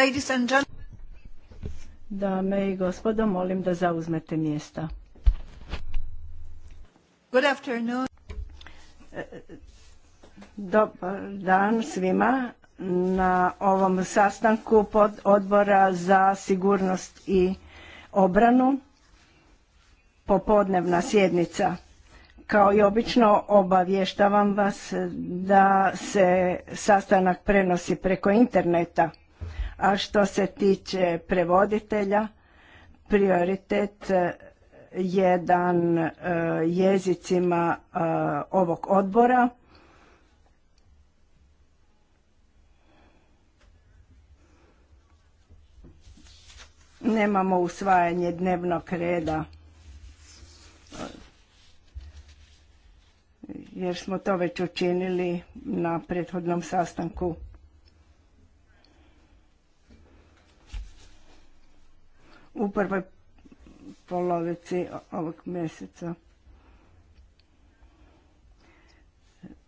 Ladies Dame i gospodo, molim da zauzmete mjesta. E, dobar dan svima na ovom sastanku odbora za sigurnost i obranu. Popodnevna sjednica. Kao i obično obavještavam vas da se sastanak prenosi preko interneta. A što se tiče prevoditelja, prioritet e, jedan e, jezicima e, ovog odbora. Nemamo usvajanje dnevnog reda. Jer smo to već učinili na prethodnom sastanku. u prvoj polovici ovog mjeseca.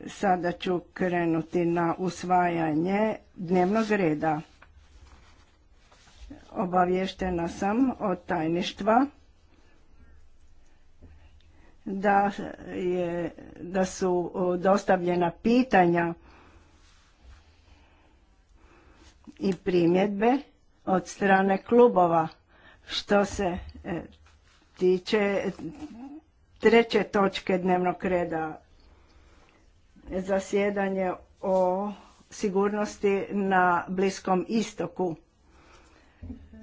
Sada ću krenuti na usvajanje dnevnog reda. Obavještena sam od tajništva da, je, da su dostavljena pitanja i primjedbe od strane klubova što se e, tiče treće točke dnevnog reda, zasjedanje o sigurnosti na Bliskom istoku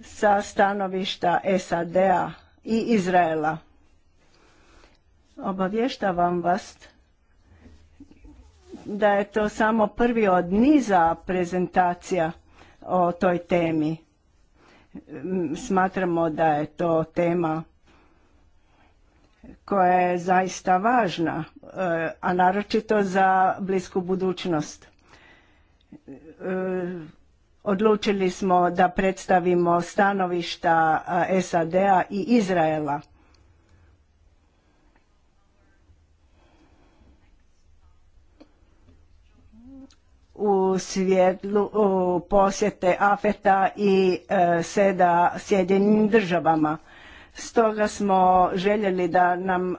sa stanovišta SAD-a i Izraela. Obavještavam vas da je to samo prvi od niza prezentacija o toj temi. Smatramo da je to tema koja je zaista važna, e, a naročito za blisku budućnost. E, odlučili smo da predstavimo stanovišta e, SAD-a i Izraela u svjetlu u posjete Afeta i e, Seda Sjedinjenim državama. Stoga smo željeli da nam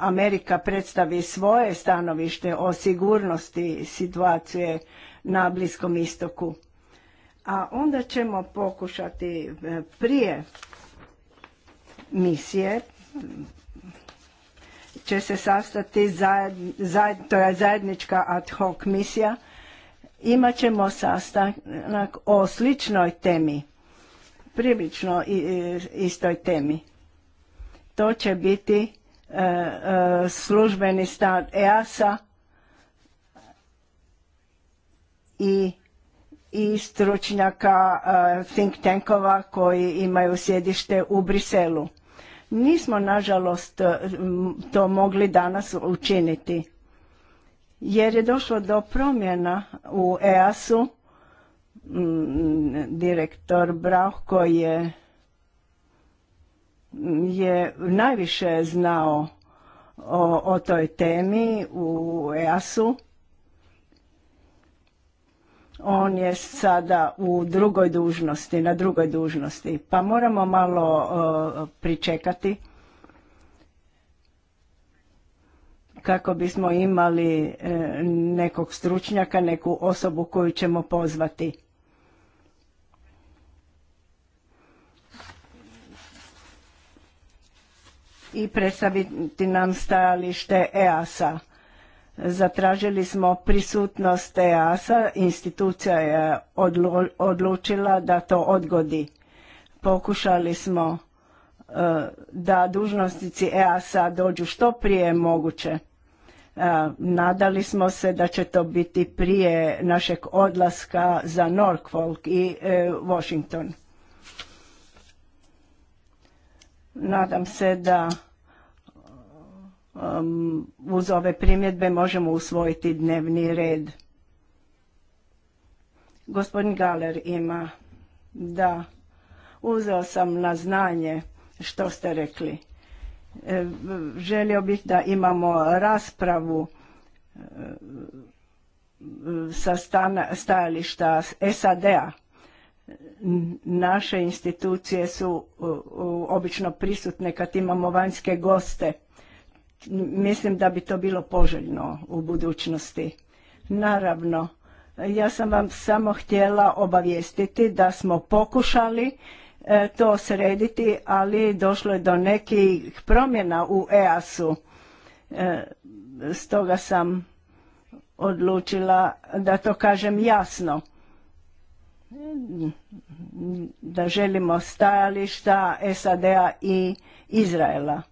Amerika predstavi svoje stanovište o sigurnosti situacije na Bliskom istoku. A onda ćemo pokušati e, prije misije će se sastati to je zajednička ad hoc misija imat ćemo sastanak o sličnoj temi, prilično istoj temi. To će biti e, e, službeni stan EASA i, i stručnjaka e, think tankova koji imaju sjedište u Briselu. Nismo, nažalost, to mogli danas učiniti jer je došlo do promjena u EAS-u. Mm, direktor Brauhko je, je najviše znao o, toj temi u EAS-u. On je sada u drugoj dužnosti, na drugoj dužnosti, pa moramo malo pričekati kako bismo imali e, nekog stručnjaka, neku osobu koju ćemo pozvati. I predstaviti nam stajalište EASA. Zatražili smo prisutnost EASA, institucija je odlučila da to odgodi. Pokušali smo e, da dužnosnici EASA dođu što prije moguće. Nadali smo se da će to biti prije našeg odlaska za Norfolk i e, Washington. Nadam se da um, uz ove primjedbe možemo usvojiti dnevni red. Gospodin Galer ima da uzeo sam na znanje što ste rekli. E, želio bih da imamo raspravu e, sa stajališta SAD-a. Naše institucije su obično prisutne kad imamo vanjske goste. Mislim da bi to bilo poželjno u budućnosti. Naravno, ja sam vam samo htjela obavijestiti da smo pokušali E, to srediti, ali došlo je do nekih promjena u EAS-u. E, stoga sam odlučila da to kažem jasno da želimo stajališta SAD-a i Izraela.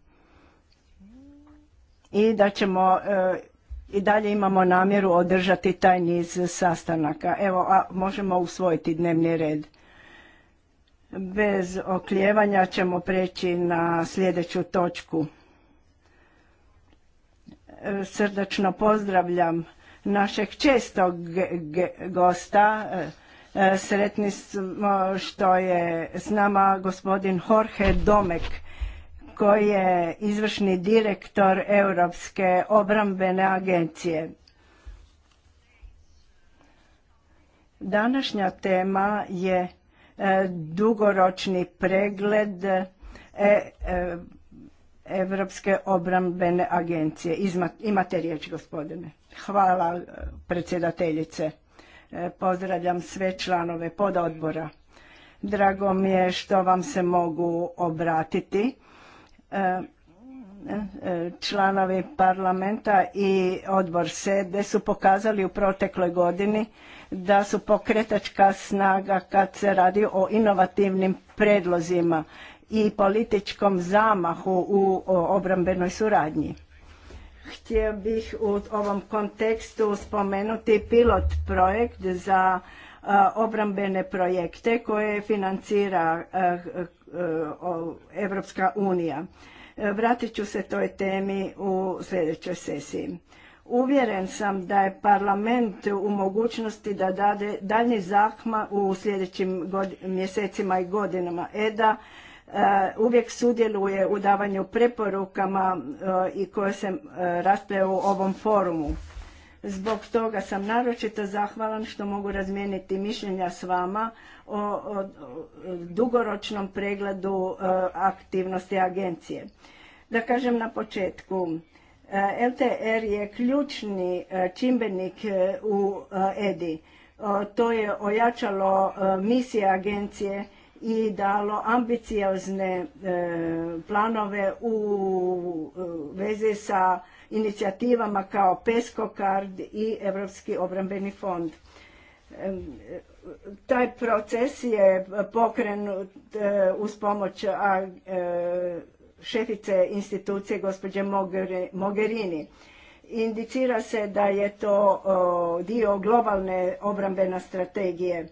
I da ćemo e, i dalje imamo namjeru održati taj niz sastanaka. Evo, a možemo usvojiti dnevni red. Bez okljevanja ćemo preći na sljedeću točku. E, srdačno pozdravljam našeg čestog gosta. E, e, sretni smo što je s nama gospodin Jorge Domek koji je izvršni direktor Europske obrambene agencije. Današnja tema je dugoročni pregled e, e, Evropske obrambene agencije. Imate riječ, gospodine. Hvala, e, predsjedateljice. Pozdravljam sve članove pododbora. Drago mi je što vam se mogu obratiti članovi parlamenta i odbor SEDE su pokazali u protekloj godini da su pokretačka snaga kad se radi o inovativnim predlozima i političkom zamahu u obrambenoj suradnji. Htio bih u ovom kontekstu spomenuti pilot projekt za obrambene projekte koje financira Evropska unija. Vratit ću se toj temi u sljedećoj sesiji. Uvjeren sam da je parlament u mogućnosti da dade daljnji zahma u sljedećim mjesecima i godinama. EDA e, uvijek sudjeluje u davanju preporukama e, i koje se e, raspravljaju u ovom forumu. Zbog toga sam naročito zahvalan što mogu razmijeniti mišljenja s vama o dugoročnom pregledu aktivnosti agencije. Da kažem na početku, Eh, LTR je ključni eh, čimbenik eh, u EDI. E to je ojačalo misije agencije i dalo ambiciozne planove u vezi sa inicijativama kao PESCO Card i Europski obrambeni fond. Taj proces je pokrenut uz pomoć šefice institucije gospođe Mogherini. Indicira se da je to dio globalne obrambene strategije.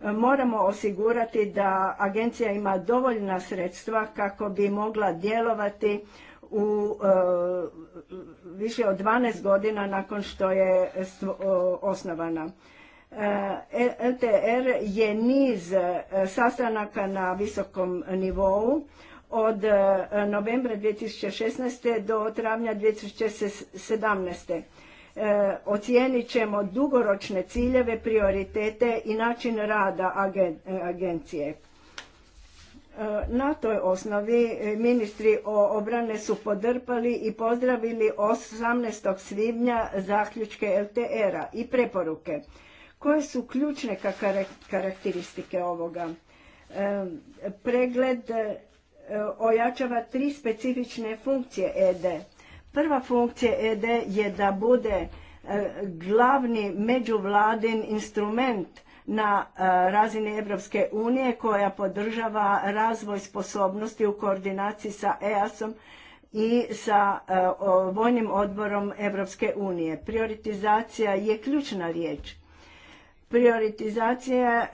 Moramo osigurati da agencija ima dovoljna sredstva kako bi mogla djelovati u više od 12 godina nakon što je osnovana. E, LTR je niz e, sastanaka na visokom nivou od e, novembra 2016. do travnja 2017. E, ocijenit ćemo dugoročne ciljeve, prioritete i način rada e, agencije. na toj osnovi ministri obrane su podrpali i pozdravili 18. svibnja zaključke LTR-a i preporuke. Koje su ključne karakteristike ovoga? pregled E, ojačava tri specifične funkcije ED. Prva funkcija ED je da bude e, glavni međuvladin instrument na e, razini Evropske unije koja podržava razvoj sposobnosti u koordinaciji sa EAS-om i sa vojnim odborom Evropske unije. Prioritizacija je ključna riječ. Prioritizacija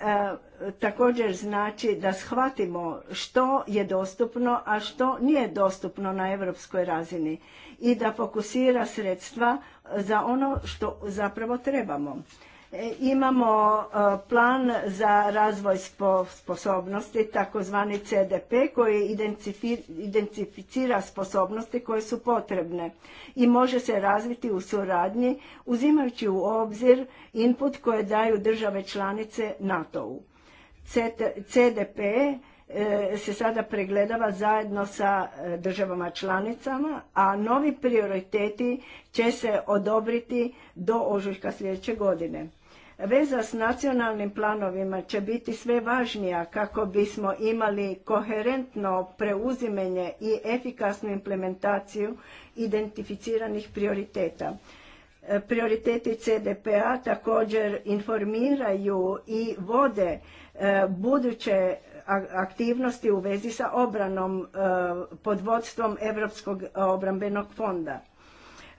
također znači da shvatimo što je dostupno, a što nije dostupno na europskoj razini i da fokusira sredstva za ono što zapravo trebamo. E, imamo e, plan za razvoj sposobnosti, takozvani CDP, koji identificira sposobnosti koje su potrebne i može se razviti u suradnji uzimajući u obzir input koje daju države članice NATO-u. CDP e, se sada pregledava zajedno sa e, državama članicama, a novi prioriteti će se odobriti do ožujka sljedeće godine. Veza s nacionalnim planovima će biti sve važnija kako bismo imali koherentno preuzimanje i efikasnu implementaciju identificiranih prioriteta. E, prioriteti CDP-a također informiraju i vode E, buduće aktivnosti u vezi sa obranom e, pod vodstvom Europskog e, obrambenog fonda.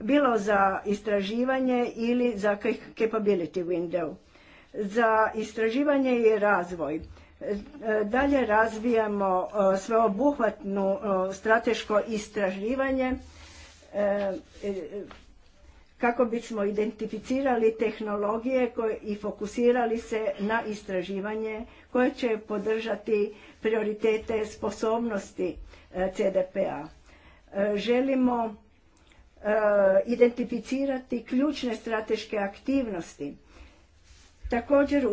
Bilo za istraživanje ili za capability window. Za istraživanje i razvoj. Dalje razvijamo sveobuhvatnu strateško istraživanje kako bismo identificirali tehnologije koje i fokusirali se na istraživanje koje će podržati prioritete sposobnosti e, CDPA. E, želimo e, identificirati ključne strateške aktivnosti. Također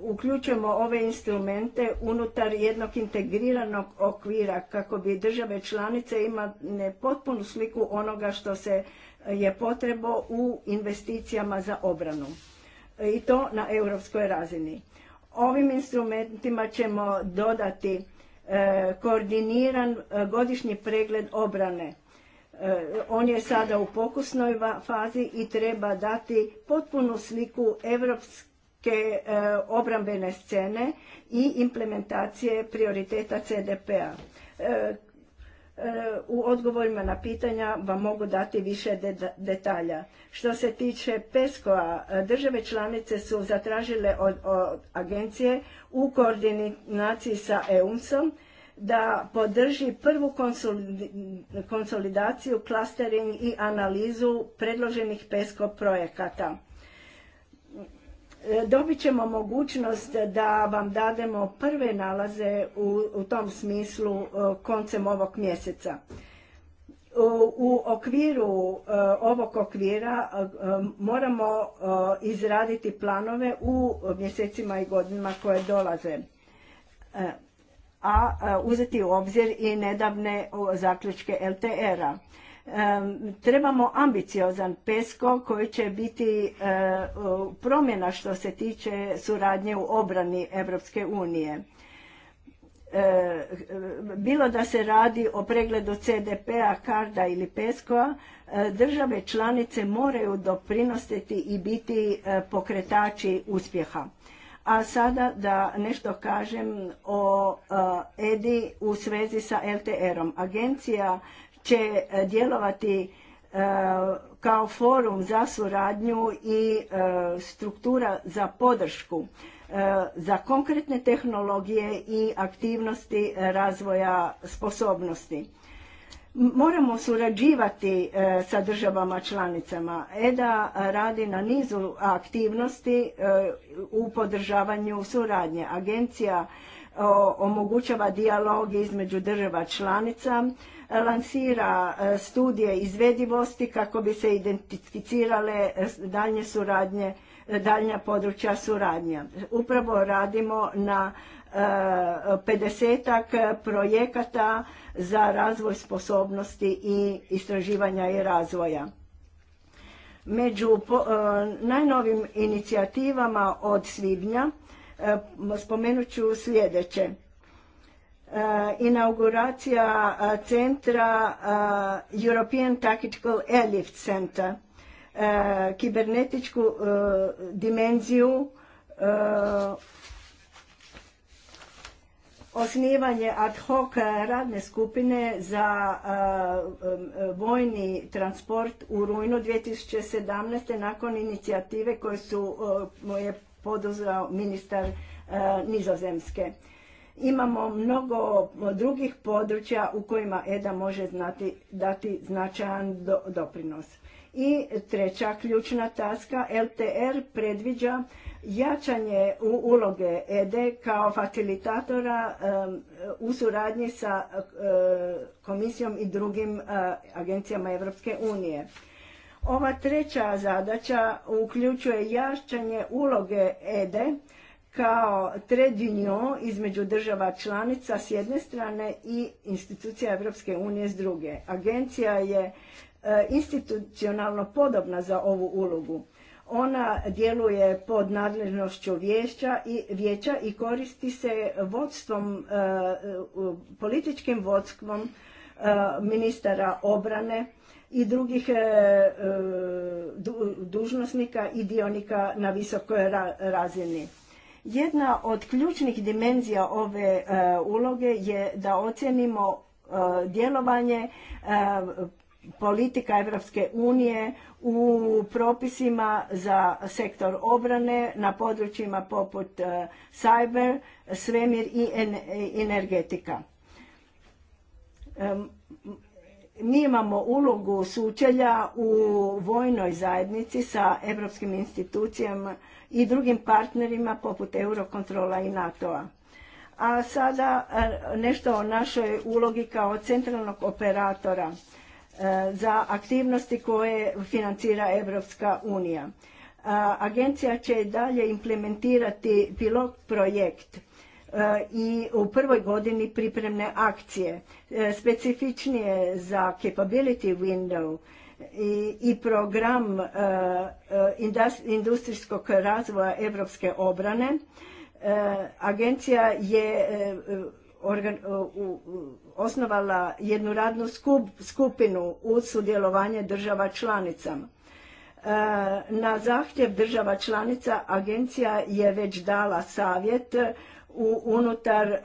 uključujemo ove instrumente unutar jednog integriranog okvira kako bi države članice imale potpunu sliku onoga što se je potrebo u investicijama za obranu e, i to na europskoj razini. Ovim instrumentima ćemo dodati e, koordiniran e, godišnji pregled obrane. on je sada u pokusnoj fazi i treba dati potpunu sliku europske obrambene scene i implementacije prioriteta CDP-a. Eh, u odgovorima na pitanja vam mogu dati više detalja. Što se tiče PESCO-a, eh, države članice su zatražile od, agencije u koordinaciji sa EUMS-om da podrži prvu konsolidaciju, klastering i analizu predloženih PESCO projekata. E, dobit ćemo mogućnost da vam dademo prve nalaze u, u tom smislu e, koncem ovog mjeseca. U, okviru e, ovog okvira moramo izraditi planove u mjesecima i godinama koje dolaze, a uzeti u obzir i nedavne zaključke LTR-a. Trebamo ambiciozan PESCO koji će biti e, promjena što se tiče suradnje u obrani Europske unije. E, bilo da se radi o pregledu CDP-a, karda ili PESCO-a, e, države članice moraju doprinositi i biti pokretači uspjeha. A sada da nešto kažem o EDI u svezi sa LTR-om. Agencija će e, djelovati e, kao forum za suradnju i e, struktura za podršku za konkretne tehnologije i aktivnosti razvoja sposobnosti. Moramo surađivati sa državama članicama. EDA radi na nizu aktivnosti u podržavanju suradnje. Agencija omogućava dijalog između država članica, E, lansira e, studije izvedivosti kako bi se identificirale e, daljnje suradnje, daljnja područja suradnja. Upravo radimo na pedesetak projekata za razvoj sposobnosti i istraživanja i razvoja. Među najnovim inicijativama od svibnja spomenut ću sljedeće. E, inauguracija e, centra e, European Tactical Airlift Center, kibernetičku dimenziju, osnivanje ad hoc radne skupine za vojni transport u rujnu 2017. nakon inicijative koju su je poduzeo ministar Nizozemske. Imamo mnogo drugih područja u kojima EDA može dati značajan doprinos. I treća ključna taska, LTR predviđa jačanje u uloge EDE kao facilitatora u suradnji sa eh, komisijom i drugim eh, agencijama Europske unije. Ova treća zadaća uključuje jačanje uloge EDE kao tredinjo između država članica s jedne strane i institucija Europske unije s druge. Agencija je e, institucionalno podobna za ovu ulogu. Ona djeluje pod nadležnošću vijeća i, vijeća i koristi se vodstvom, e, političkim vodstvom e, ministara obrane i drugih dužnosnika i dionika na visokoj razini jedna od ključnih dimenzija ove e, uloge je da ocjenimo e, djelovanje e, politika Europske unije u propisima za sektor obrane na područjima poput cyber, svemir i energetika. Mi imamo ulogu sučelja u vojnoj zajednici sa europskim institucijama i drugim partnerima poput Eurokontrola i NATO-a. A sada e, nešto o našoj ulogi kao centralnog operatora e, za aktivnosti koje financira Europska unija. E, agencija će dalje implementirati pilot projekt i u prvoj godini pripremne akcije, specifičnije za capability window i, program e, e, industrijskog razvoja europske obrane. E, agencija je osnovala jednu radnu skupinu u sudjelovanje država članica. na zahtjev država članica agencija je već dala savjet u, unutar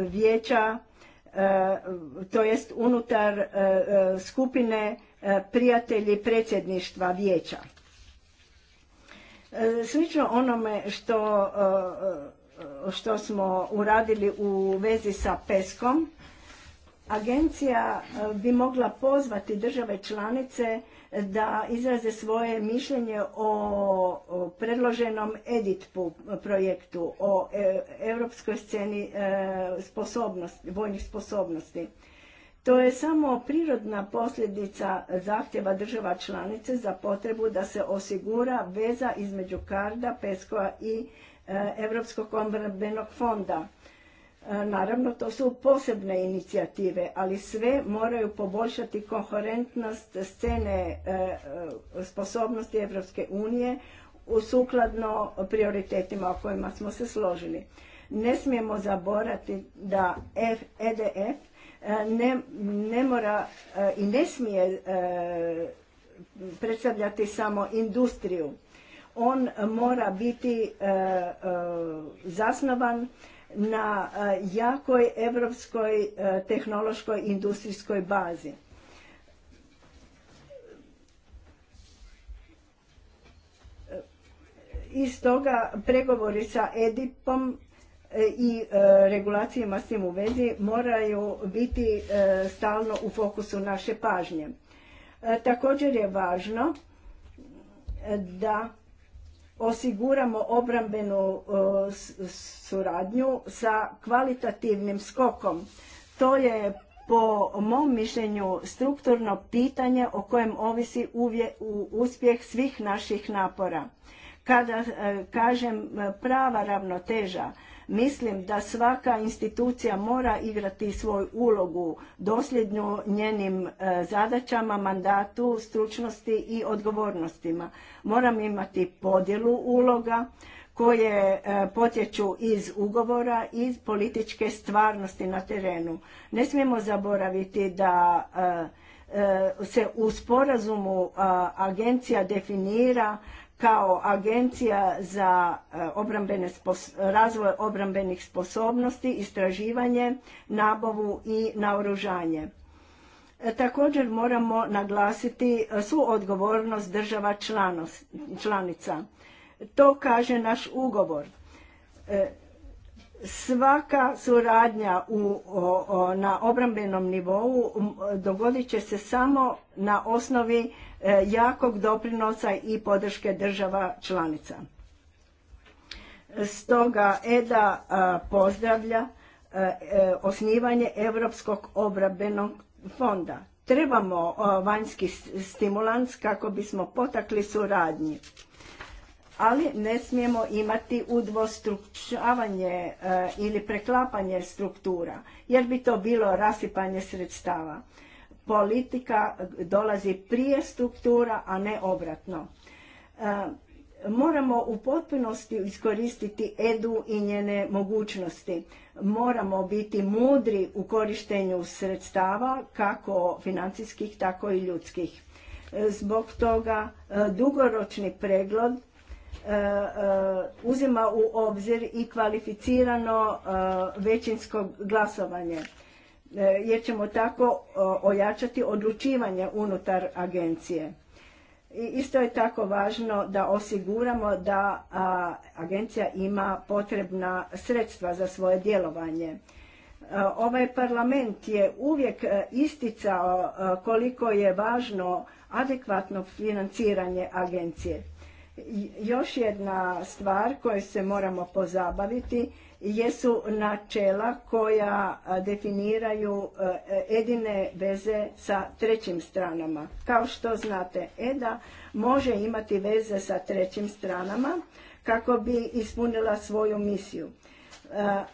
vijeća, to jest unutar skupine E, prijatelji predsjedništva vijeća. E, slično onome što, e, što smo uradili u vezi sa Peskom, agencija bi mogla pozvati države članice da izraze svoje mišljenje o predloženom EDITPU projektu, o europskoj sceni sposobnosti vojnih sposobnosti. To je samo prirodna posljedica zahtjeva država članice za potrebu da se osigura veza između Karda, Peskoa i Europskog obrambenog fonda. E, naravno, to su posebne inicijative, ali sve moraju poboljšati koherentnost scene e, e, sposobnosti Europske unije u sukladno prioritetima o kojima smo se složili. Ne smijemo zaborati da EDF E, ne, ne mora e, i ne smije e, predstavljati samo industriju. On mora biti zasnovan na jakoj evropskoj tehnološkoj industrijskoj bazi. i toga pregovori sa Edipom E, i e, regulacijama s tim u vezi moraju biti e, stalno u fokusu naše pažnje. Također je važno da osiguramo obrambenu suradnju sa kvalitativnim skokom. To je po mom mišljenju strukturno pitanje o kojem ovisi uspjeh svih naših napora. Kada kažem prava ravnoteža, Mislim da svaka institucija mora igrati svoju ulogu dosljednju njenim e, zadaćama, mandatu, stručnosti i odgovornostima. Moram imati podjelu uloga koje e, potječu iz ugovora i iz političke stvarnosti na terenu. Ne smijemo zaboraviti da e, se u sporazumu agencija definira kao agencija za e, obrambene razvoj obrambenih sposobnosti, istraživanje, nabavu i naoružanje. E, također moramo naglasiti e, svu odgovornost država članica. To kaže naš ugovor. Svaka suradnja na obrambenom nivou dogodit će se samo na osnovi E, jakog doprinosa i podrške država članica. Stoga EDA pozdravlja e, e, osnivanje Europskog obrabenog fonda. Trebamo vanjski stimulans kako bismo potakli suradnji, ali ne smijemo imati udvostručavanje ili preklapanje struktura, jer bi to bilo rasipanje sredstava politika dolazi prije struktura, a ne obratno. E, moramo u potpunosti iskoristiti edu i njene mogućnosti. Moramo biti mudri u korištenju sredstava, kako financijskih, tako i ljudskih. E, zbog toga e, dugoročni pregled uzima u obzir i kvalificirano većinsko glasovanje E, jer ćemo tako ojačati odlučivanje unutar agencije. I isto je tako važno da osiguramo da agencija ima potrebna sredstva za svoje djelovanje. E, ovaj parlament je uvijek e, isticao koliko je važno adekvatno financiranje agencije. još jedna stvar koju se moramo pozabaviti jesu načela koja definiraju e, e, edine veze sa trećim stranama. Kao što znate, EDA može imati veze sa trećim stranama kako bi ispunila svoju misiju. E,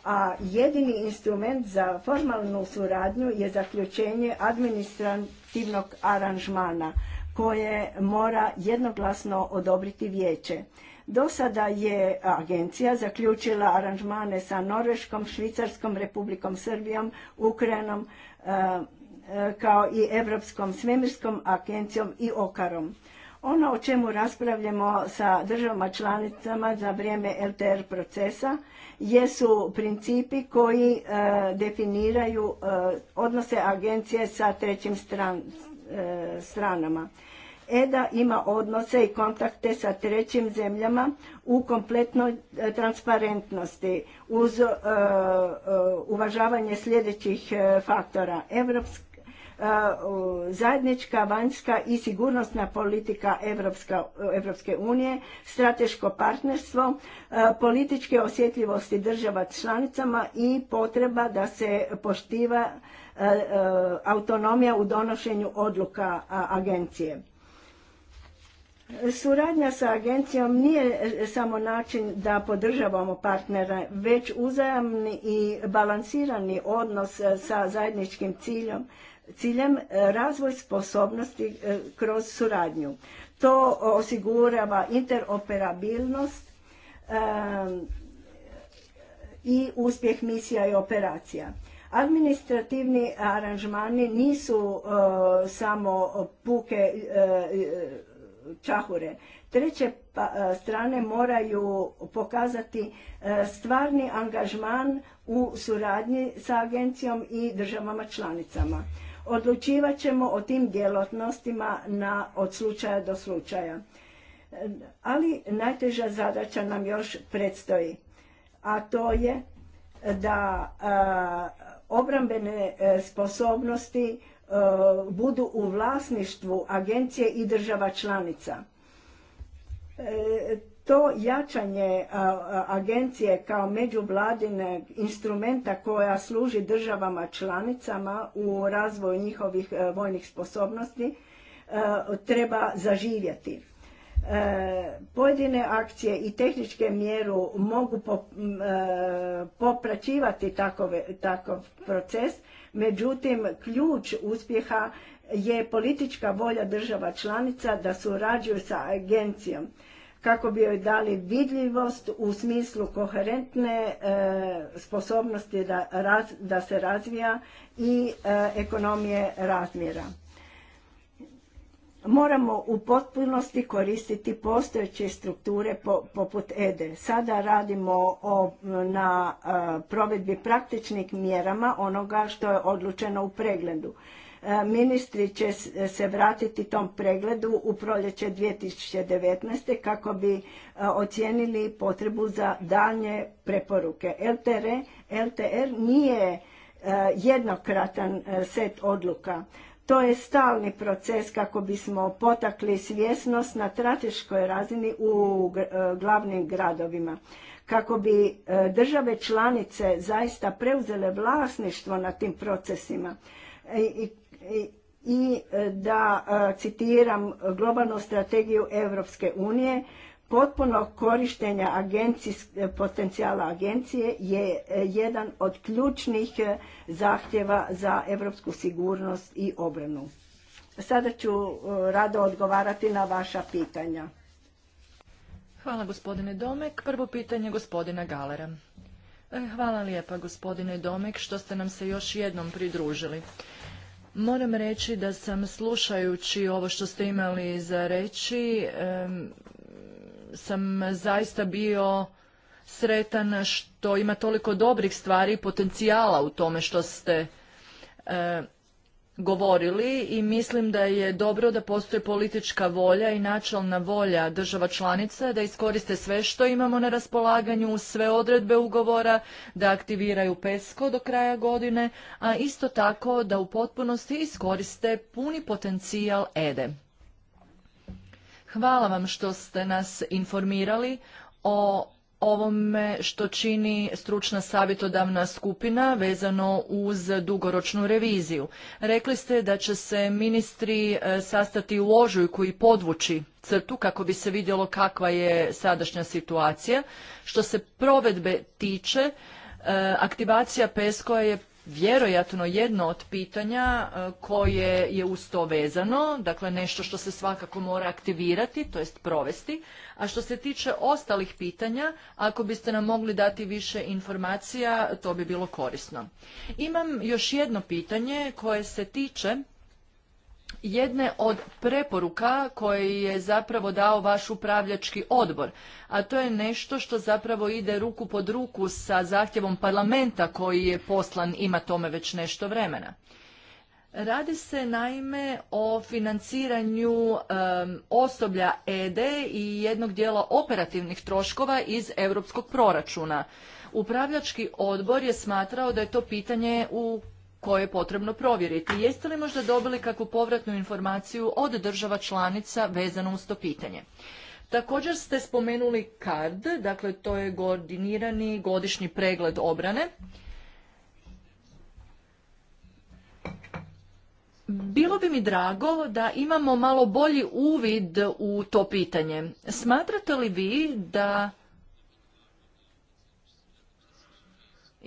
a jedini instrument za formalnu suradnju je zaključenje administrativnog aranžmana koje mora jednoglasno odobriti vijeće. Do sada je agencija zaključila aranžmane sa Norveškom, Švicarskom, Republikom Srbijom, Ukrajinom, e, e, kao i Europskom svemirskom agencijom i Okarom. Ono o čemu raspravljamo sa državama članicama za vrijeme LTR procesa jesu principi koji e, definiraju odnose agencije sa trećim stranama. EDA ima odnose i kontakte sa trećim zemljama u kompletnoj e, transparentnosti uz e, e, uvažavanje sljedećih faktora. zajednička vanjska i sigurnosna politika Evropska, Evropske unije, strateško partnerstvo, političke osjetljivosti država članicama i potreba da se poštiva autonomija u donošenju odluka agencije. Suradnja sa agencijom nije samo način da podržavamo partnera, već uzajamni i balansirani odnos sa zajedničkim ciljom, ciljem e, razvoj sposobnosti e, kroz suradnju. To osigurava interoperabilnost e, i uspjeh misija i operacija. Administrativni aranžmani nisu samo puke čahure. Treće pa, e, strane moraju pokazati e, stvarni angažman u suradnji sa agencijom i državama članicama. Odlučivat ćemo o tim djelotnostima na, od slučaja do slučaja. E, ali najteža zadaća nam još predstoji, a to je da obrambene sposobnosti Eh, budu u vlasništvu agencije i država članica. Eh, to jačanje eh, agencije kao međuvladine instrumenta koja služi državama članicama u razvoju njihovih vojnih sposobnosti treba zaživjeti. Pojedine akcije i tehničke mjeru mogu mm, popraćivati takav proces, Međutim, ključ uspjeha je politička volja država članica da surađuju sa agencijom kako bi joj dali vidljivost u smislu koherentne e, sposobnosti da, da se razvija i e, ekonomije razmjera. Moramo u potpunosti koristiti postojeće strukture poput EDE. Sada radimo o, na e, provedbi praktičnih mjerama onoga što je odlučeno u pregledu. E, ministri će se vratiti tom pregledu u proljeće 2019. kako bi e, ocijenili potrebu za daljnje preporuke. LTR, LTR nije jednokratan set odluka. To je stalni proces kako bismo potakli svjesnost na strateškoj razini u e, glavnim gradovima. Kako bi e, države članice zaista preuzele vlasništvo na tim procesima e, i, i da citiram globalnu strategiju Europske unije, Potpuno korištenje potencijala agencije je e, jedan od ključnih e, zahtjeva za europsku sigurnost i obranu. Sada ću e, rado odgovarati na vaša pitanja. Hvala gospodine Domek. Prvo pitanje gospodina Galera. Hvala lijepa gospodine Domek što ste nam se još jednom pridružili. Moram reći da sam slušajući ovo što ste imali za reći, sam zaista bio sretan što ima toliko dobrih stvari i potencijala u tome što ste e, govorili i mislim da je dobro da postoji politička volja i načelna volja država članica da iskoriste sve što imamo na raspolaganju, sve odredbe ugovora, da aktiviraju PESCO do kraja godine, a isto tako da u potpunosti iskoriste puni potencijal EDE. Hvala vam što ste nas informirali o ovome što čini stručna savjetodavna skupina vezano uz dugoročnu reviziju. Rekli ste da će se ministri e, sastati u ožujku i podvući crtu kako bi se vidjelo kakva je sadašnja situacija. Što se provedbe tiče, e, aktivacija PESCO je vjerojatno jedno od pitanja e, koje je uz to vezano, dakle nešto što se svakako mora aktivirati, to jest provesti. A što se tiče ostalih pitanja, ako biste nam mogli dati više informacija, to bi bilo korisno. Imam još jedno pitanje koje se tiče jedne od preporuka koje je zapravo dao vaš upravljački odbor, a to je nešto što zapravo ide ruku pod ruku sa zahtjevom parlamenta koji je poslan, ima tome već nešto vremena. Radi se naime o financiranju osoblja EDE i jednog dijela operativnih troškova iz europskog proračuna. Upravljački odbor je smatrao da je to pitanje u koje je potrebno provjeriti. Jeste li možda dobili kakvu povratnu informaciju od država članica vezano uz to pitanje? Također ste spomenuli CARD, dakle to je koordinirani godišnji pregled obrane. Bilo bi mi drago da imamo malo bolji uvid u to pitanje. Smatrate li vi da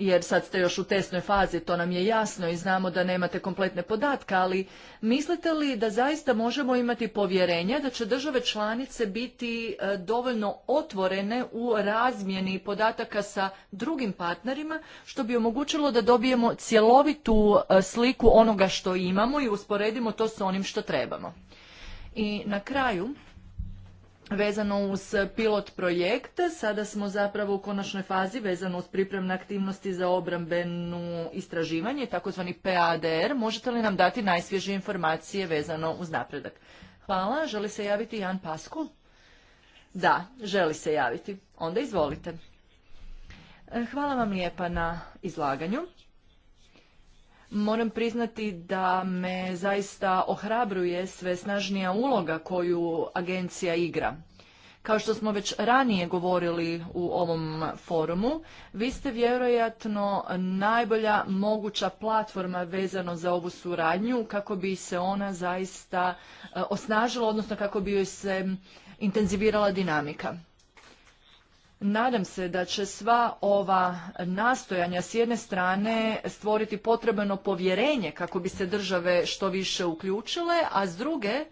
jer sad ste još u tesnoj fazi, to nam je jasno i znamo da nemate kompletne podatke, ali mislite li da zaista možemo imati povjerenja da će države članice biti e, dovoljno otvorene u razmjeni podataka sa drugim partnerima, što bi omogućilo da dobijemo cjelovitu e, sliku onoga što imamo i usporedimo to s onim što trebamo. I na kraju, vezano uz pilot projekt. Sada smo zapravo u konačnoj fazi vezano uz pripremne aktivnosti za obrambenu istraživanje, takozvani PADR. Možete li nam dati najsvježije informacije vezano uz napredak? Hvala. Želi se javiti Jan Paskul? Da, želi se javiti. Onda izvolite. E, hvala vam lijepa na izlaganju. Moram priznati da me zaista ohrabruje sve snažnija uloga koju agencija igra. Kao što smo već ranije govorili u ovom forumu, vi ste vjerojatno najbolja moguća platforma vezano za ovu suradnju kako bi se ona zaista e, osnažila, odnosno kako bi joj se intenzivirala dinamika. Nadam se da će sva ova nastojanja s jedne strane stvoriti potrebno povjerenje kako bi se države što više uključile, a s druge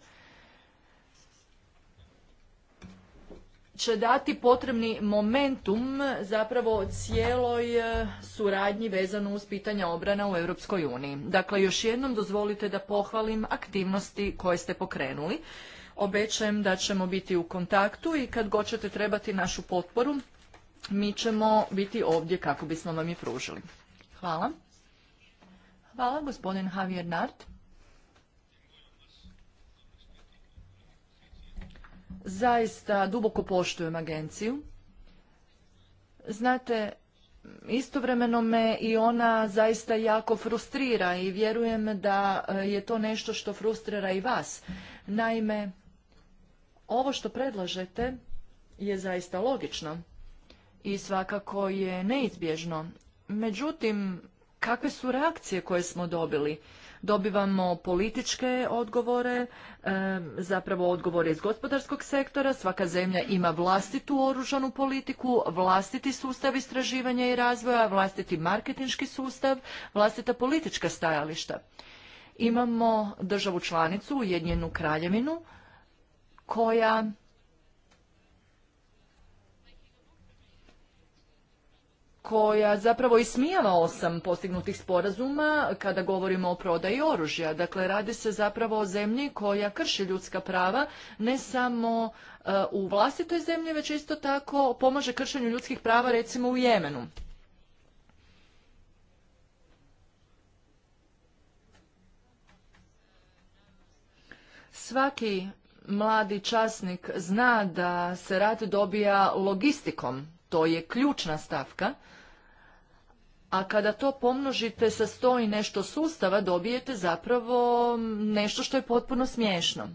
će dati potrebni momentum zapravo cijeloj e, suradnji vezano uz pitanja obrana u Europskoj uniji. Dakle, još jednom dozvolite da pohvalim aktivnosti koje ste pokrenuli Obećajem da ćemo biti u kontaktu i kad god ćete trebati našu potporu, mi ćemo biti ovdje kako bismo vam i pružili. Hvala. Hvala, gospodin Javier Nart. Zaista duboko poštujem agenciju. Znate, istovremeno me i ona zaista jako frustrira i vjerujem da je to nešto što frustrira i vas. Naime, ovo što predlažete je zaista logično i svakako je neizbježno. Međutim, kakve su reakcije koje smo dobili? Dobivamo političke odgovore, e, zapravo odgovore iz gospodarskog sektora, svaka zemlja ima vlastitu oružanu politiku, vlastiti sustav istraživanja i razvoja, vlastiti marketinški sustav, vlastita politička stajališta. Imamo državu članicu, Ujedinjenu kraljevinu, koja koja zapravo ismijava osam postignutih sporazuma kada govorimo o prodaji oružja. Dakle, radi se zapravo o zemlji koja krši ljudska prava ne samo e, u vlastitoj zemlji, već isto tako pomaže kršenju ljudskih prava recimo u Jemenu. Svaki mladi časnik zna da se rat dobija logistikom, to je ključna stavka, a kada to pomnožite sa sto i nešto sustava, dobijete zapravo nešto što je potpuno smiješno.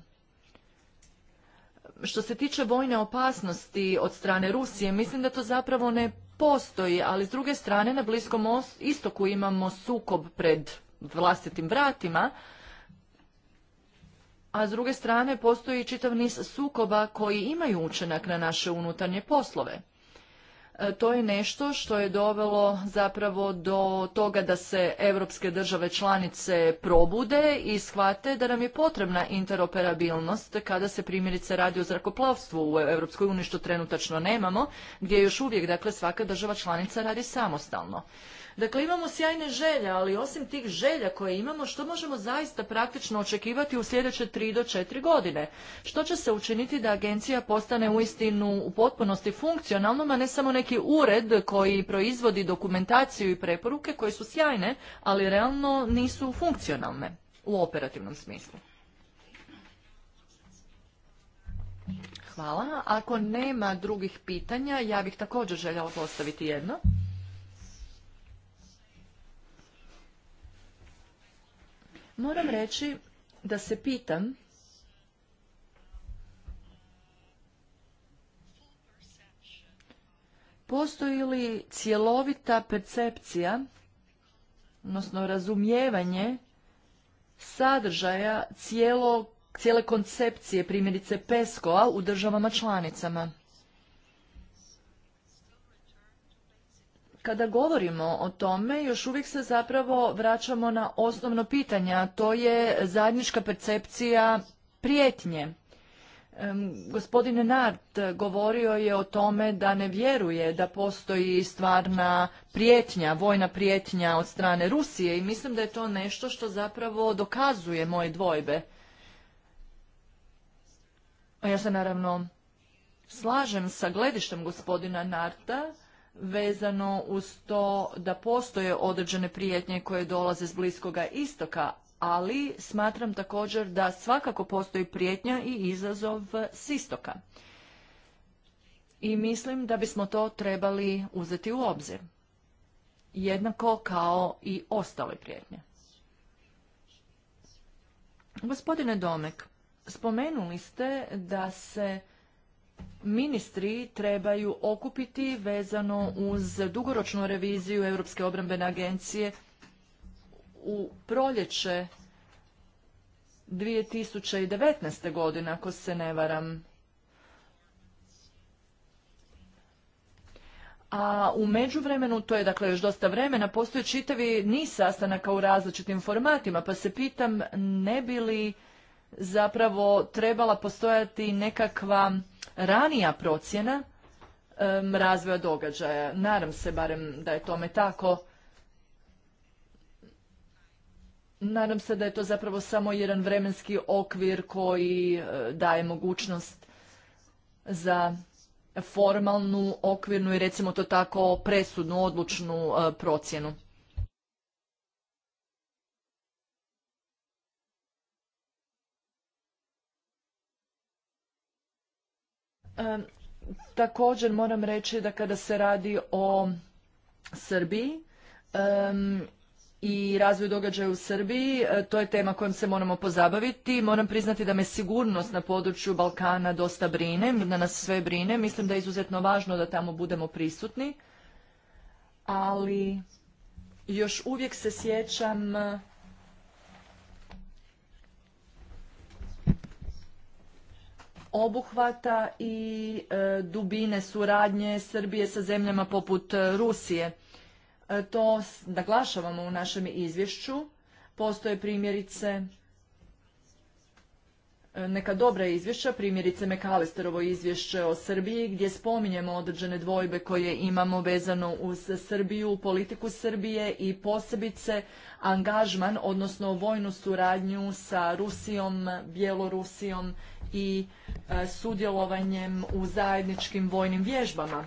Što se tiče vojne opasnosti od strane Rusije, mislim da to zapravo ne postoji, ali s druge strane na Bliskom istoku imamo sukob pred vlastitim vratima, a s druge strane postoji čitav niz sukoba koji imaju učenak na naše unutarnje poslove. E, to je nešto što je dovelo zapravo do toga da se europske države članice probude i shvate da nam je potrebna interoperabilnost kada se primjerice radi o zrakoplovstvu u Europskoj uniji što trenutačno nemamo, gdje još uvijek dakle svaka država članica radi samostalno. Dakle, imamo sjajne želje, ali osim tih želja koje imamo, što možemo zaista praktično očekivati u sljedeće tri do četiri godine? Što će se učiniti da agencija postane uistinu u potpunosti funkcionalnom, a ne samo neki ured koji proizvodi dokumentaciju i preporuke koje su sjajne, ali realno nisu funkcionalne u operativnom smislu? Hvala. Ako nema drugih pitanja, ja bih također željela postaviti jedno. Moram reći da se pitam postoji li cjelovita percepcija, odnosno razumijevanje sadržaja cijele koncepcije, primjerice PESCO-a u državama članicama. Kada govorimo o tome, još uvijek se zapravo vraćamo na osnovno pitanje, a to je zajednička percepcija prijetnje. Gospodin Nart govorio je o tome da ne vjeruje da postoji stvarna prijetnja, vojna prijetnja od strane Rusije i mislim da je to nešto što zapravo dokazuje moje dvojbe. Ja se naravno slažem sa gledištem gospodina Narta vezano uz to da postoje određene prijetnje koje dolaze s Bliskoga istoka, ali smatram također da svakako postoji prijetnja i izazov s istoka. I mislim da bismo to trebali uzeti u obzir. Jednako kao i ostale prijetnje. Gospodine Domek, spomenuli ste da se ministri trebaju okupiti vezano uz dugoročnu reviziju Europske obrambene agencije u proljeće 2019. godine, ako se ne varam. A u međuvremenu, to je dakle još dosta vremena, postoje čitavi niz sastanaka u različitim formatima, pa se pitam ne bi li zapravo trebala postojati nekakva ranija procjena razvoja događaja. Nadam se barem da je tome tako. Nadam se da je to zapravo samo jedan vremenski okvir koji eh, daje mogućnost za formalnu, okvirnu i recimo to tako presudnu, odlučnu eh, procjenu. također moram reći da kada se radi o Srbiji i razvoju događaja u Srbiji, e, to je tema kojom se moramo pozabaviti. Moram priznati da me sigurnost na području Balkana dosta brine, da nas sve brine. Mislim da je izuzetno važno da tamo budemo prisutni, ali još uvijek se sjećam obuhvata i e, dubine suradnje Srbije sa zemljama poput e, Rusije. E, to naglašavamo u našem izvješću. Postoje primjerice E, neka dobra izvješća, primjerice Mekalisterovo izvješće o Srbiji gdje spominjemo određene dvojbe koje imamo vezano uz Srbiju, politiku Srbije i posebice angažman, odnosno vojnu suradnju sa Rusijom, Bjelorusijom i e, sudjelovanjem u zajedničkim vojnim vježbama.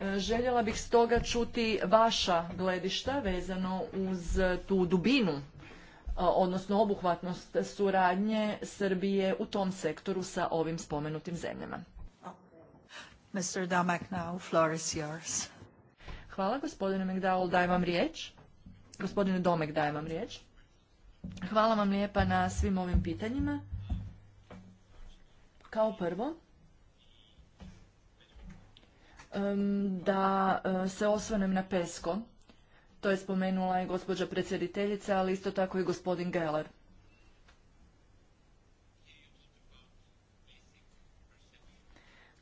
E, željela bih stoga čuti vaša gledišta vezano uz tu dubinu odnosno obuhvatnost suradnje Srbije u tom sektoru sa ovim spomenutim zemljama. Hvala gospodine McDowell, dajem vam riječ. Gospodine Domek, dajem vam riječ. Hvala vam lijepa na svim ovim pitanjima. Kao prvo, da e, se osvanem na PESCO to je spomenula i gospođa predsjediteljica, ali isto tako i gospodin Geller.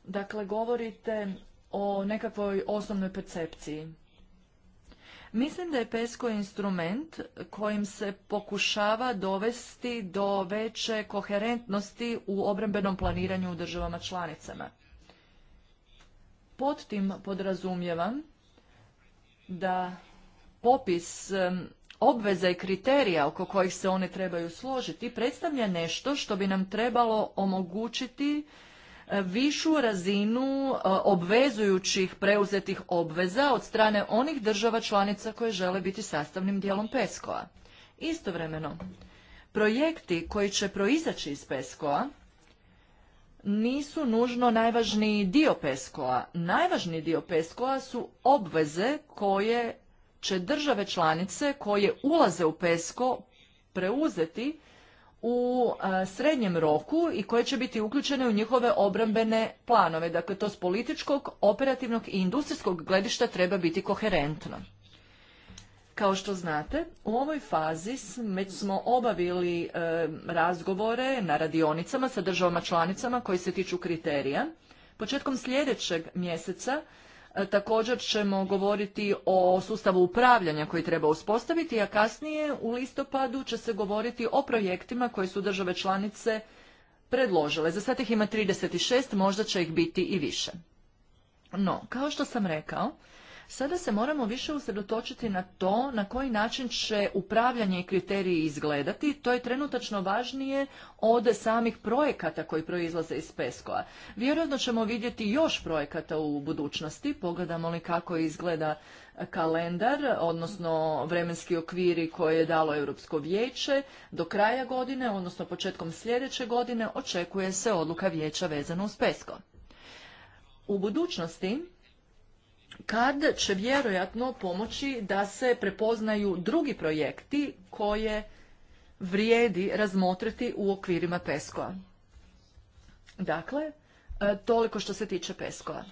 Dakle, govorite o nekakvoj osnovnoj percepciji. Mislim da je PESCO instrument kojim se pokušava dovesti do veće koherentnosti u obrambenom planiranju u državama članicama. Pod tim podrazumijevam da popis obveza i kriterija oko kojih se one trebaju složiti predstavlja nešto što bi nam trebalo omogućiti e, višu razinu e, obvezujućih preuzetih obveza od strane onih država članica koje žele biti sastavnim dijelom PESCO-a. Istovremeno, projekti koji će proizaći iz PESCO-a nisu nužno najvažniji dio PESCO-a. Najvažniji dio PESCO-a su obveze koje će države članice koje ulaze u PESCO preuzeti u e, srednjem roku i koje će biti uključene u njihove obrambene planove. Dakle, to s političkog, operativnog i industrijskog gledišta treba biti koherentno. Kao što znate, u ovoj fazi već smo obavili e, razgovore na radionicama sa državama članicama koji se tiču kriterija. Početkom sljedećeg mjeseca E, također ćemo govoriti o sustavu upravljanja koji treba uspostaviti, a kasnije u listopadu će se govoriti o projektima koje su države članice predložile. Za sad ih ima 36, možda će ih biti i više. No, kao što sam rekao, Sada se moramo više usredotočiti na to na koji način će upravljanje i kriteriji izgledati. To je trenutačno važnije od samih projekata koji proizlaze iz Peskoa. a Vjerojatno ćemo vidjeti još projekata u budućnosti. Pogledamo li kako izgleda kalendar, odnosno vremenski okviri koje je dalo Europsko vijeće. Do kraja godine, odnosno početkom sljedeće godine, očekuje se odluka vijeća vezana uz PESCO. U budućnosti kad će vjerojatno pomoći da se prepoznaju drugi projekti koje vrijedi razmotriti u okvirima PESCO-a. Dakle, e, toliko što se tiče PESCO-a.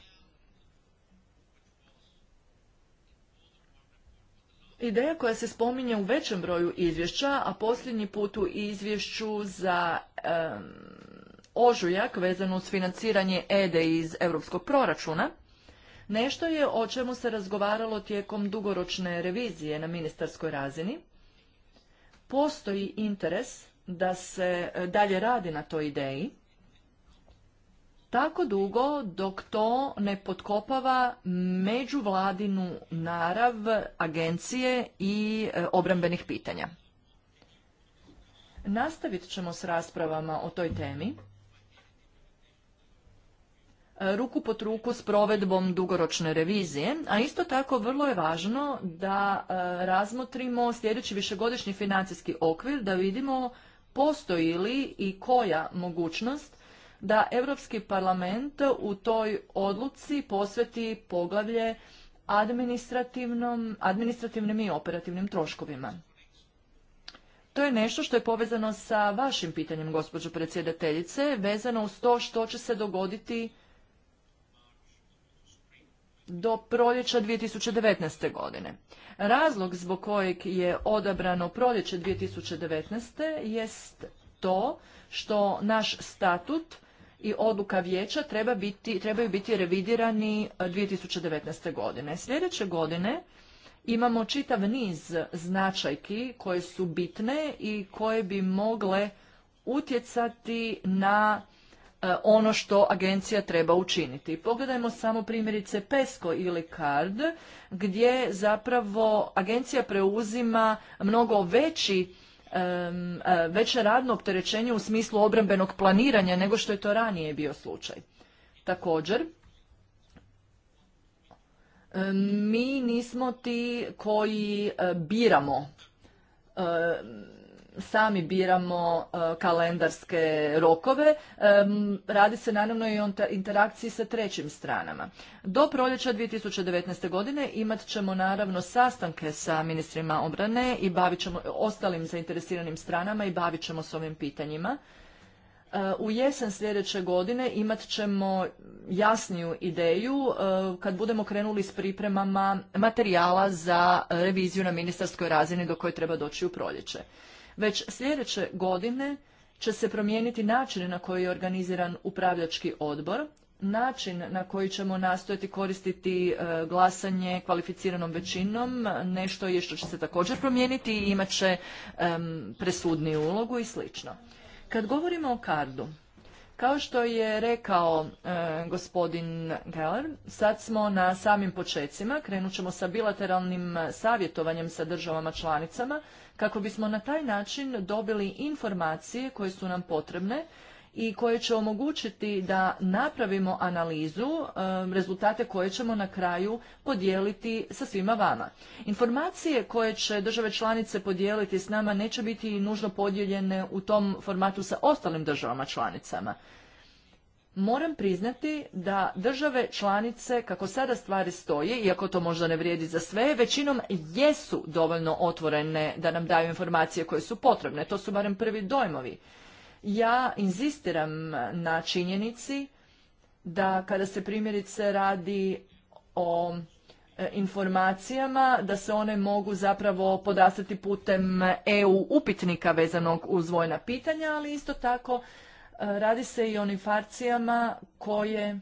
Ideja koja se spominje u većem broju izvješća, a posljednji put u izvješću za ožujak vezano uz financiranje EDE iz europskog proračuna, Nešto je o čemu se razgovaralo tijekom dugoročne revizije na ministarskoj razini. Postoji interes da se e, dalje radi na toj ideji, tako dugo dok to ne potkopava međuvladinu narav agencije i e, obrambenih pitanja. Nastavit ćemo s raspravama o toj temi ruku pod ruku s provedbom dugoročne revizije, a isto tako vrlo je važno da e, razmotrimo sljedeći višegodišnji financijski okvir, da vidimo postoji li i koja mogućnost da Europski parlament u toj odluci posveti poglavlje administrativnom, administrativnim i operativnim troškovima. To je nešto što je povezano sa vašim pitanjem, gospođo predsjedateljice, vezano uz to što će se dogoditi do proljeća 2019. godine. Razlog zbog kojeg je odabrano proljeće 2019. jest to što naš statut i odluka vijeća treba biti, trebaju biti revidirani 2019. godine. Sljedeće godine imamo čitav niz značajki koje su bitne i koje bi mogle utjecati na E, ono što agencija treba učiniti. Pogledajmo samo primjerice PESCO ili CARD gdje zapravo agencija preuzima mnogo veći e, veće radno opterećenje u smislu obrambenog planiranja nego što je to ranije bio slučaj. Također, e, mi nismo ti koji biramo sami biramo e, kalendarske rokove. E, radi se naravno i o interakciji sa trećim stranama. Do proljeća 2019. godine imat ćemo naravno sastanke sa ministrima obrane i bavit ćemo ostalim zainteresiranim stranama i bavit ćemo s ovim pitanjima. E, u jesen sljedeće godine imat ćemo jasniju ideju kad budemo krenuli s pripremama materijala za reviziju na ministarskoj razini do koje treba doći u proljeće. Već sljedeće godine će se promijeniti način na koji je organiziran upravljački odbor, način na koji ćemo nastojati koristiti e, glasanje kvalificiranom većinom, nešto je što će se također promijeniti i imat će presudniju ulogu i slično. Kad govorimo o kardu, kao što je rekao e, gospodin Geller, sad smo na samim počecima, krenut ćemo sa bilateralnim savjetovanjem sa državama članicama kako bismo na taj način dobili informacije koje su nam potrebne i koje će omogućiti da napravimo analizu, e, rezultate koje ćemo na kraju podijeliti sa svima vama. Informacije koje će države članice podijeliti s nama neće biti nužno podijeljene u tom formatu sa ostalim državama članicama. Moram priznati da države članice, kako sada stvari stoje, iako to možda ne vrijedi za sve, većinom jesu dovoljno otvorene da nam daju informacije koje su potrebne. To su barem prvi dojmovi. Ja inzistiram na činjenici da kada se primjerice radi o e, informacijama da se one mogu zapravo podastati putem EU upitnika vezanog uz vojna pitanja, ali isto tako e, radi se i o infarcijama koje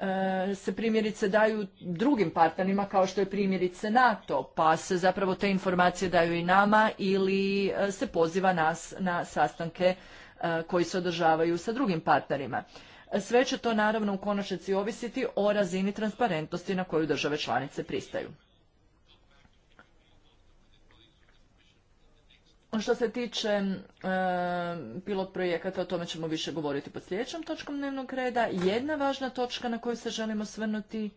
E, se primjerice daju drugim partnerima kao što je primjerice NATO, pa se zapravo te informacije daju i nama ili e, se poziva nas na sastanke e, koji se održavaju sa drugim partnerima. Sve će to naravno u konačnici ovisiti o razini transparentnosti na koju države članice pristaju. Što se tiče e, pilot projekata, o tome ćemo više govoriti pod sljedećom točkom dnevnog reda. Jedna važna točka na koju se želimo svrnuti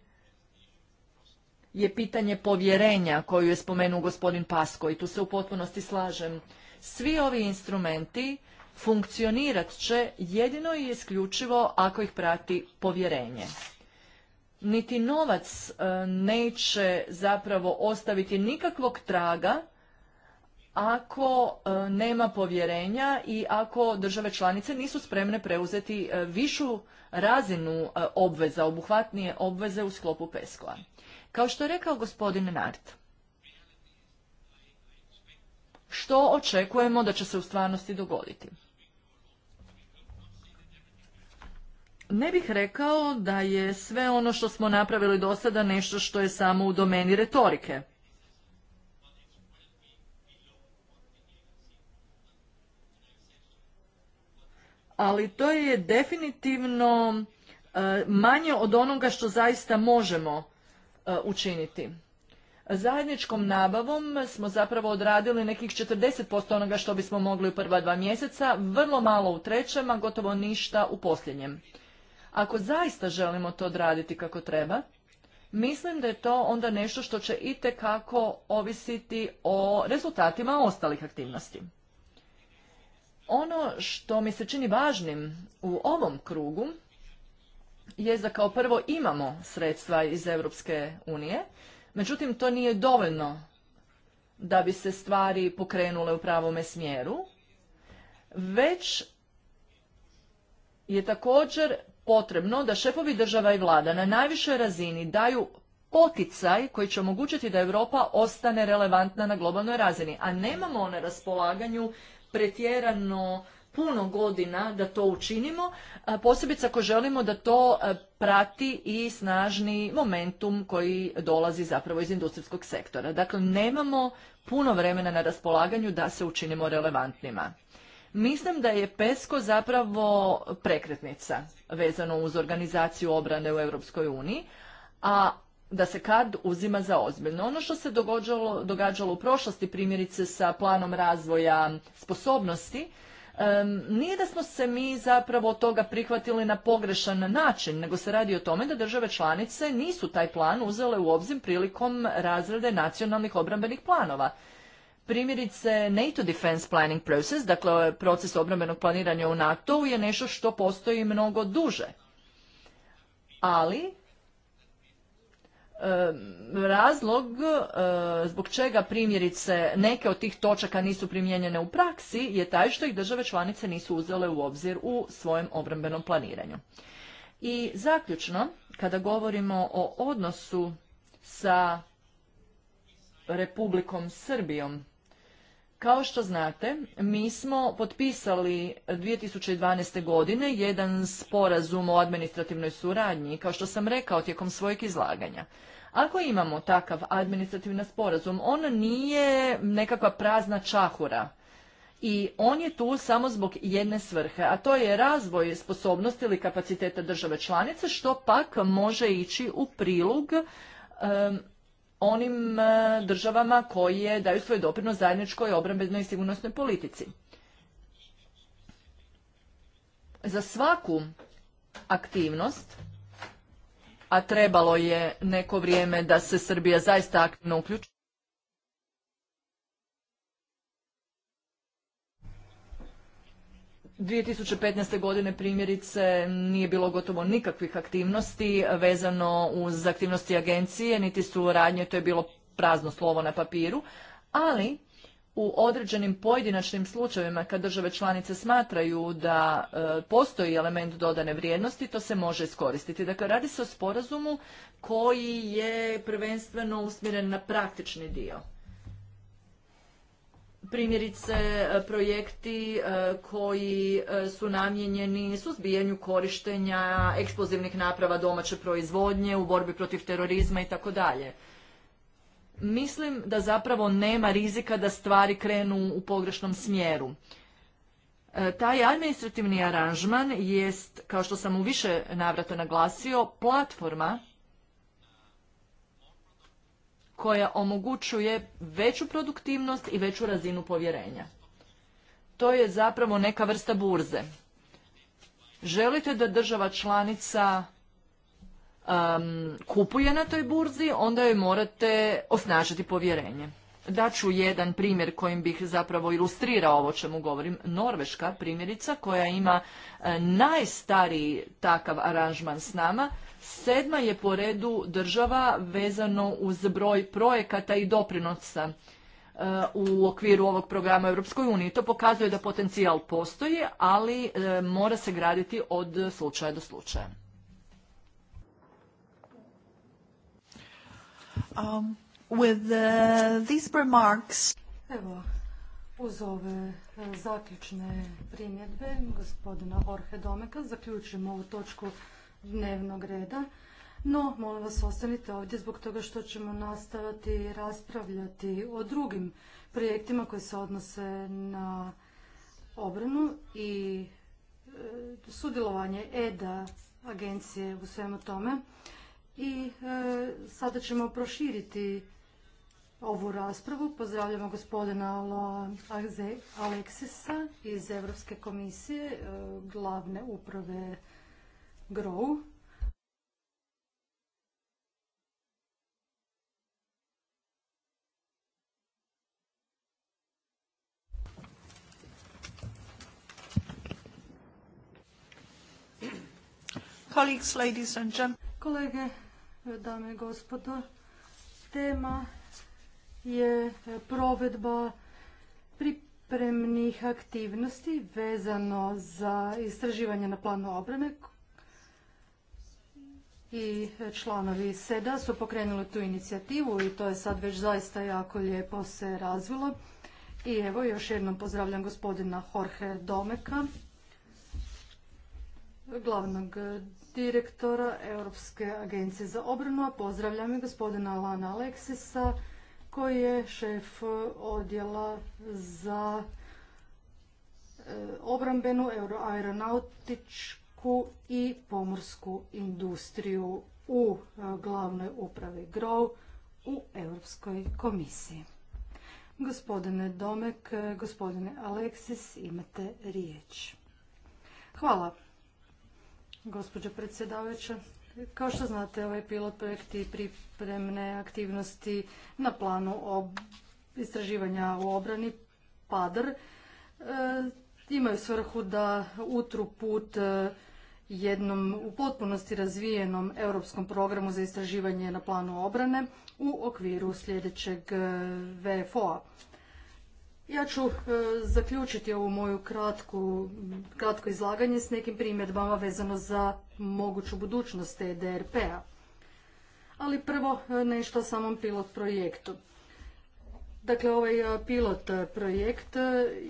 je pitanje povjerenja koju je spomenuo gospodin Pasko i tu se u potpunosti slažem. Svi ovi instrumenti funkcionirat će jedino i isključivo ako ih prati povjerenje. Niti novac e, neće zapravo ostaviti nikakvog traga ako e, nema povjerenja i ako države članice nisu spremne preuzeti e, višu razinu e, obveza, obuhvatnije obveze u sklopu PESCO-a. Kao što je rekao gospodin Nart, što očekujemo da će se u stvarnosti dogoditi? Ne bih rekao da je sve ono što smo napravili do sada nešto što je samo u domeni retorike. ali to je definitivno e, manje od onoga što zaista možemo e, učiniti. Zajedničkom nabavom smo zapravo odradili nekih 40% onoga što bismo mogli u prva dva mjeseca, vrlo malo u trećem, a gotovo ništa u posljednjem. Ako zaista želimo to odraditi kako treba, mislim da je to onda nešto što će itekako ovisiti o rezultatima ostalih aktivnosti. Ono što mi se čini važnim u ovom krugu je da kao prvo imamo sredstva iz Europske unije, međutim to nije dovoljno da bi se stvari pokrenule u pravome smjeru, već je također potrebno da šefovi država i vlada na najvišoj razini daju poticaj koji će omogućiti da Europa ostane relevantna na globalnoj razini, a nemamo na raspolaganju pretjerano puno godina da to učinimo, posebice ako želimo da to e, prati i snažni momentum koji dolazi zapravo iz industrijskog sektora. Dakle, nemamo puno vremena na raspolaganju da se učinimo relevantnima. Mislim da je PESCO zapravo prekretnica vezano uz organizaciju obrane u Europskoj uniji, a da se kad uzima za ozbiljno. Ono što se događalo, u prošlosti, primjerice sa planom razvoja sposobnosti, nije da smo se mi zapravo toga prihvatili na pogrešan način, nego se radi o tome da države članice nisu taj plan uzele u obzir prilikom razrede nacionalnih obrambenih planova. Primjerice, NATO Defense Planning Process, dakle proces obrambenog planiranja u NATO-u je nešto što postoji mnogo duže. Ali razlog eh, zbog čega primjerice neke od tih točaka nisu primijenjene u praksi je taj što ih države članice nisu uzele u obzir u svojem obrambenom planiranju. I zaključno, kada govorimo o odnosu sa Republikom Srbijom, kao što znate, mi smo potpisali 2012. godine jedan sporazum o administrativnoj suradnji, kao što sam rekao tijekom svojeg izlaganja. Ako imamo takav administrativni sporazum, on nije nekakva prazna čahura i on je tu samo zbog jedne svrhe, a to je razvoj sposobnosti ili kapaciteta države članice, što pak može ići u prilog onim e, državama koje daju svoj doprinos zajedničkoj obrambenoj i sigurnosnoj politici. Za svaku aktivnost a trebalo je neko vrijeme da se Srbija zaista aktivno uključi. dvije tisuće godine primjerice nije bilo gotovo nikakvih aktivnosti vezano uz aktivnosti agencije niti radnje, to je bilo prazno slovo na papiru ali u određenim pojedinačnim slučajevima kad države članice smatraju da e, postoji element dodane vrijednosti, to se može iskoristiti. Dakle, radi se o sporazumu koji je prvenstveno usmjeren na praktični dio. Primjerice, e, projekti e, koji su namijenjeni suzbijanju korištenja eksplozivnih naprava domaće proizvodnje u borbi protiv terorizma i tako dalje mislim da zapravo nema rizika da stvari krenu u pogrešnom smjeru. E, taj administrativni aranžman jest, kao što sam u više navrata naglasio, platforma koja omogućuje veću produktivnost i veću razinu povjerenja. To je zapravo neka vrsta burze. Želite da država članica um, kupuje na toj burzi, onda joj morate osnažiti povjerenje. Daću jedan primjer kojim bih zapravo ilustrirao ovo čemu govorim. Norveška primjerica koja ima e, najstariji takav aranžman s nama, sedma je po redu država vezano uz broj projekata i doprinosa e, u okviru ovog programa Europskoj uniji. To pokazuje da potencijal postoji, ali e, mora se graditi od slučaja do slučaja. Um, with uh, these remarks... Evo, uz ove e, zaključne primjedbe gospodina Orhe Domeka zaključujemo ovu točku dnevnog reda. No, molim vas, ostanite ovdje zbog toga što ćemo nastaviti raspravljati o drugim projektima koji se odnose na obranu i e, sudjelovanje EDA agencije u svemu tome i e, sada ćemo proširiti ovu raspravu. Pozdravljamo gospodina Aleksisa iz Europske komisije, e, glavne uprave GROW. Colleagues, Kolege, dame i gospodo. Tema je provedba pripremnih aktivnosti vezano za istraživanje na planu obrane i članovi SEDA su pokrenuli tu inicijativu i to je sad već zaista jako lijepo se razvilo. I evo još jednom pozdravljam gospodina Jorge Domeka glavnog eh, direktora Europske agencije za obranu, a pozdravljam i gospodina Alana Aleksisa, koji je šef eh, odjela za eh, obrambenu, aeronautičku i pomorsku industriju u glavnoj upravi GROW u Europskoj komisiji. Gospodine Domek, gospodine Aleksis, imate riječ. Hvala gospođo predsjedavajuća. Kao što znate, ovaj pilot projekti i pripremne aktivnosti na planu istraživanja u obrani PADR e, imaju svrhu da utru put e, jednom u potpunosti razvijenom europskom programu za istraživanje na planu obrane u okviru sljedećeg e, VFO-a. Ja ću e, zaključiti ovu moju kratko izlaganje s nekim primjedbama vezano za moguću budućnost DRP-a. Ali prvo e, nešto o samom pilot projektu. Dakle, ovaj e, pilot projekt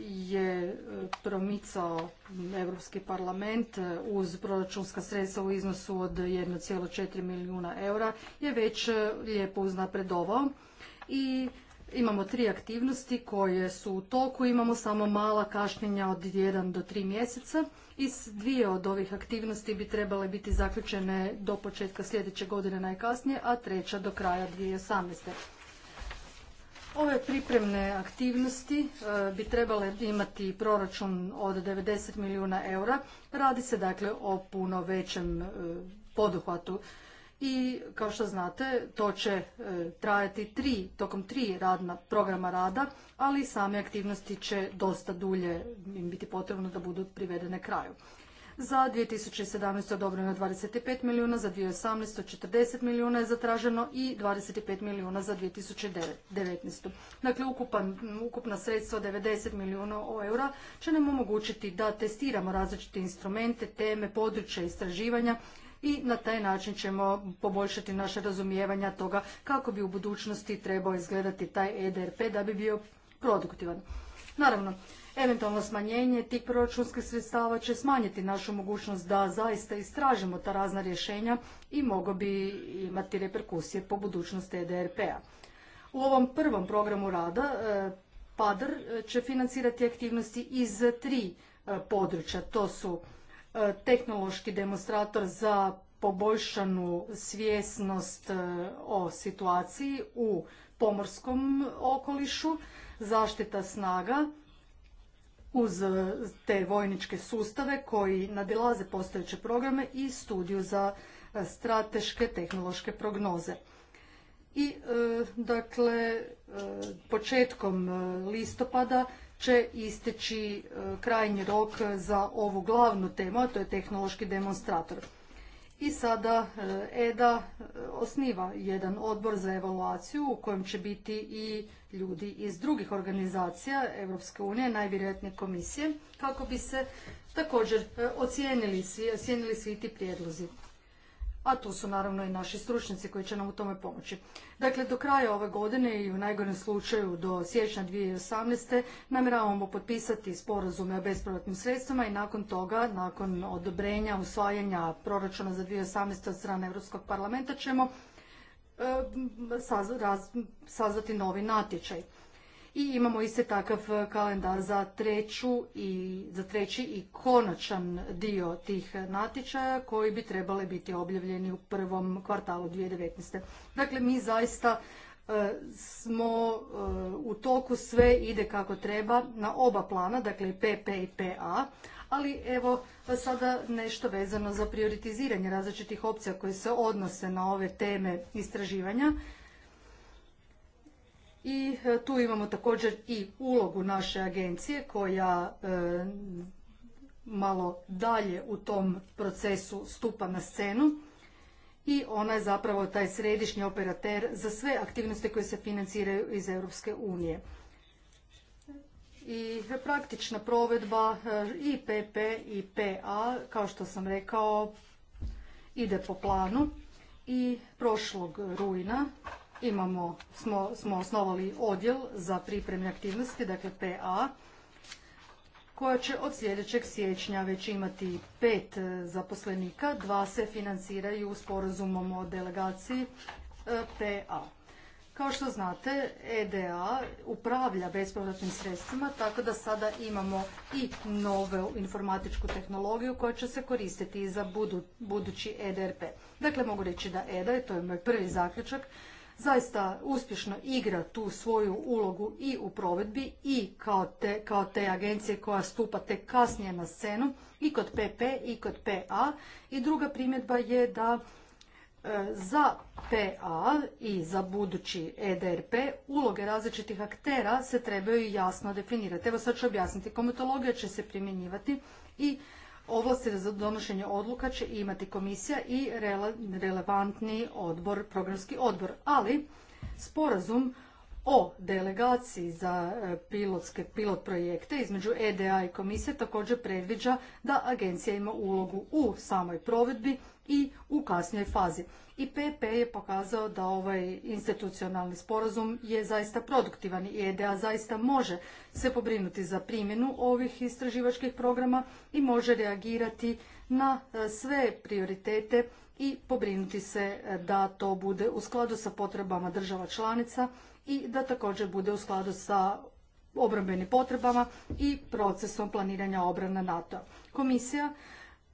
je promicao Europski parlament uz proračunska sredstva u iznosu od 1,4 milijuna eura je već lijepo uznapredovao i Imamo tri aktivnosti koje su u toku, imamo samo mala kašnjenja od 1 do 3 mjeseca i dvije od ovih aktivnosti bi trebale biti zaključene do početka sljedeće godine najkasnije, a treća do kraja 2018. Ove pripremne aktivnosti e, bi trebale imati proračun od 90 milijuna eura. Radi se dakle o puno većem e, poduhvatu i kao što znate to će e, trajati tri, tokom tri radna, programa rada, ali same aktivnosti će dosta dulje im biti potrebno da budu privedene kraju. Za 2017. odobreno 25 milijuna, za 2018. 40 milijuna je zatraženo i 25 milijuna za 2019. Dakle, ukupan, ukupna sredstva 90 milijuna eura će nam omogućiti da testiramo različite instrumente, teme, područje istraživanja, i na taj način ćemo poboljšati naše razumijevanja toga kako bi u budućnosti trebao izgledati taj EDRP da bi bio produktivan. Naravno, Eventualno smanjenje tih proračunskih sredstava će smanjiti našu mogućnost da zaista istražimo ta razna rješenja i mogo bi imati reperkusije po budućnosti EDRP-a. U ovom prvom programu rada e, PADR će financirati aktivnosti iz tri e, područja. To su E, tehnološki demonstrator za poboljšanu svjesnost e, o situaciji u pomorskom okolišu, zaštita snaga uz te vojničke sustave koji nadilaze postojeće programe i studiju za e, strateške tehnološke prognoze. I, dakle, početkom listopada će isteći e, krajnji rok za ovu glavnu temu, a to je tehnološki demonstrator. I sada EDA e e, osniva jedan odbor za evaluaciju u kojem će biti i ljudi iz drugih organizacija Europske unije, najvjerojatnije komisije, kako bi se također ocijenili svi ti prijedlozi a tu su naravno i naši stručnjaci koji će nam u tome pomoći. Dakle, do kraja ove godine i u najgorem slučaju do siječnja 2018. namjeravamo potpisati sporazume o bespovratnim sredstvima i nakon toga, nakon odobrenja, usvajanja proračuna za 2018. od strane Europskog parlamenta ćemo eh, sazvati novi natječaj i imamo isti takav eh, kalendar za treću i za treći i konačan dio tih natječaja koji bi trebali biti objavljeni u prvom kvartalu 2019. Dakle, mi zaista eh, smo eh, u toku sve ide kako treba na oba plana, dakle PP i PA, ali evo sada nešto vezano za prioritiziranje različitih opcija koje se odnose na ove teme istraživanja i e, tu imamo također i ulogu naše agencije koja e, malo dalje u tom procesu stupa na scenu i ona je zapravo taj središnji operater za sve aktivnosti koje se financiraju iz Europske unije. I praktična provedba e, i PP i PA, kao što sam rekao, ide po planu i prošlog rujna imamo, smo, osnovali odjel za pripremne aktivnosti, dakle PA, koja će od sljedećeg siječnja već imati pet e, zaposlenika, dva se financiraju sporazumom o delegaciji PA. Kao što znate, EDA upravlja bespovratnim sredstvima, tako da sada imamo i novu informatičku tehnologiju koja će se koristiti i za budući EDRP. Dakle, mogu reći da EDA, to je moj prvi zaključak, zaista uspješno igra tu svoju ulogu i u provedbi i kao te, kao te agencije koja stupa tek kasnije na scenu i kod PP i kod PA. I druga primjedba je da e, za PA i za budući EDRP uloge različitih aktera se trebaju jasno definirati. Evo sad ću objasniti. Komitologija će se primjenjivati i Ovlasti za donošenje odluka će imati komisija i relevantni odbor, programski odbor. Ali sporazum o delegaciji za e, pilotske, pilot projekte između EDA i komisije također predviđa da agencija ima ulogu u samoj provedbi i u kasnijoj fazi i PP je pokazao da ovaj institucionalni sporazum je zaista produktivan i EDA zaista može se pobrinuti za primjenu ovih istraživačkih programa i može reagirati na e, sve prioritete i pobrinuti se e, da to bude u skladu sa potrebama država članica i da također bude u skladu sa obrambenim potrebama i procesom planiranja obrana nato Komisija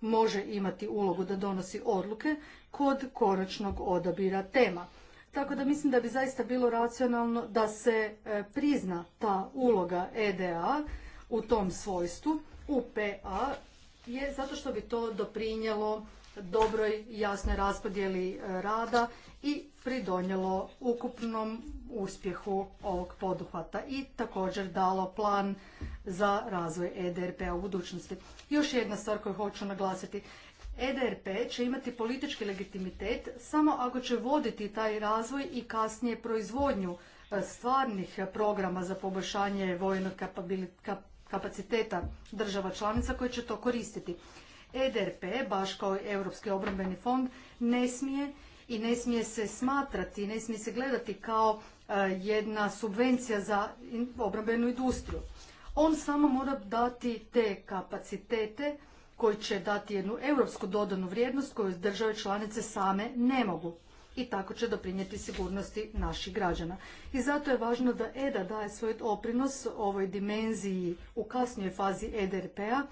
može imati ulogu da donosi odluke kod konačnog odabira tema. Tako da mislim da bi zaista bilo racionalno da se e, prizna ta uloga EDA u tom svojstvu, u PA, je zato što bi to doprinjelo dobroj jasnoj raspodjeli e, rada i pridonjelo ukupnom uspjehu ovog poduhvata i također dalo plan za razvoj EDRP-a u budućnosti. Još jedna stvar koju hoću naglasiti. EDRP će imati politički legitimitet samo ako će voditi taj razvoj i kasnije proizvodnju e, stvarnih programa za poboljšanje vojnog kapaciteta država članica koje će to koristiti. EDRP, baš kao i Europski obrambeni fond, ne smije i ne smije se smatrati, ne smije se gledati kao e, jedna subvencija za obrambenu industriju. On samo mora dati te kapacitete koji će dati jednu europsku dodanu vrijednost koju države članice same ne mogu i tako će doprinijeti sigurnosti naših građana. I zato je važno da EDA daje svoj doprinos ovoj dimenziji u kasnijoj fazi EDRP-a,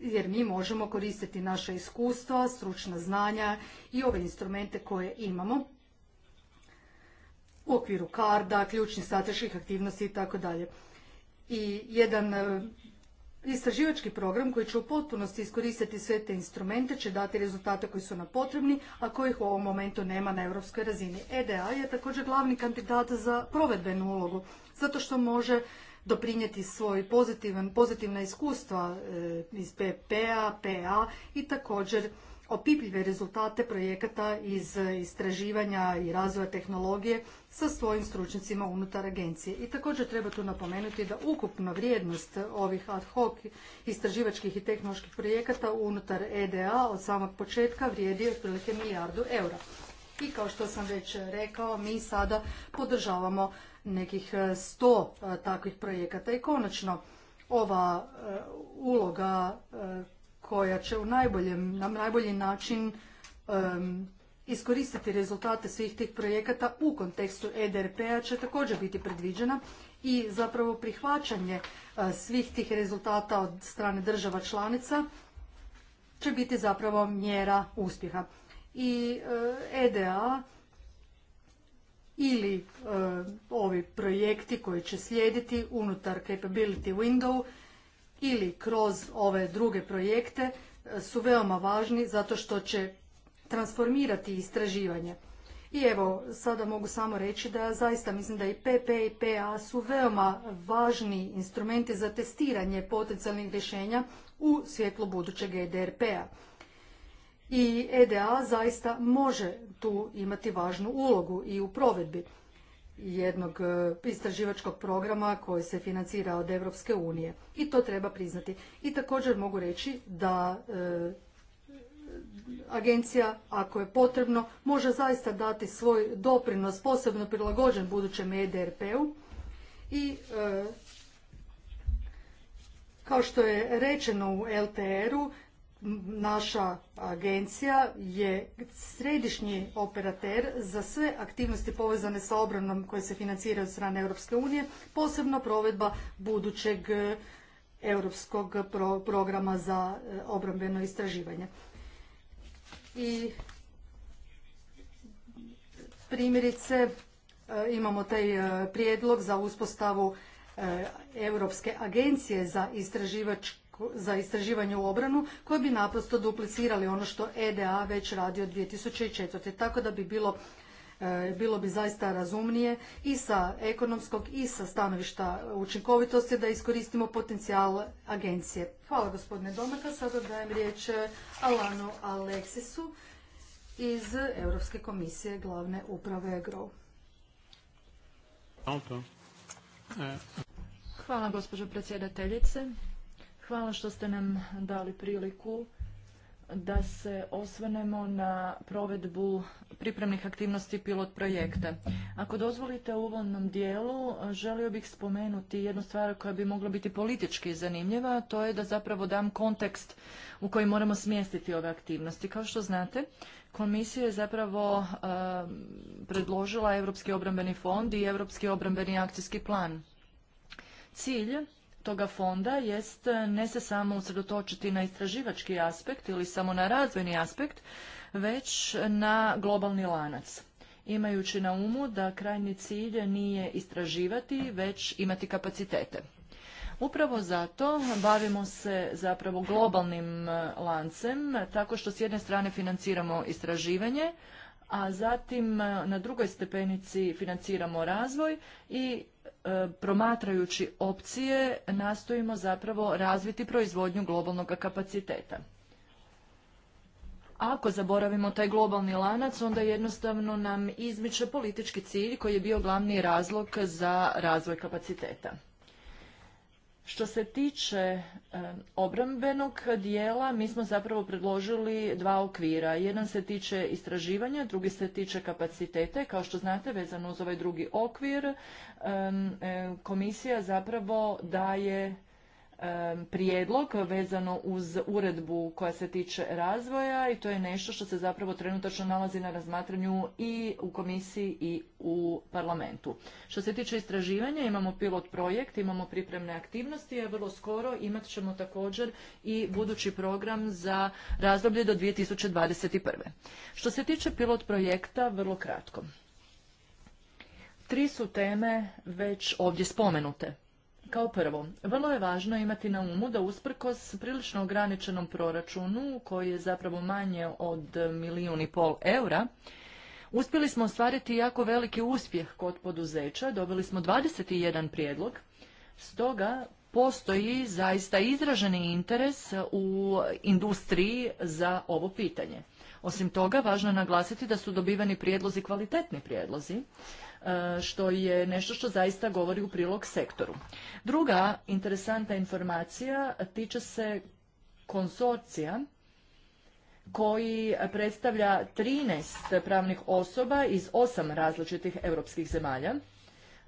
jer mi možemo koristiti naša iskustva, stručna znanja i ove instrumente koje imamo u okviru karda, ključnih strateških aktivnosti i tako dalje. I jedan Istraživački program koji će u potpunosti iskoristiti sve te instrumente će dati rezultate koji su nam potrebni, a kojih u ovom momentu nema na europskoj razini. EDA je također glavni kandidat za provedbenu ulogu, zato što može doprinijeti svoj pozitivan, pozitivna iskustva e, iz PPA, PA i također opipljive rezultate projekata iz istraživanja i razvoja tehnologije sa svojim stručnicima unutar agencije. I također treba tu napomenuti da ukupna vrijednost ovih ad hoc istraživačkih i tehnoloških projekata unutar EDA od samog početka vrijedi otprilike milijardu eura. I kao što sam već rekao, mi sada podržavamo nekih sto e, takvih projekata i konačno ova e, uloga e, koja će u najboljem, na najbolji način iskoristiti rezultate svih tih projekata u kontekstu EDRP-a će također biti predviđena i zapravo prihvaćanje e, svih tih rezultata od strane država članica će biti zapravo mjera uspjeha. I EDA e ili e, ovi projekti koji će slijediti unutar capability window ili kroz ove druge projekte su veoma važni zato što će transformirati istraživanje. I evo, sada mogu samo reći da zaista mislim da i PP i PA su veoma važni instrumenti za testiranje potencijalnih rješenja u svjetlu budućeg EDRP-a. I EDA zaista može tu imati važnu ulogu i u provedbi jednog e, istraživačkog programa koji se financira od Europske unije. I to treba priznati. I također mogu reći da e, agencija, ako je potrebno, može zaista dati svoj doprinos posebno prilagođen budućem EDRP-u i e, kao što je rečeno u LTR-u, naša agencija je središnji operater za sve aktivnosti povezane sa obranom koje se financiraju od strane Europske unije, posebno provedba budućeg e, europskog programa za e, obrambeno istraživanje i primjerice e, imamo taj e, prijedlog za uspostavu e, Europske agencije za za istraživanje u obranu koje bi naprosto duplicirali ono što EDA već radi od 2004. Tako da bi bilo E, bilo bi zaista razumnije i sa ekonomskog i sa stanovišta učinkovitosti da iskoristimo potencijal agencije. Hvala gospodine Domaka. Sada dajem riječ e, Alanu Aleksisu iz Europske komisije glavne uprave EGRO. Hvala gospođo predsjedateljice. Hvala što ste nam dali priliku da se osvrnemo na provedbu pripremnih aktivnosti pilot projekta. Ako dozvolite u uvodnom dijelu, želio bih spomenuti jednu stvar koja bi mogla biti politički zanimljiva, to je da zapravo dam kontekst u koji moramo smjestiti ove aktivnosti. Kao što znate, komisija je zapravo um, predložila Europski obrambeni fond i Europski obrambeni akcijski plan. Cilj toga fonda jest e, ne se samo usredotočiti na istraživački aspekt ili samo na razvojni aspekt, već na globalni lanac. Imajući na umu da krajnji cilj nije istraživati, već imati kapacitete. Upravo zato bavimo se zapravo globalnim e, lancem, tako što s jedne strane financiramo istraživanje, a zatim e, na drugoj stepenici financiramo razvoj i E, promatrajući opcije nastojimo zapravo razviti proizvodnju globalnog kapaciteta. Ako zaboravimo taj globalni lanac, onda jednostavno nam izmiče politički cilj koji je bio glavni razlog za razvoj kapaciteta. Što se tiče e, obrambenog dijela, mi smo zapravo predložili dva okvira. Jedan se tiče istraživanja, drugi se tiče kapacitete. Kao što znate, vezano uz ovaj drugi okvir, e, komisija zapravo daje prijedlog vezano uz uredbu koja se tiče razvoja i to je nešto što se zapravo trenutačno nalazi na razmatranju i u komisiji i u parlamentu. Što se tiče istraživanja, imamo pilot projekt, imamo pripremne aktivnosti, a vrlo skoro imat ćemo također i budući program za razdoblje do 2021. Što se tiče pilot projekta, vrlo kratko. Tri su teme već ovdje spomenute. Kao prvo, vrlo je važno imati na umu da usprkos prilično ograničenom proračunu, koji je zapravo manje od milijun i pol eura, uspjeli smo ostvariti jako veliki uspjeh kod poduzeća, dobili smo 21 prijedlog, stoga postoji zaista izraženi interes u industriji za ovo pitanje. Osim toga, važno je naglasiti da su dobivani prijedlozi kvalitetni prijedlozi, E, što je nešto što zaista govori u prilog sektoru. Druga interesantna informacija tiče se konsorcija koji predstavlja 13 pravnih osoba iz osam različitih europskih zemalja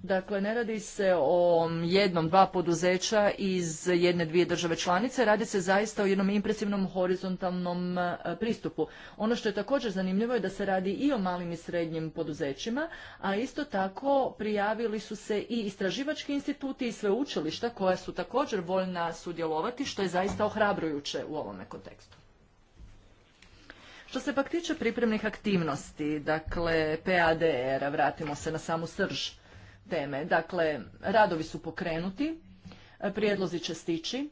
Dakle, ne radi se o jednom, dva poduzeća iz jedne, dvije države članice, radi se zaista o jednom impresivnom horizontalnom e, pristupu. Ono što je također zanimljivo je da se radi i o malim i srednjim poduzećima, a isto tako prijavili su se i istraživački instituti i sveučilišta koja su također voljna sudjelovati, što je zaista ohrabrujuće u ovome kontekstu. Što se pak tiče pripremnih aktivnosti, dakle PADR-a, vratimo se na samu srž teme. Dakle, radovi su pokrenuti, prijedlozi će stići,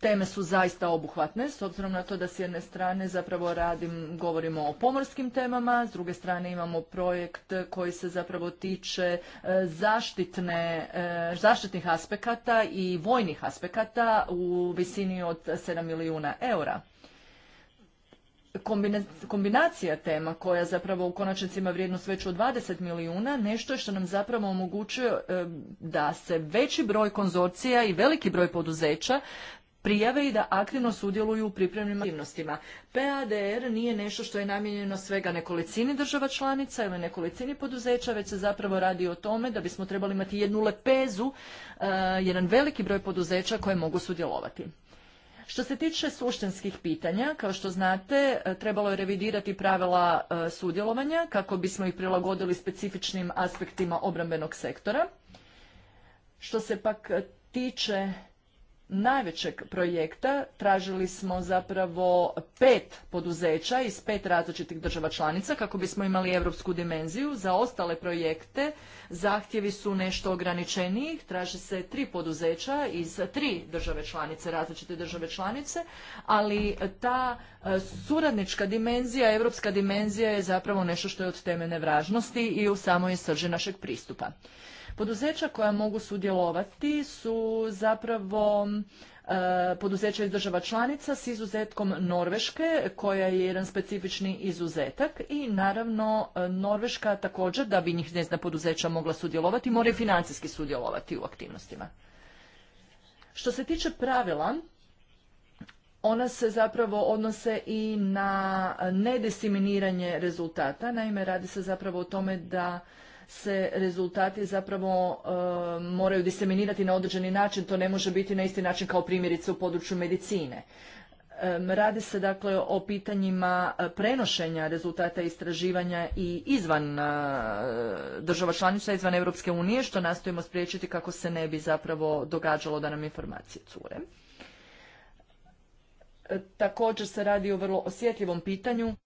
teme su zaista obuhvatne, s obzirom na to da s jedne strane zapravo radim, govorimo o pomorskim temama, s druge strane imamo projekt koji se zapravo tiče e, zaštitne, e, zaštitnih aspekata i vojnih aspekata u visini od 7 milijuna eura kombinacija tema koja zapravo u konačnici ima vrijednost veću od 20 milijuna, nešto je što nam zapravo omogućuje e, da se veći broj konzorcija i veliki broj poduzeća prijave i da aktivno sudjeluju u pripremnim aktivnostima. PADR nije nešto što je namijenjeno svega nekolicini država članica ili nekolicini poduzeća, već se zapravo radi o tome da bismo trebali imati jednu lepezu, e, jedan veliki broj poduzeća koje mogu sudjelovati. Što se tiče suštinskih pitanja, kao što znate, e, trebalo je revidirati pravila e, sudjelovanja kako bismo ih prilagodili specifičnim aspektima obrambenog sektora. Što se pak e, tiče najvećeg projekta tražili smo zapravo pet poduzeća iz pet različitih država članica kako bismo imali europsku dimenziju. Za ostale projekte zahtjevi su nešto ograničeniji, traži se tri poduzeća iz tri države članice, različite države članice, ali ta e, suradnička dimenzija, europska dimenzija je zapravo nešto što je od temene važnosti i u samoj srži našeg pristupa. Poduzeća koja mogu sudjelovati su zapravo e, poduzeća iz država članica s izuzetkom Norveške koja je jedan specifični izuzetak i naravno e, Norveška također da bi njih njezna poduzeća mogla sudjelovati mora i financijski sudjelovati u aktivnostima. Što se tiče pravila, ona se zapravo odnose i na nedeseminiranje rezultata. Naime, radi se zapravo o tome da se rezultati zapravo e, moraju diseminirati na određeni način, to ne može biti na isti način kao primjerice u području medicine. radi se dakle o pitanjima e, prenošenja rezultata istraživanja i izvan e, država članica, izvan Europske unije, što nastojimo spriječiti kako se ne bi zapravo događalo da nam informacije cure. Također se radi o vrlo osjetljivom pitanju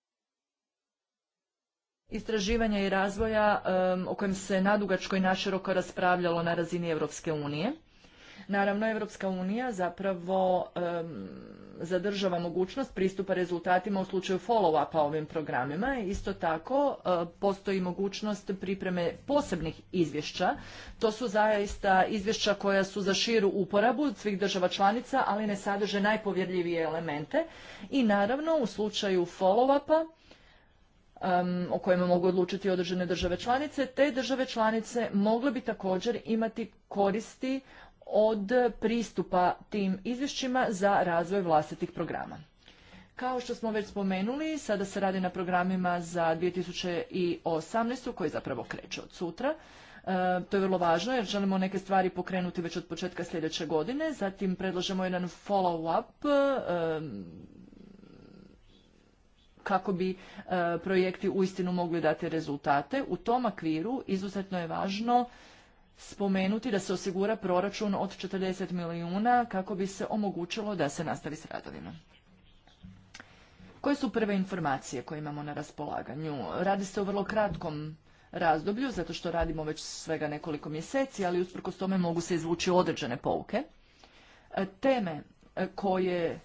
istraživanja i razvoja o kojem se nadugačko i naširoko raspravljalo na razini Europske unije. Naravno, Europska unija zapravo zadržava mogućnost pristupa rezultatima u slučaju follow-upa ovim programima. Isto tako, e, postoji mogućnost pripreme posebnih izvješća. To su zaista izvješća koja su za širu uporabu svih država članica, ali ne sadrže najpovjerljivije elemente. I naravno, u slučaju follow-upa, o kojima mogu odlučiti određene države članice, te države članice mogle bi također imati koristi od pristupa tim izvješćima za razvoj vlastitih programa. Kao što smo već spomenuli, sada se radi na programima za 2018. koji zapravo kreće od sutra. E, to je vrlo važno jer želimo neke stvari pokrenuti već od početka sljedeće godine. Zatim predlažemo jedan follow-up kako bi e, projekti uistinu mogli dati rezultate. U tom akviru izuzetno je važno spomenuti da se osigura proračun od 40 milijuna kako bi se omogućilo da se nastavi s radovima. Koje su prve informacije koje imamo na raspolaganju? Radi se o vrlo kratkom razdoblju, zato što radimo već svega nekoliko mjeseci, ali usprkos tome mogu se izvući određene pouke. E, teme e, koje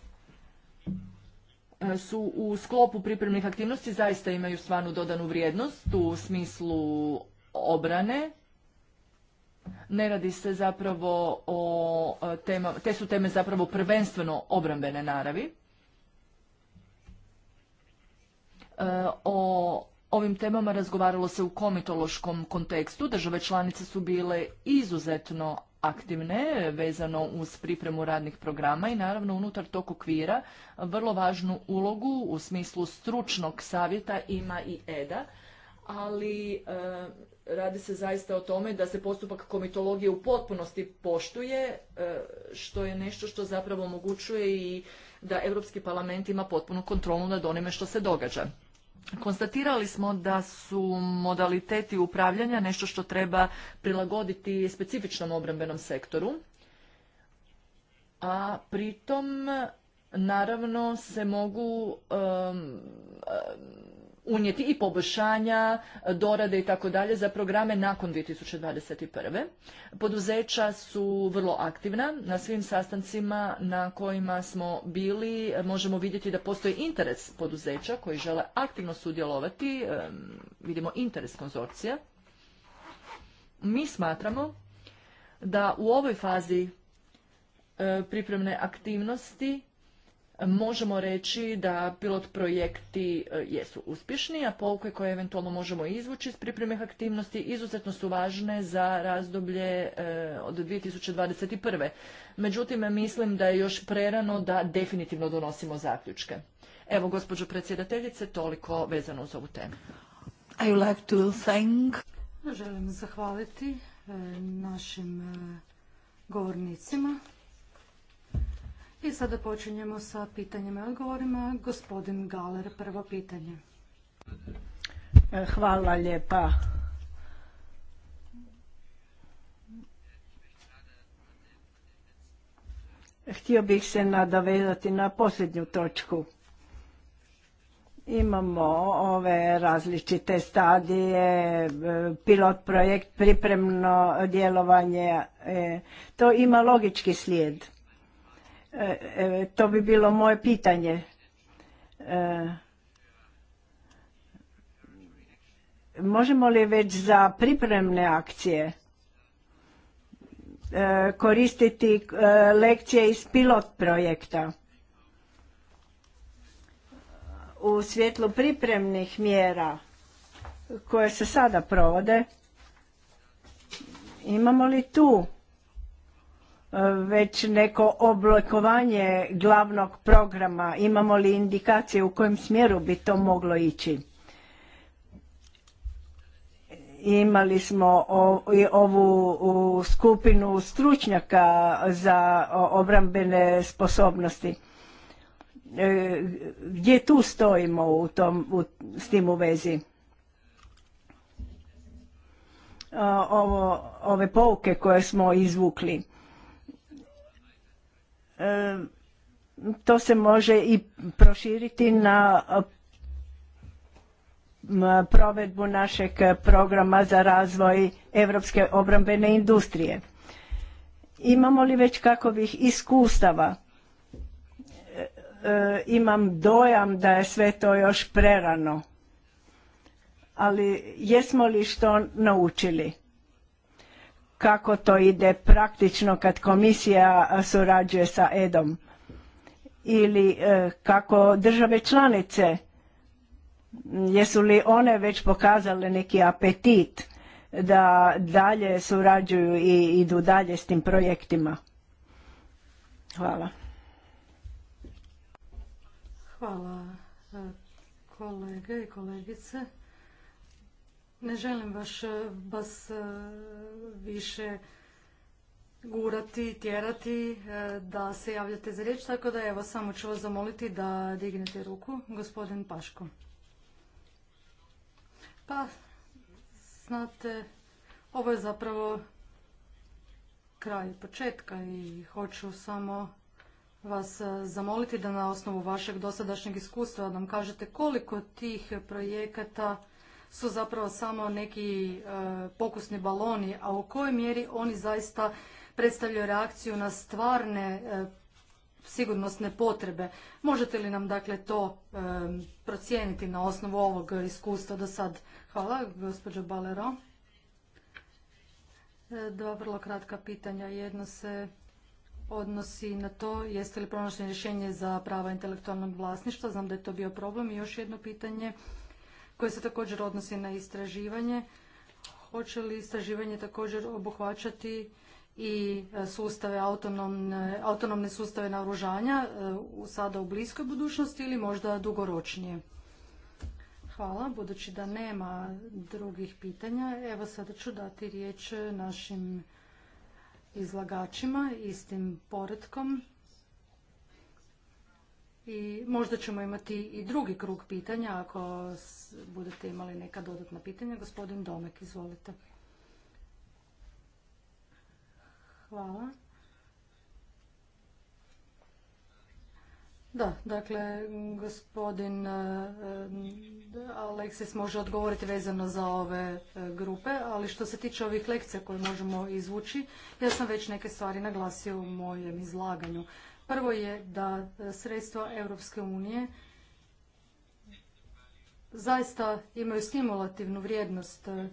E, su u sklopu pripremnih aktivnosti zaista imaju stvarnu dodanu vrijednost u smislu obrane. Ne radi se zapravo o e, tema, te su teme zapravo prvenstveno obrambene naravi. E, o ovim temama razgovaralo se u komitološkom kontekstu. Države članice su bile izuzetno aktivne vezano uz pripremu radnih programa i naravno unutar tog okvira vrlo važnu ulogu u smislu stručnog savjeta ima i EDA, ali e, radi se zaista o tome da se postupak komitologije u potpunosti poštuje, e, što je nešto što zapravo omogućuje i da Europski parlament ima potpunu kontrolu nad onime što se događa. Konstatirali smo da su modaliteti upravljanja nešto što treba prilagoditi specifičnom obrambenom sektoru, a pritom naravno se mogu unijeti i poboljšanja, e, dorade i tako dalje za programe nakon 2021. Poduzeća su vrlo aktivna. Na svim sastancima na kojima smo bili e, možemo vidjeti da postoji interes poduzeća koji žele aktivno sudjelovati. E, vidimo interes konzorcija. Mi smatramo da u ovoj fazi pripremne aktivnosti možemo reći da pilot projekti e, jesu uspješni, a pouke koje eventualno možemo izvući iz pripremih aktivnosti izuzetno su važne za razdoblje e, od 2021. Međutim, mislim da je još prerano da definitivno donosimo zaključke. Evo, gospođo predsjedateljice, toliko vezano uz ovu temu. I like to thank... Želim zahvaliti e, našim govornicima. I sada počinjemo sa pitanjima i odgovorima. Gospodin Galer, prvo pitanje. E, hvala lijepa. Htio bih se nadovezati na posljednju točku. Imamo ove različite stadije, e, pilot projekt, pripremno djelovanje. E, to ima logički slijed. E, e, to bi bilo moje pitanje. E, možemo li već za pripremne akcije koristiti lekcije iz pilot projekta? U svjetlu pripremnih mjera koje se sada provode, imamo li tu već neko oblikovanje glavnog programa? Imamo li indikacije u kojem smjeru bi to moglo ići? Imali smo ovu skupinu stručnjaka za obrambene sposobnosti. E, gdje tu stojimo u u, s tim u vezi? Ovo, ove pouke koje smo izvukli to se može i proširiti na provedbu našeg programa za razvoj europske obrambene industrije. Imamo li već kakovih iskustava? E, e, imam dojam da je sve to još prerano. Ali jesmo li što naučili? kako to ide praktično kad komisija surađuje sa EDOM ili e, kako države članice jesu li one već pokazale neki apetit da dalje surađuju i idu dalje s tim projektima. Hvala. Hvala e, kolege i kolegice. Ne želim baš e, vas e, više gurati, tjerati e, da se javljate za riječ, tako da evo samo ću vas zamoliti da dignete ruku, gospodin Paško. Pa, znate, ovo je zapravo kraj početka i hoću samo vas zamoliti da na osnovu vašeg dosadašnjeg iskustva nam kažete koliko tih projekata su zapravo samo neki e, pokusni baloni, a u kojoj mjeri oni zaista predstavljaju reakciju na stvarne e, sigurnosne potrebe. Možete li nam dakle to e, procijeniti na osnovu ovog iskustva do sad? Hvala, gospođo Balero. dva vrlo kratka pitanja. Jedno se odnosi na to jeste li pronašli rješenje za prava intelektualnog vlasništva. Znam da je to bio problem. I još jedno pitanje koje se također odnosi na istraživanje. Hoće li istraživanje također obuhvaćati i e, sustave autonomne, autonomne sustave naoružanja e, sada u bliskoj budućnosti ili možda dugoročnije? Hvala. Budući da nema drugih pitanja, evo sada ću dati riječ našim izlagačima istim poredkom i možda ćemo imati i drugi krug pitanja ako budete imali neka dodatna pitanja. Gospodin Domek, izvolite. Hvala. Da, dakle, gospodin eh, Aleksis može odgovoriti vezano za ove eh, grupe, ali što se tiče ovih lekcija koje možemo izvući, ja sam već neke stvari naglasio u mojem izlaganju. Prvo je da e, sredstva Europske unije zaista imaju stimulativnu vrijednost e,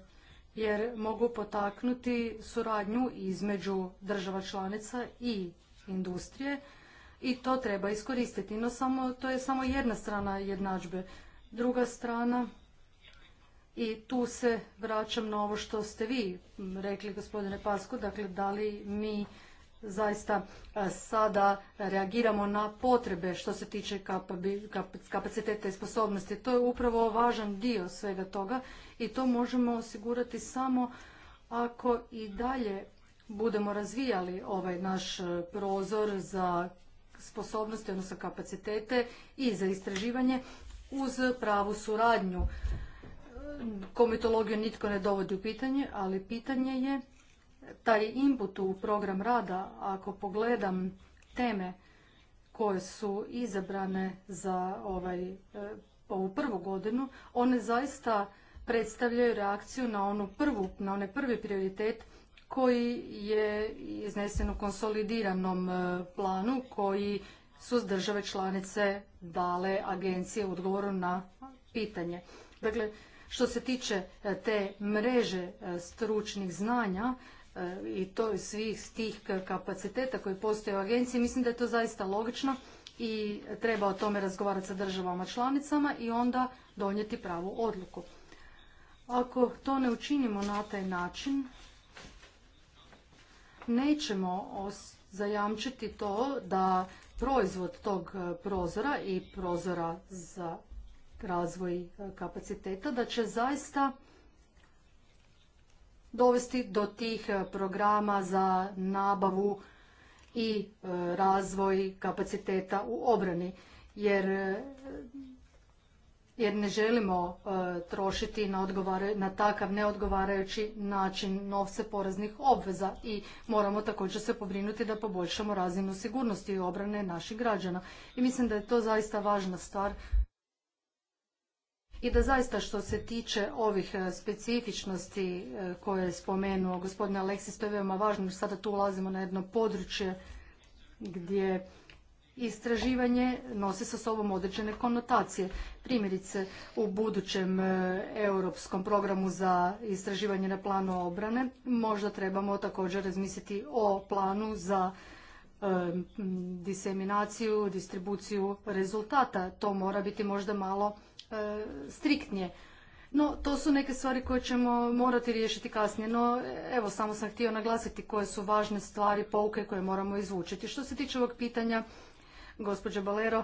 jer mogu potaknuti suradnju između država članica i industrije i to treba iskoristiti. No samo, to je samo jedna strana jednadžbe. Druga strana i tu se vraćam na ovo što ste vi rekli gospodine Pasko, dakle da li mi zaista e, sada reagiramo na potrebe što se tiče kapaciteta i sposobnosti. To je upravo važan dio svega toga i to možemo osigurati samo ako i dalje budemo razvijali ovaj naš e, prozor za sposobnosti, odnosno kapacitete i za istraživanje uz pravu suradnju. E, komitologiju nitko ne dovodi u pitanje, ali pitanje je taj input u program rada, ako pogledam teme koje su izabrane za ovaj, e, ovu prvu godinu, one zaista predstavljaju reakciju na onu prvu, na onaj prvi prioritet koji je iznesen u konsolidiranom e, planu koji su države članice dale agencije u odgovoru na pitanje. Dakle, što se tiče e, te mreže stručnih znanja, i to svih tih kapaciteta koji postoje u agenciji, mislim da je to zaista logično i treba o tome razgovarati sa državama članicama i onda donijeti pravu odluku. Ako to ne učinimo na taj način, nećemo zajamčiti to da proizvod tog e, prozora i prozora za razvoj e, kapaciteta, da će zaista dovesti do tih e, programa za nabavu i e, razvoj kapaciteta u obrani. Jer, e, ne želimo trošiti na, na takav neodgovarajući način novce poreznih obveza i moramo također se pobrinuti da poboljšamo razinu sigurnosti i obrane naših građana. I mislim da je to zaista važna stvar i da zaista što se tiče ovih e, specifičnosti e, koje je spomenuo gospodin Aleksis, to je veoma važno, sada tu ulazimo na jedno područje gdje istraživanje nosi sa sobom određene konotacije. Primjerice, u budućem e, europskom programu za istraživanje na planu obrane možda trebamo također razmisliti o planu za diseminaciju, distribuciju rezultata. To mora biti možda malo E, striktnije. No, to su neke stvari koje ćemo morati riješiti kasnije, no evo samo sam htio naglasiti koje su važne stvari, pouke koje moramo izvučiti. Što se tiče ovog pitanja, gospođe Balero,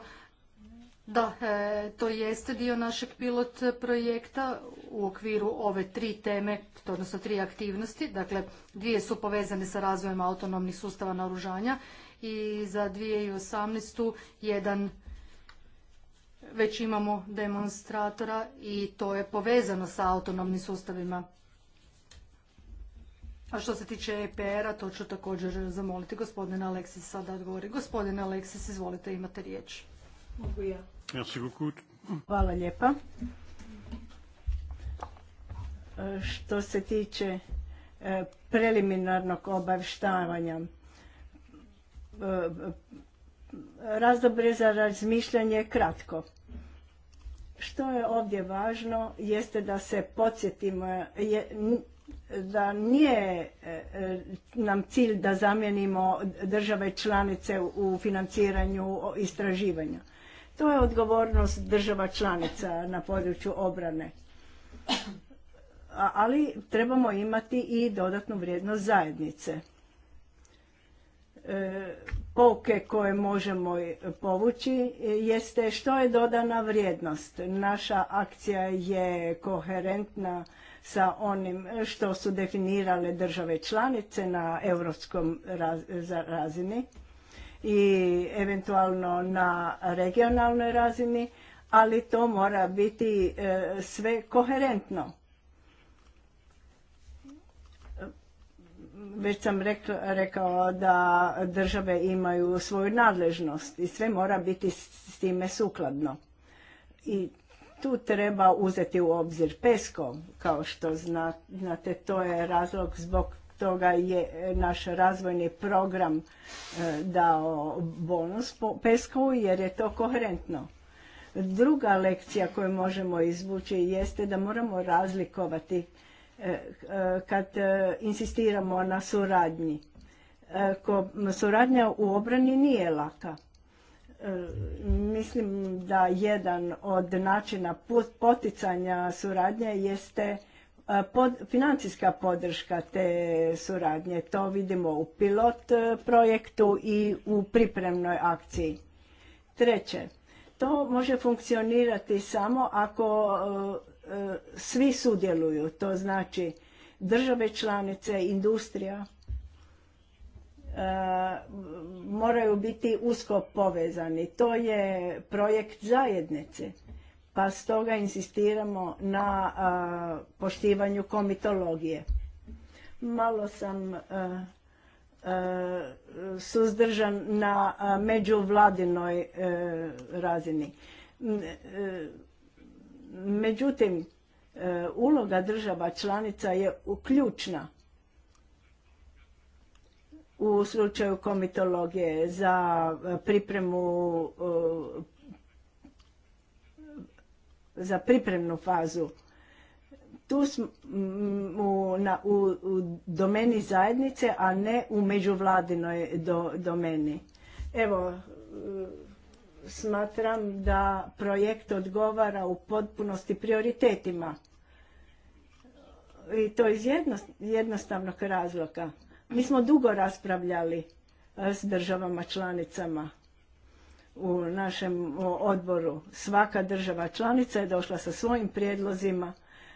da, e, to jeste dio našeg pilot projekta u okviru ove tri teme, odnosno tri aktivnosti. Dakle, dvije su povezane sa razvojem autonomnih sustava naoružanja i za 2018. jedan već imamo demonstratora i to je povezano sa autonomnim sustavima. A što se tiče EPR-a, to ću također zamoliti gospodina Aleksisa sada odgovori. Gospodine Aleksis, izvolite, imate riječ. Mogu ja. Hvala lijepa. Što se tiče e, preliminarnog obavštavanja, e, e, razdobre za razmišljanje je kratko. Što je ovdje važno jeste da se podsjetimo da nije e, e, nam cilj da zamijenimo države članice u financiranju istraživanja. To je odgovornost država članica na području obrane. Ali trebamo imati i dodatnu vrijednost zajednice. E, pouke koje možemo povući e, jeste što je dodana vrijednost. Naša akcija je koherentna sa onim što su definirale države članice na europskom razini i eventualno na regionalnoj razini, ali to mora biti e, sve koherentno. Već sam rekao da države imaju svoju nadležnost i sve mora biti s time sukladno. I tu treba uzeti u obzir PESCO, kao što znate, to je razlog zbog toga je naš razvojni program e, dao bonus PESCO jer je to koherentno. Druga lekcija koju možemo izvući jeste da moramo razlikovati kad e, insistiramo na suradnji. E, suradnja u obrani nije laka. E, mislim da jedan od načina poticanja suradnje jeste financijska podrška te suradnje. To vidimo u pilot projektu i u pripremnoj akciji. Treće, to može funkcionirati samo ako E, svi sudjeluju, to znači države članice, industrija e, moraju biti usko povezani. To je projekt zajednice, pa stoga insistiramo na e, poštivanju komitologije. Malo sam suzdržan na međuvladinoj razini Međutim, e, uloga država članica je uključna u slučaju komitologije za e, pripremu e, za pripremnu fazu. Tu smo u, domeni zajednice, a ne u međuvladinoj domeni. Evo, smatram da projekt odgovara u potpunosti prioritetima. I to iz jednostavnog razloga. Mi smo dugo raspravljali e, s državama članicama u našem odboru. Svaka država članica je došla sa svojim prijedlozima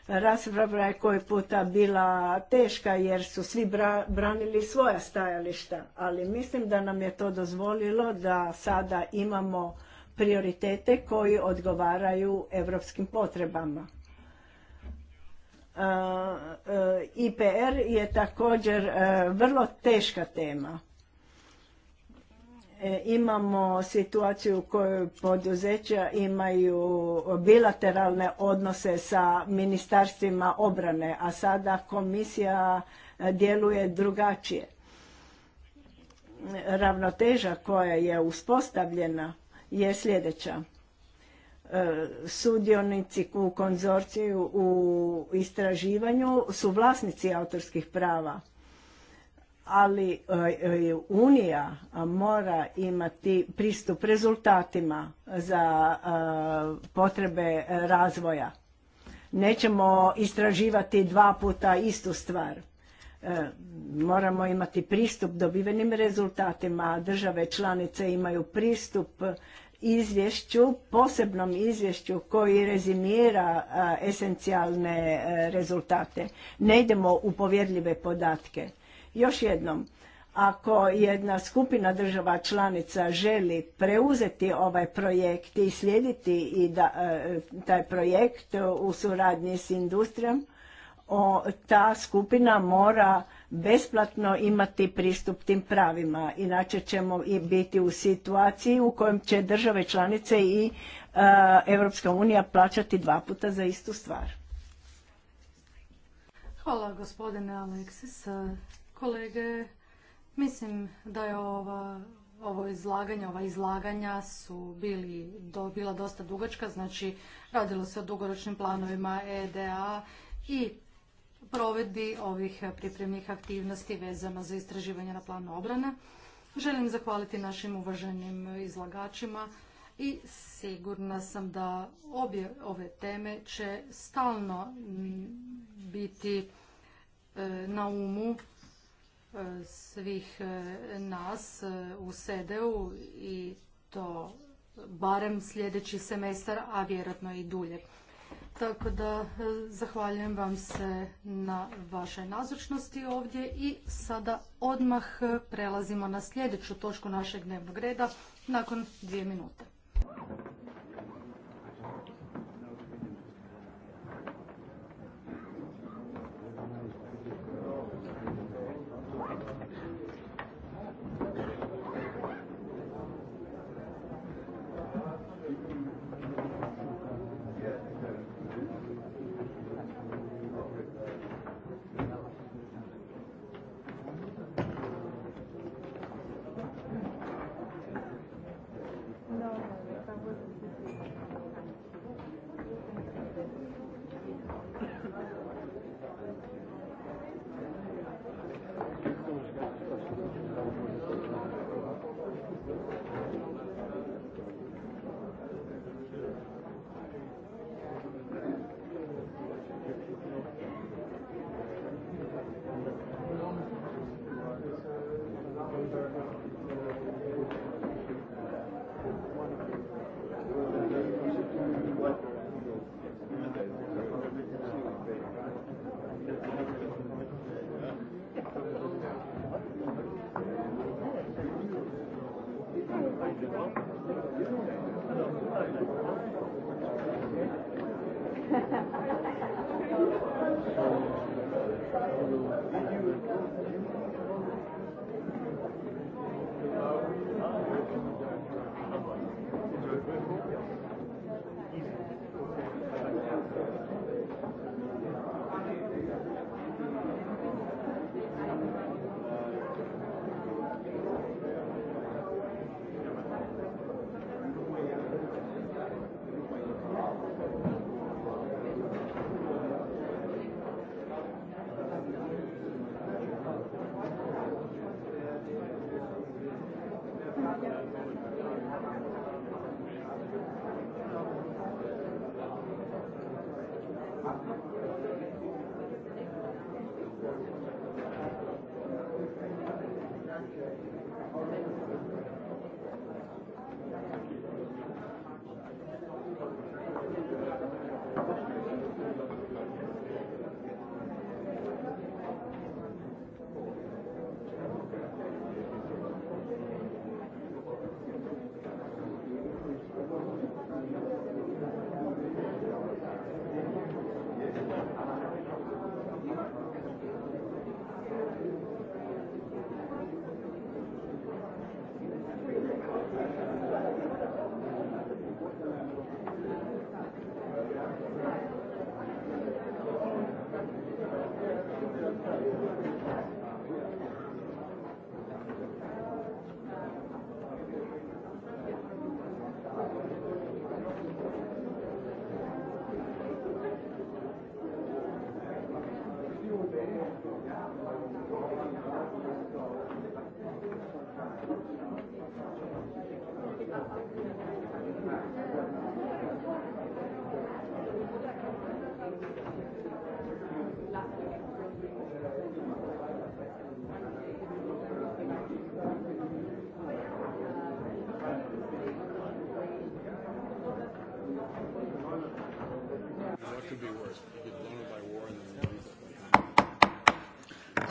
Rasprava je koji puta bila teška jer su svi branili svoja stajališta, ali mislim da nam je to dozvolilo da sada imamo prioritete koji odgovaraju europskim potrebama. E, e, IPR je također e, vrlo teška tema E, imamo situaciju u kojoj poduzeća imaju bilateralne odnose sa ministarstvima obrane, a sada komisija e, djeluje drugačije. Ravnoteža koja je uspostavljena je sljedeća. E, sudionici u konzorciju u istraživanju su vlasnici autorskih prava ali e, e, Unija mora imati pristup rezultatima za e, potrebe razvoja. Nećemo istraživati dva puta istu stvar. Moramo imati pristup dobivenim rezultatima. Države članice imaju pristup izvješću, posebnom izvješću koji rezimira esencijalne rezultate. Ne idemo u povjerljive podatke još jednom, ako jedna skupina država članica želi preuzeti ovaj projekt i slijediti i da, e, taj projekt u suradnji s industrijom, o, ta skupina mora besplatno imati pristup tim pravima. Inače ćemo biti u situaciji u kojem će države članice i e, Europska unija plaćati dva puta za istu stvar. Hvala gospodine Aleksis kolege. Mislim da je ova, ovo izlaganje, ova izlaganja su bili, bila dosta dugačka, znači radilo se o dugoročnim planovima EDA i provedbi ovih pripremnih aktivnosti vezano za istraživanje na planu obrane. Želim zahvaliti našim uvaženim izlagačima i sigurna sam da obje ove teme će stalno biti e, na umu svih e, nas e, u SEDEU i to barem sljedeći semestar, a vjerojatno i dulje. Tako da e, zahvaljujem vam se na vašoj nazočnosti ovdje i sada odmah prelazimo na sljedeću točku našeg dnevnog reda nakon dvije minute.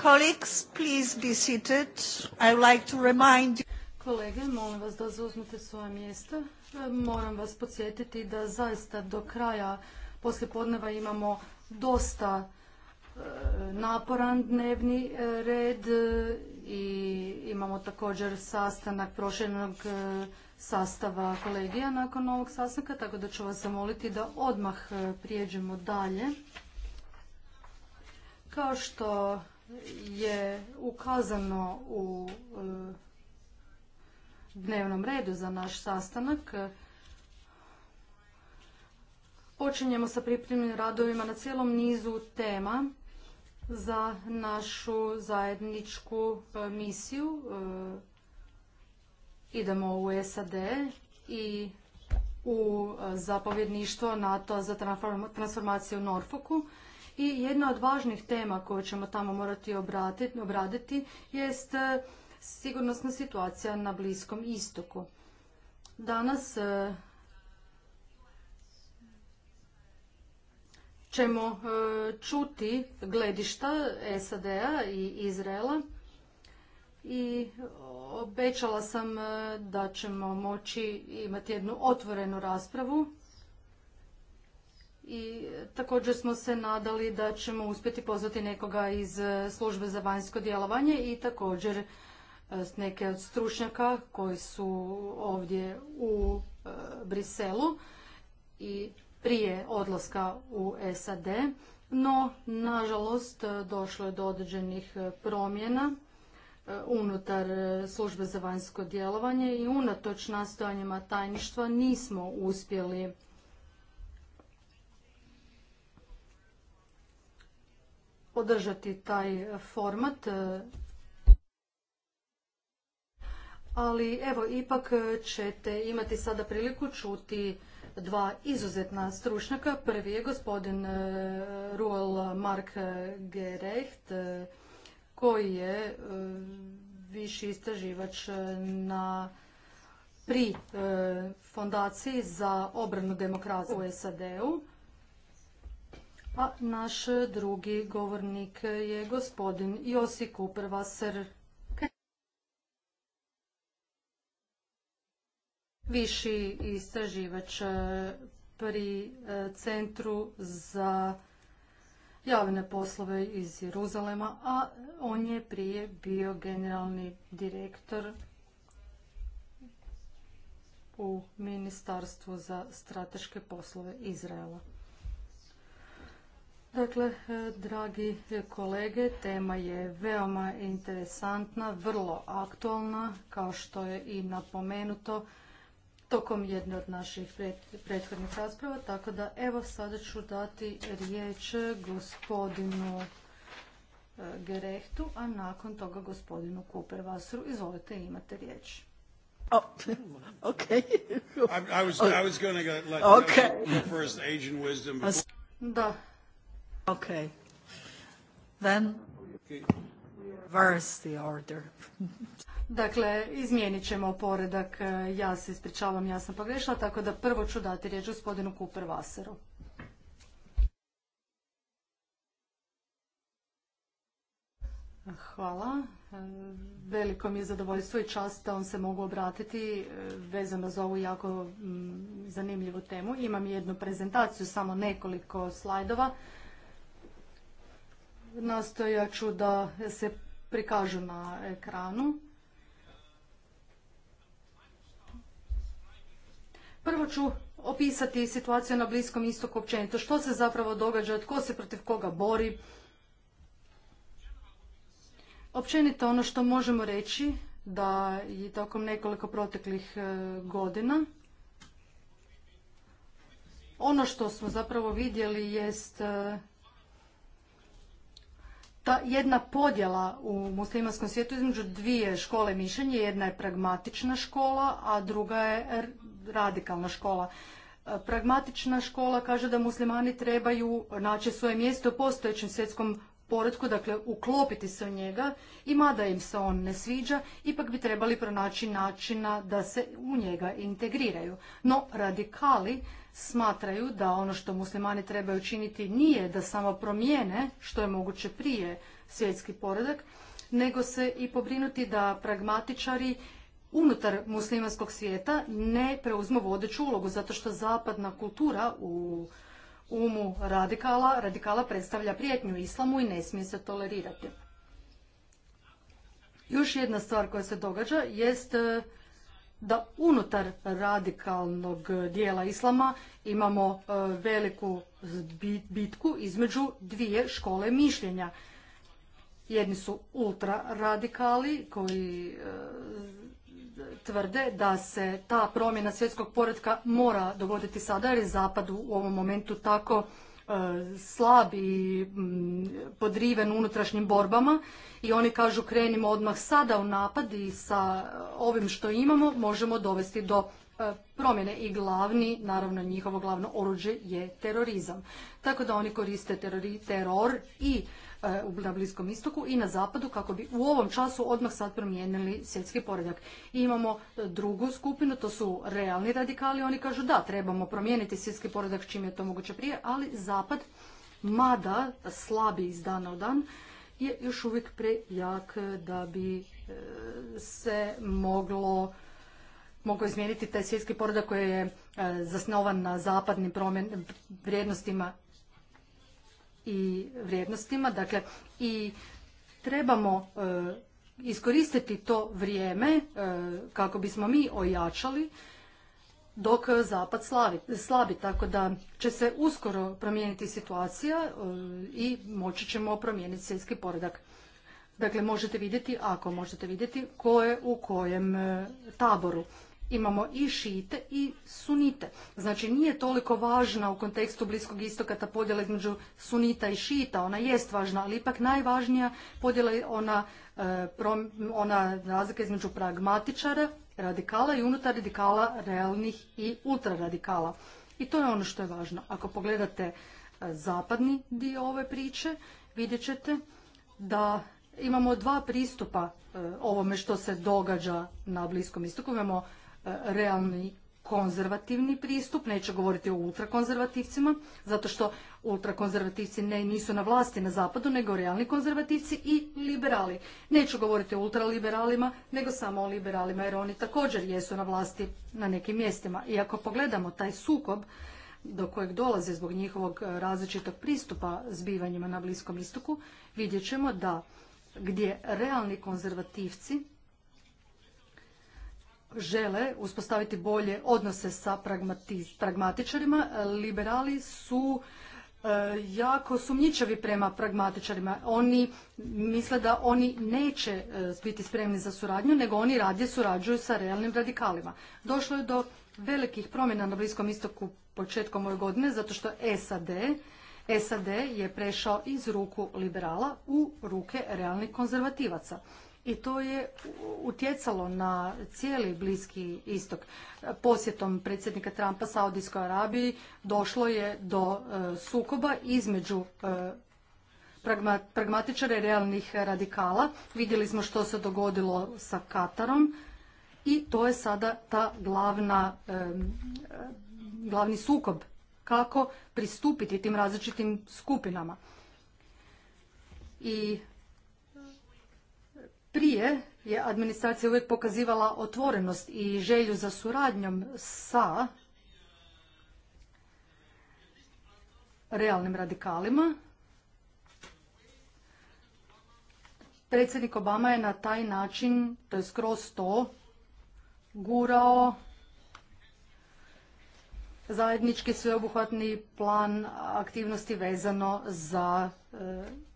Colleagues, please be seated. I like to remind Kolege, molim vas da zauzmete svoje mjesta. E, moram vas podsjetiti da zaista do kraja podneva imamo dosta e, naporan dnevni e, red i imamo također sastanak prošljenog sastava kolegija nakon ovog sastanka, tako da ću vas zamoliti da odmah prijeđemo dalje. Kao što je ukazano u e, dnevnom redu za naš sastanak. Počinjemo sa pripremljenim radovima na cijelom nizu tema za našu zajedničku e, misiju. E, idemo u SAD i u zapovjedništvo NATO za transformaciju u Norfolku i jedna od važnih tema koju ćemo tamo morati obraditi jest e, sigurnosna situacija na Bliskom istoku. Danas e, ćemo e, čuti gledišta SAD-a i Izraela i obećala sam da ćemo moći imati jednu otvorenu raspravu i također smo se nadali da ćemo uspjeti pozvati nekoga iz e, službe za vanjsko djelovanje i također e, neke od stručnjaka koji su ovdje u e, Briselu i prije odlaska u SAD, no nažalost došlo je do određenih promjena unutar službe za vanjsko djelovanje i unatoč nastojanjima tajništva nismo uspjeli podržati taj format. Ali evo, ipak ćete imati sada priliku čuti dva izuzetna stručnjaka. Prvi je gospodin e, Ruel Mark Gerecht, e, koji je e, viši istraživač na pri fondaciji za obranu demokracije u SAD-u. A naš drugi govornik je gospodin Josip ser Viši istraživač eh, pri eh, Centru za javne poslove iz Jeruzalema, a on je prije bio generalni direktor u Ministarstvu za strateške poslove Izraela. Dakle, e, dragi kolege, tema je veoma interesantna, vrlo aktualna, kao što je i napomenuto tokom jedne od naših prethodnih rasprava, tako da evo sada ću dati riječ gospodinu e, Gerehtu, a nakon toga gospodinu Vasaru. Izvolite, imate riječ. Oh, okay. I, was, I was going to okay. first wisdom. Da, Okay. Then reverse the order. Dakle, izmijenit ćemo poredak. Ja se ispričavam, ja sam pogrešila, tako da prvo ću dati riječ gospodinu Kuper Vaseru. Hvala. Veliko mi je zadovoljstvo i čast da vam se mogu obratiti eh, vezano za ovu jako mm, zanimljivu temu. Imam jednu prezentaciju, samo nekoliko slajdova nastojat ću da se prikažu na ekranu. Prvo ću opisati situaciju na Bliskom istoku općenito. Što se zapravo događa, tko se protiv koga bori. Općenito ono što možemo reći da je tokom nekoliko proteklih e, godina ono što smo zapravo vidjeli jest e, ta jedna podjela u muslimanskom svijetu između dvije škole mišljenja, jedna je pragmatična škola, a druga je radikalna škola. E, pragmatična škola kaže da muslimani trebaju naći svoje mjesto u postojećem svjetskom poredku, dakle uklopiti se u njega i mada im se on ne sviđa, ipak bi trebali pronaći načina da se u njega integriraju. No radikali smatraju da ono što muslimani trebaju činiti nije da samo promijene što je moguće prije svjetski poredak, nego se i pobrinuti da pragmatičari unutar muslimanskog svijeta ne preuzmu vodeću ulogu, zato što zapadna kultura u umu radikala, radikala predstavlja prijetnju islamu i ne smije se tolerirati. Još jedna stvar koja se događa jest da unutar radikalnog dijela islama imamo e, veliku bitku između dvije škole mišljenja. Jedni su radikali koji e, tvrde da se ta promjena svjetskog poretka mora dogoditi sada jer je zapad u ovom momentu tako slab i mm, podriven unutrašnjim borbama i oni kažu krenimo odmah sada u napad i sa e, ovim što imamo možemo dovesti do e, promjene i glavni, naravno njihovo glavno oruđe je terorizam. Tako da oni koriste teror i E, na Bliskom istoku i na zapadu kako bi u ovom času odmah sad promijenili svjetski poredak. I imamo e, drugu skupinu, to su realni radikali, oni kažu da, trebamo promijeniti svjetski poredak čim je to moguće prije, ali zapad, mada slabi iz dana u dan, je još uvijek prejak da bi e, se moglo mogao izmijeniti taj svjetski poredak koji je zasnovan na zapadnim vrijednostima i vrijednostima. Dakle, i trebamo e, iskoristiti to vrijeme e, kako bismo mi ojačali dok zapad slavi, slabi, tako da će se uskoro promijeniti situacija e, i moći ćemo promijeniti svjetski poredak. Dakle, možete vidjeti, ako možete vidjeti, ko je u kojem taboru imamo i šite i sunite. Znači nije toliko važna u kontekstu Bliskog istoka ta podjela između sunita i šita, ona jest važna, ali ipak najvažnija podjela je ona, e, ona razlika između pragmatičara, radikala i unutar radikala realnih i ultraradikala. I to je ono što je važno. Ako pogledate e, zapadni dio ove priče, vidjet ćete da imamo dva pristupa e, ovome što se događa na Bliskom istoku. Imamo realni konzervativni pristup, neću govoriti o ultrakonzervativcima, zato što ultrakonzervativci ne, nisu na vlasti na zapadu, nego realni konzervativci i liberali. Neću govoriti o ultraliberalima, nego samo o liberalima, jer oni također jesu na vlasti na nekim mjestima. I ako pogledamo taj sukob do kojeg dolaze zbog njihovog e, različitog pristupa zbivanjima na Bliskom istoku, vidjet ćemo da gdje realni konzervativci žele uspostaviti bolje odnose sa pragmatičarima. Liberali su e, jako sumnjičavi prema pragmatičarima. Oni misle da oni neće e, biti spremni za suradnju, nego oni radije surađuju sa realnim radikalima. Došlo je do velikih promjena na Bliskom istoku početkom ove godine, zato što SAD, SAD je prešao iz ruku liberala u ruke realnih konzervativaca i to je utjecalo na cijeli Bliski istok. Posjetom predsjednika Trumpa Saudijskoj Arabiji došlo je do e, sukoba između e, pragmatičara i realnih radikala. Vidjeli smo što se dogodilo sa Katarom i to je sada ta glavna, e, glavni sukob kako pristupiti tim različitim skupinama. I prije je administracija uvijek pokazivala otvorenost i želju za suradnjom sa realnim radikalima. Predsjednik Obama je na taj način, to je skroz to, gurao zajednički sveobuhvatni plan aktivnosti vezano za e,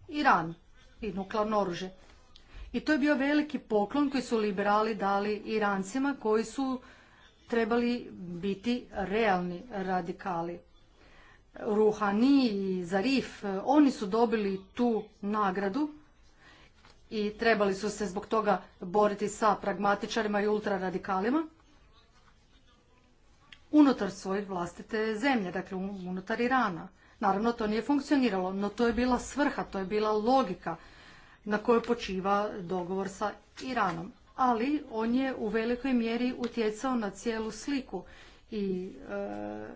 Iran i nuklearno oružje. I to je bio veliki poklon koji su liberali dali Irancima koji su trebali biti realni radikali. Ruhani i Zarif, oni su dobili tu nagradu i trebali su se zbog toga boriti sa pragmatičarima i ultraradikalima unutar svoje vlastite zemlje, dakle unutar Irana. Naravno, to nije funkcioniralo, no to je bila svrha, to je bila logika na kojoj počiva dogovor sa Iranom. Ali on je u velikoj mjeri utjecao na cijelu sliku i e,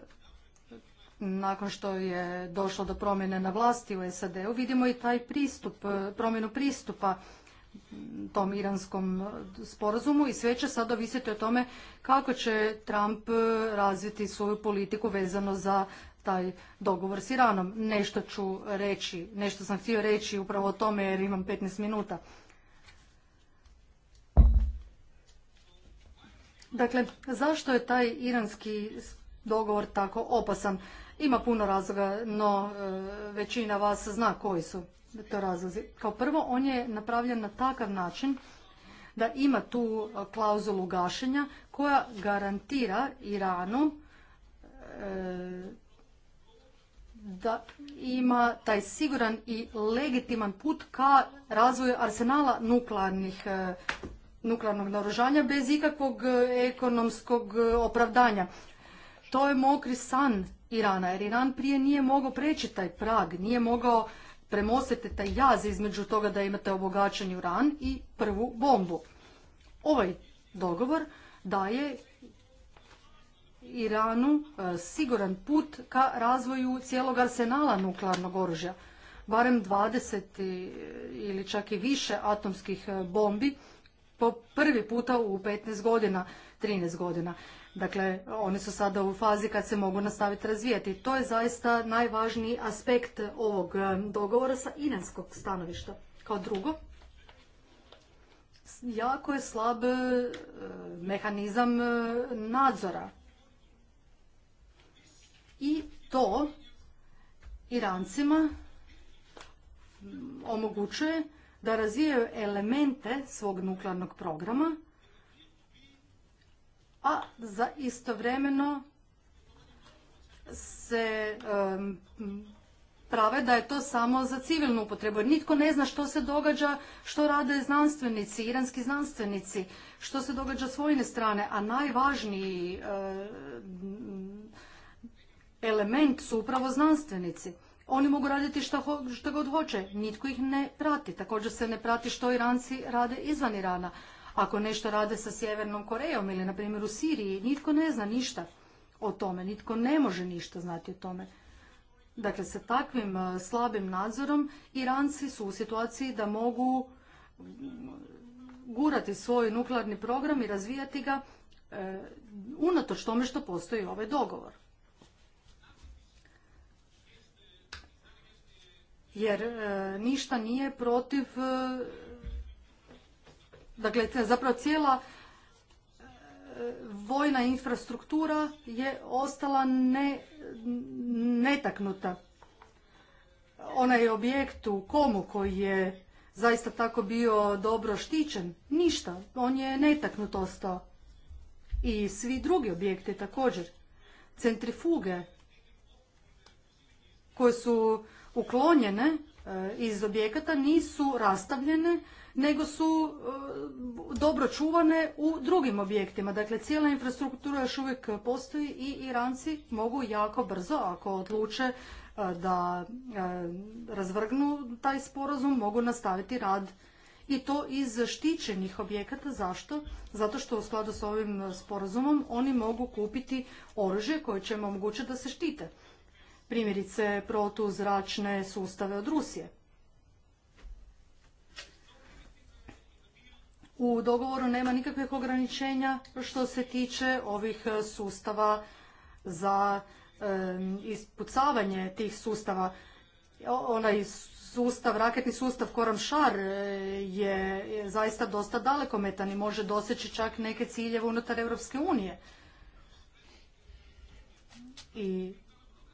nakon što je došlo do promjene na vlasti u SAD-u vidimo i taj pristup, e, promjenu pristupa tom iranskom sporazumu i sve će sad ovisiti o tome kako će Trump e, razviti svoju politiku vezano za taj dogovor s Iranom. Nešto ću reći, nešto sam htio reći upravo o tome jer imam 15 minuta. Dakle, zašto je taj iranski dogovor tako opasan? Ima puno razloga, no e, većina vas zna koji su to razlozi. Kao prvo, on je napravljen na takav način da ima tu klauzulu gašenja koja garantira Iranu e, da ima taj siguran i legitiman put ka razvoju arsenala nuklearnih e, nuklearnog naružanja bez ikakvog e, ekonomskog e, opravdanja. To je mokri san Irana, jer Iran prije nije mogao preći taj prag, nije mogao premostiti taj jaz između toga da imate obogačenju uran i prvu bombu. Ovaj dogovor daje Iranu e, siguran put ka razvoju cijelog arsenala nuklearnog oružja, barem 20 ili čak i više atomskih e, bombi po prvi puta u 15 godina, 13 godina. Dakle, one su sada u fazi kad se mogu nastaviti razvijati. To je zaista najvažniji aspekt ovog e, dogovora sa iranskog stanovišta. Kao drugo, jako je slab mehanizam nadzora i to Irancima omogućuje da razvijaju elemente svog nuklearnog programa, a za istovremeno se prave da je to samo za civilnu upotrebu. nitko ne zna što se događa, što rade znanstvenici, iranski znanstvenici, što se događa s vojne strane, a najvažniji element su upravo znanstvenici. Oni mogu raditi što, god hoće, nitko ih ne prati. Također se ne prati što Iranci rade izvan Irana. Ako nešto rade sa Sjevernom Korejom ili na primjer u Siriji, nitko ne zna ništa o tome, nitko ne može ništa znati o tome. Dakle, sa takvim e, slabim nadzorom Iranci su u situaciji da mogu mm, gurati svoj nuklearni program i razvijati ga e, unatoč tome što postoji ovaj dogovor. jer e, ništa nije protiv, e, dakle zapravo cijela e, vojna infrastruktura je ostala netaknuta. Onaj objekt u Komu koji je zaista tako bio dobro štićen, ništa, on je netaknut ostao. I svi drugi objekti također. Centrifuge koje su uklonjene e, iz objekata nisu rastavljene, nego su e, dobro čuvane u drugim objektima. Dakle, cijela infrastruktura još uvijek postoji i Iranci mogu jako brzo, ako odluče e, da razvrgnu taj sporazum, mogu nastaviti rad i to iz štićenih objekata. Zašto? Zato što u skladu s ovim sporazumom oni mogu kupiti oružje koje će im omogućiti da se štite primjerice protuzračne sustave od Rusije. U dogovoru nema nikakvih ograničenja što se tiče ovih sustava za ispucavanje tih sustava. Onaj sustav, raketni sustav Koramšar e, je, je zaista dosta dalekometan i može doseći čak neke ciljeve unutar Europske unije. I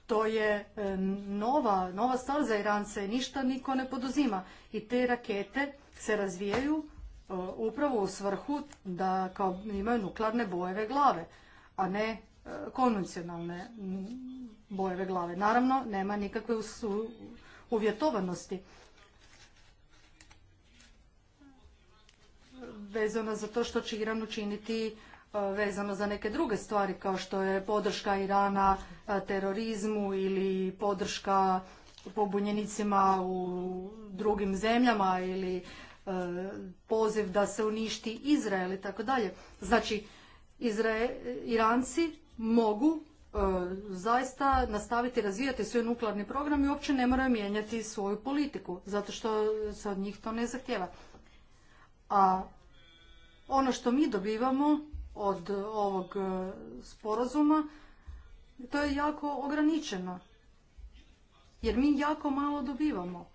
to je e, nova, nova stvar za Irance, ništa niko ne poduzima. I te rakete se razvijaju e, upravo u svrhu da kao imaju nuklearne bojeve glave, a ne e, konvencionalne bojeve glave. Naravno, nema nikakve uvjetovanosti. Vezano za to što će Iran učiniti E, vezano za neke druge stvari kao što je podrška Irana e, terorizmu ili podrška pobunjenicima u drugim zemljama ili e, poziv da se uništi Izrael i tako dalje. Znači, Izrael, Iranci mogu zaista nastaviti razvijati svoj nuklearni program i uopće ne moraju mijenjati svoju politiku, zato što se od njih to ne zahtjeva. A ono što mi dobivamo od e, ovog e, sporazuma, to je jako ograničeno. Jer mi jako malo dobivamo.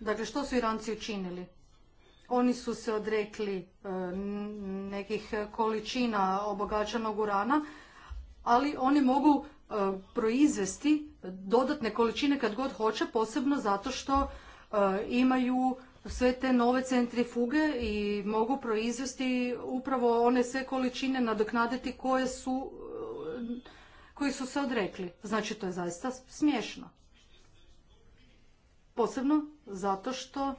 Dakle, što su Iranci učinili? Oni su se odrekli e, nekih količina obogaćenog urana, ali oni mogu proizvesti dodatne količine kad god hoće, posebno zato što imaju sve te nove centrifuge i mogu proizvesti upravo one sve količine nadoknaditi koje su, eh, koji su se odrekli. Znači to je zaista smiješno. Posebno zato što eh,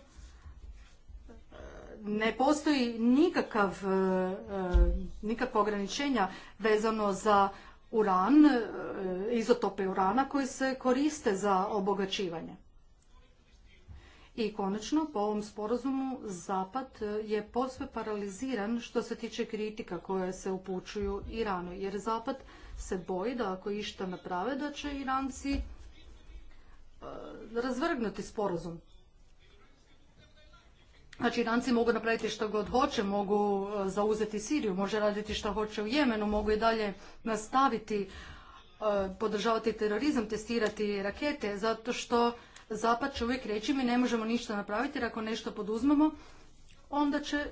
ne postoji nikakav, eh, nikakva ograničenja vezano za uran, izotope urana koji se koriste za obogaćivanje. I konačno, po ovom sporazumu, Zapad e, je posve paraliziran što se tiče kritika koje se upućuju Iranu, jer Zapad se boji da ako išta naprave, da će Iranci e, razvrgnuti sporazum. Znači, Iranci mogu napraviti što god hoće, mogu e, zauzeti Siriju, može raditi što hoće u Jemenu, mogu i dalje nastaviti podržavati terorizam, testirati rakete, zato što Zapad će uvijek reći mi ne možemo ništa napraviti jer ako nešto poduzmemo onda će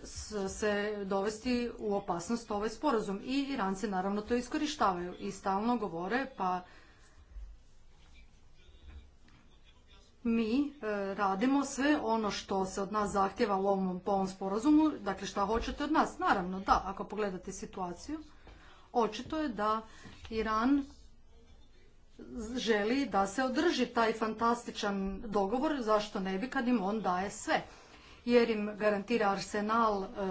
se dovesti u opasnost ovaj sporazum. I Iranci naravno to iskorištavaju i stalno govore pa mi e, radimo sve ono što se od nas zahtjeva u ovom, po ovom sporazumu, dakle šta hoćete od nas. Naravno da, ako pogledate situaciju, očito je da Iran želi da se održi taj fantastičan dogovor, zašto ne bi kad im on daje sve. Jer im garantira arsenal e,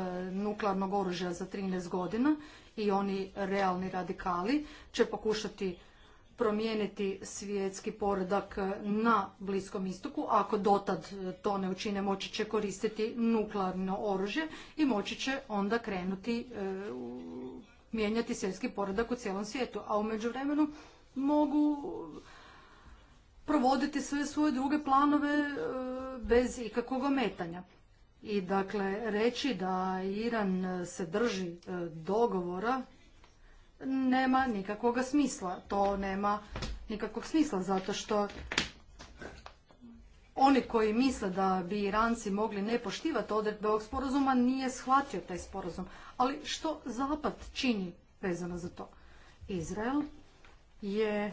nuklearnog oružja za 13 godina i oni realni radikali će pokušati promijeniti svjetski poredak na Bliskom istoku. Ako dotad e, to ne učine, moći će koristiti nuklearno oružje i moći će onda krenuti e, mijenjati svjetski poredak u cijelom svijetu. A u međuvremenu mogu provoditi sve svoje druge planove e, bez ikakvog ometanja. I dakle, reći da Iran se drži e, dogovora nema nikakvog smisla. To nema nikakvog smisla zato što oni koji misle da bi Iranci mogli ne poštivati odredbe ovog sporazuma nije shvatio taj sporazum. Ali što Zapad čini vezano za to? Izrael je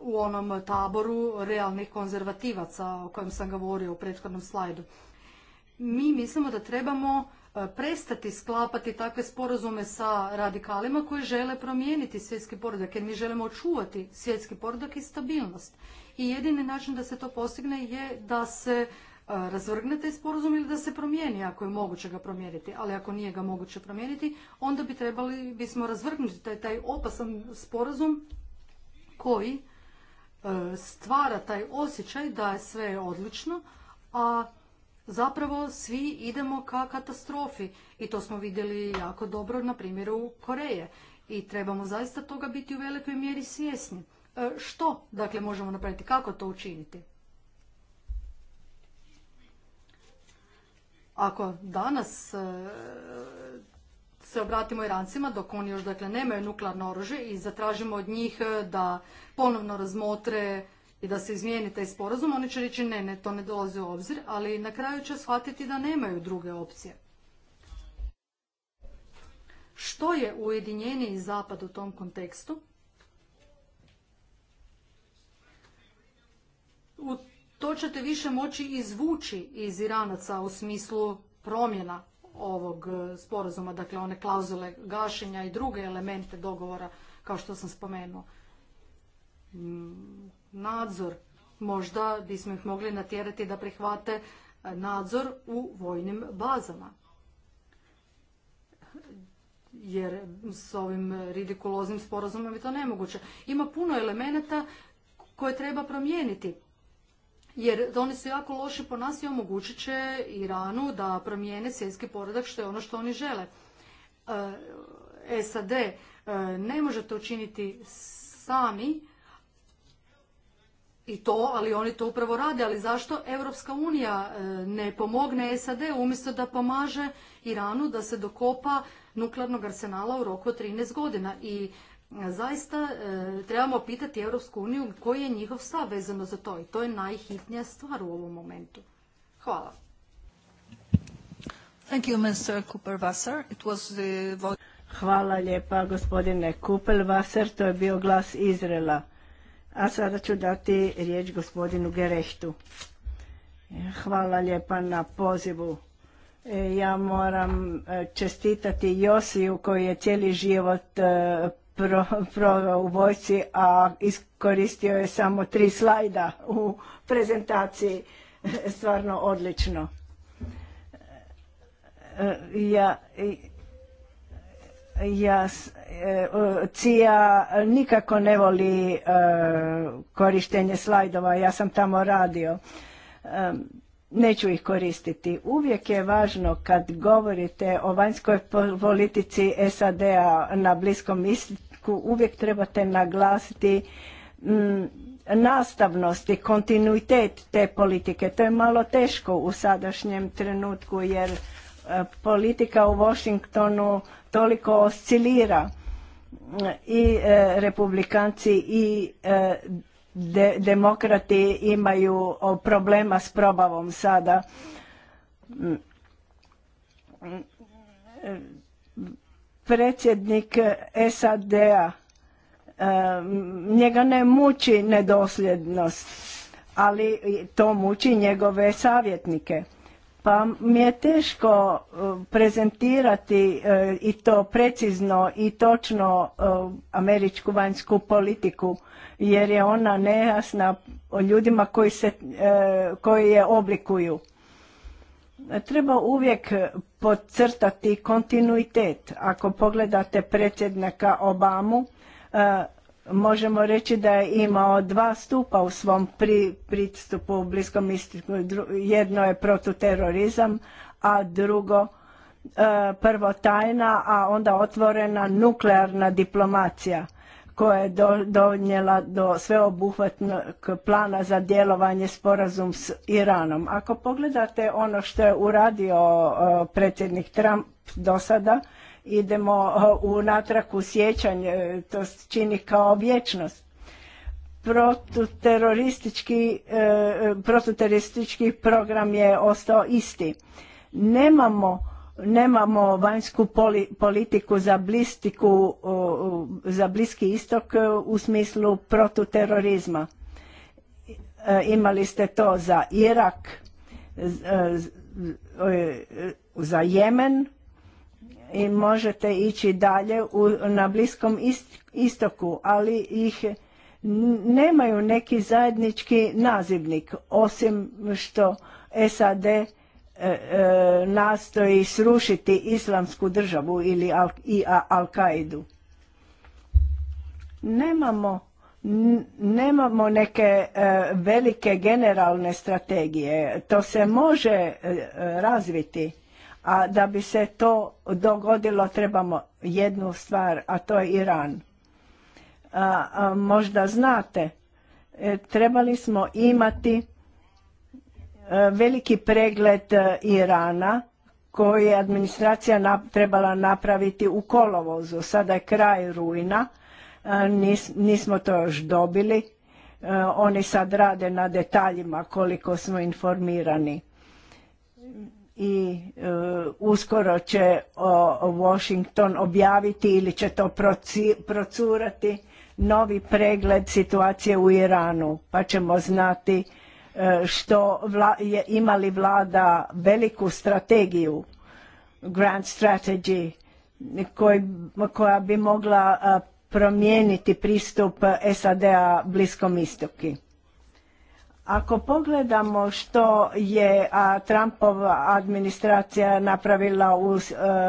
u onom taboru realnih konzervativaca o kojem sam govorio u prethodnom slajdu. Mi mislimo da trebamo e, prestati sklapati takve sporazume sa radikalima koji žele promijeniti svjetski poredak, jer mi želimo očuvati svjetski poredak i stabilnost. I jedini način da se to postigne je da se razvrgne taj sporazum ili da se promijeni ako je moguće ga promijeniti. Ali ako nije ga moguće promijeniti, onda bi trebali bismo razvrgnuti taj, taj opasan sporazum koji e, stvara taj osjećaj da je sve odlično, a zapravo svi idemo ka katastrofi i to smo vidjeli jako dobro na primjeru Koreje i trebamo zaista toga biti u velikoj mjeri svjesni. E, što dakle možemo napraviti, kako to učiniti? Ako danas e, se obratimo Irancima dok oni još dakle nemaju nuklearno oružje i zatražimo od njih e, da ponovno razmotre i da se izmijeni taj sporazum, oni će reći ne, ne, to ne dolazi u obzir, ali na kraju će shvatiti da nemaju druge opcije. Što je ujedinjeni zapad u tom kontekstu? U to ćete više moći izvući iz Iranaca u smislu promjena ovog e, sporazuma, dakle one klauzule gašenja i druge elemente dogovora, kao što sam spomenuo. Mm, nadzor. Možda bismo ih mogli natjerati da prihvate e, nadzor u vojnim bazama. Jer s ovim ridikuloznim sporazumom je to nemoguće. Ima puno elemenata koje treba promijeniti jer oni su jako loše po nas i omogućit će Iranu da promijene svjetski poredak što je ono što oni žele. E, SAD e, ne može to učiniti sami i to, ali oni to upravo rade, ali zašto Europska unija e, ne pomogne SAD umjesto da pomaže Iranu da se dokopa nuklearnog arsenala u roku od 13 godina i zaista e, trebamo pitati Europsku uniju koji je njihov stav vezano za to i to je najhitnija stvar u ovom momentu. Hvala. Thank you, Mr. Cooper It was the... Hvala lijepa gospodine Kupel vassar to je bio glas Izrela. A sada ću dati riječ gospodinu Gerehtu. E, hvala lijepa na pozivu. E, ja moram čestitati Josiju koji je cijeli život proveo u vojci, a iskoristio je samo tri slajda u prezentaciji. Stvarno odlično. Ja, ja Cija nikako ne voli e, korištenje slajdova, ja sam tamo radio neću ih koristiti. Uvijek je važno kad govorite o vanjskoj politici SAD-a na bliskom istiku, uvijek trebate naglasiti mm, nastavnost i kontinuitet te politike. To je malo teško u sadašnjem trenutku jer e, politika u Washingtonu toliko oscilira i e, republikanci i e, demokrati imaju problema s probavom sada predsjednik SAD-a e, njega ne muči nedosljednost ali to muči njegove savjetnike pa mi je teško e, prezentirati e, i to precizno i točno e, američku vanjsku politiku jer je ona nejasna o ljudima koji, se, koji je oblikuju. Treba uvijek podcrtati kontinuitet. Ako pogledate predsjednika Obamu, možemo reći da je imao dva stupa u svom pristupu u Bliskom istiku. Jedno je protuterorizam, a drugo e, prvo tajna, a onda otvorena nuklearna diplomacija koja je do, donijela do sveobuhvatnog plana za djelovanje sporazum s Iranom. Ako pogledate ono što je uradio e, predsjednik Trump do sada, idemo e, u natrag u sjećanj, e, to čini kao vječnost. Protuteroristički, e, protuteroristički program je ostao isti. Nemamo nemamo vanjsku politiku za, blistiku, za bliski istok u smislu protuterorizma. Imali ste to za Irak, za Jemen, i možete ići dalje u, na Bliskom istoku, ali ih nemaju neki zajednički nazivnik, osim što SAD e, e, nastoji srušiti islamsku državu ili al, i al Nemamo, nemamo neke e, velike generalne strategije. To se može razviti a da bi se to dogodilo trebamo jednu stvar, a to je Iran. A, možda znate, e, trebali smo imati e, veliki pregled e, Irana koji je administracija trebala napraviti u kolovozu. Sada je kraj rujna, nismo to još dobili. Oni sad rade na detaljima koliko smo informirani i e, uskoro će Washington objaviti ili će to procurati novi pregled situacije u Iranu pa ćemo znati e, što vla, je imali vlada veliku strategiju grand strategy koja bi mogla e, promijeniti pristup SAD-a Bliskom istoku ako pogledamo što je Trumpova administracija napravila u e,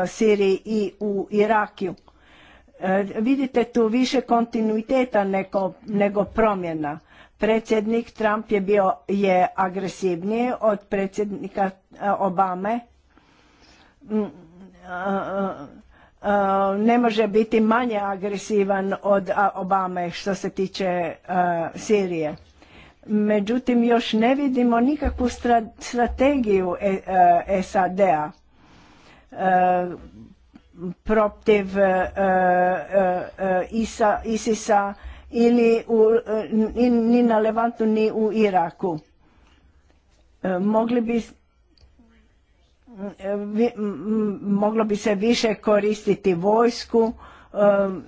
Siriji i u Iraku, e, vidite tu više kontinuiteta nego promjena. Predsjednik Trump je bio je agresivniji od predsjednika e, Obame. Mm, ne može biti manje agresivan od Obame što se tiče Sirije Međutim, još ne vidimo nikakvu strategiju e, e, SAD-a e, protiv ISIS-a ili ni na Levantu ni u Iraku. Mogli bi moglo bi se više koristiti vojsku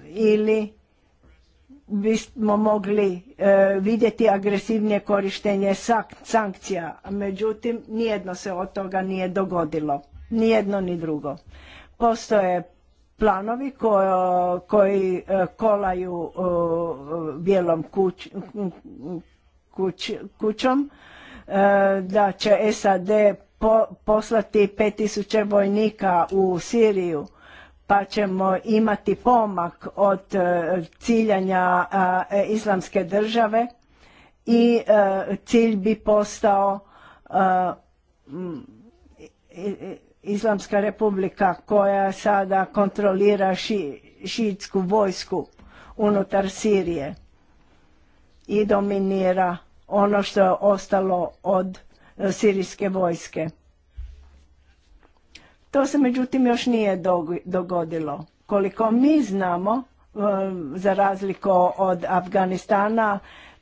ili bismo mogli e, vidjeti agresivnije korištenje sankcija. Međutim, nijedno se od toga nije dogodilo. Nijedno ni drugo. Postoje planovi koji e, kolaju e, bijelom kućom da će SAD poslati poslati 5000 vojnika u Siriju pa ćemo imati pomak od e, ciljanja e, islamske države i e, cilj bi postao Islamska republika koja sada kontrolira šiitsku vojsku unutar Sirije i dominira ono što je ostalo od sirijske vojske. To se međutim još nije dogodilo. Koliko mi znamo, e, za razliku od Afganistana,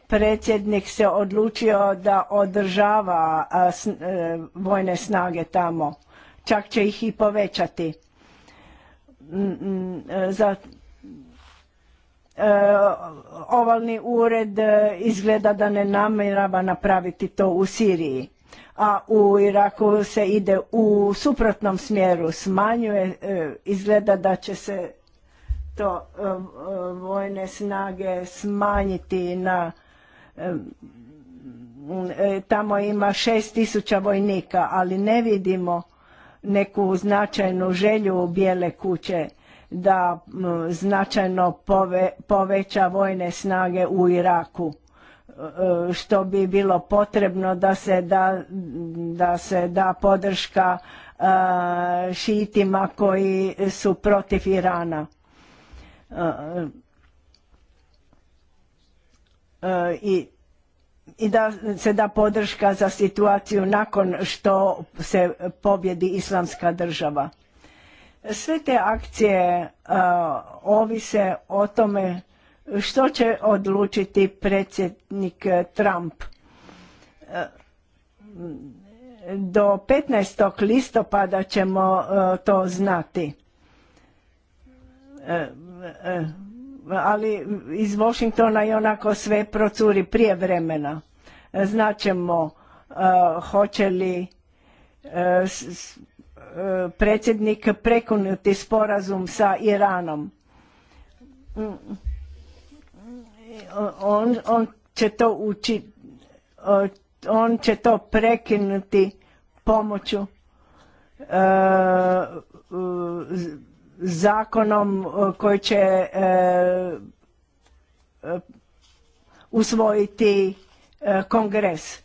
predsjednik se odlučio da održava e, vojne snage tamo. Čak će ih i povećati. Mm, mm, e, za ovalni ured izgleda da ne namjerava napraviti to u Siriji a u Iraku se ide u suprotnom smjeru, smanjuje, e, izgleda da će se to e, vojne snage smanjiti na e, tamo ima šest tisuća vojnika, ali ne vidimo neku značajnu želju u bijele kuće da značajno poveća vojne snage u Iraku E, što bi bilo potrebno da se da, da, se da podrška e, šitima koji su protiv Irana. E, I, i da se da podrška za situaciju nakon što se pobjedi islamska država. Sve te akcije ovise o tome što će odlučiti predsjednik eh, Trump? Eh, do 15. listopada ćemo eh, to znati. Ali iz Washingtona je onako sve procuri prije vremena. Znaćemo hoće li predsjednik prekunuti sporazum sa Iranom. Mm on, on će to on će to prekinuti pomoću e, zakonom e, koji će e, usvojiti kongres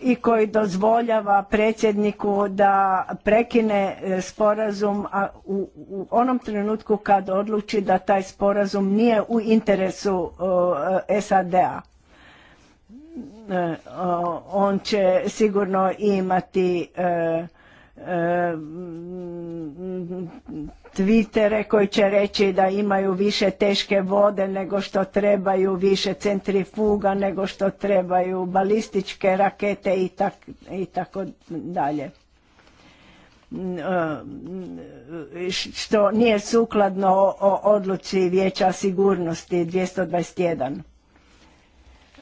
i koji dozvoljava predsjedniku da prekine e, sporazum u, u onom trenutku kad odluči da taj sporazum nije u interesu e, SAD-a. E, on će sigurno imati E, Twittere koji će reći da imaju više teške vode nego što trebaju, više centrifuga nego što trebaju, balističke rakete i, i tako dalje. E, što nije sukladno o odluci Vijeća sigurnosti 221.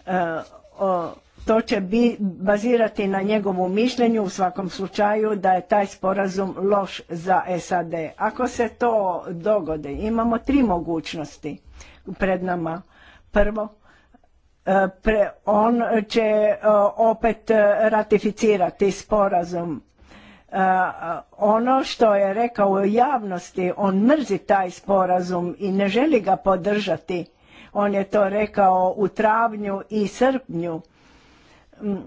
E, o, to će bi, bazirati na njegovu mišljenju u svakom slučaju da je taj sporazum loš za SAD. Ako se to dogode, imamo tri mogućnosti pred nama. Prvo, e, pre, on će e, opet ratificirati sporazum. E, ono što je rekao u javnosti, on mrzi taj sporazum i ne želi ga podržati. On je to rekao u travnju i srpnju Mm, mm,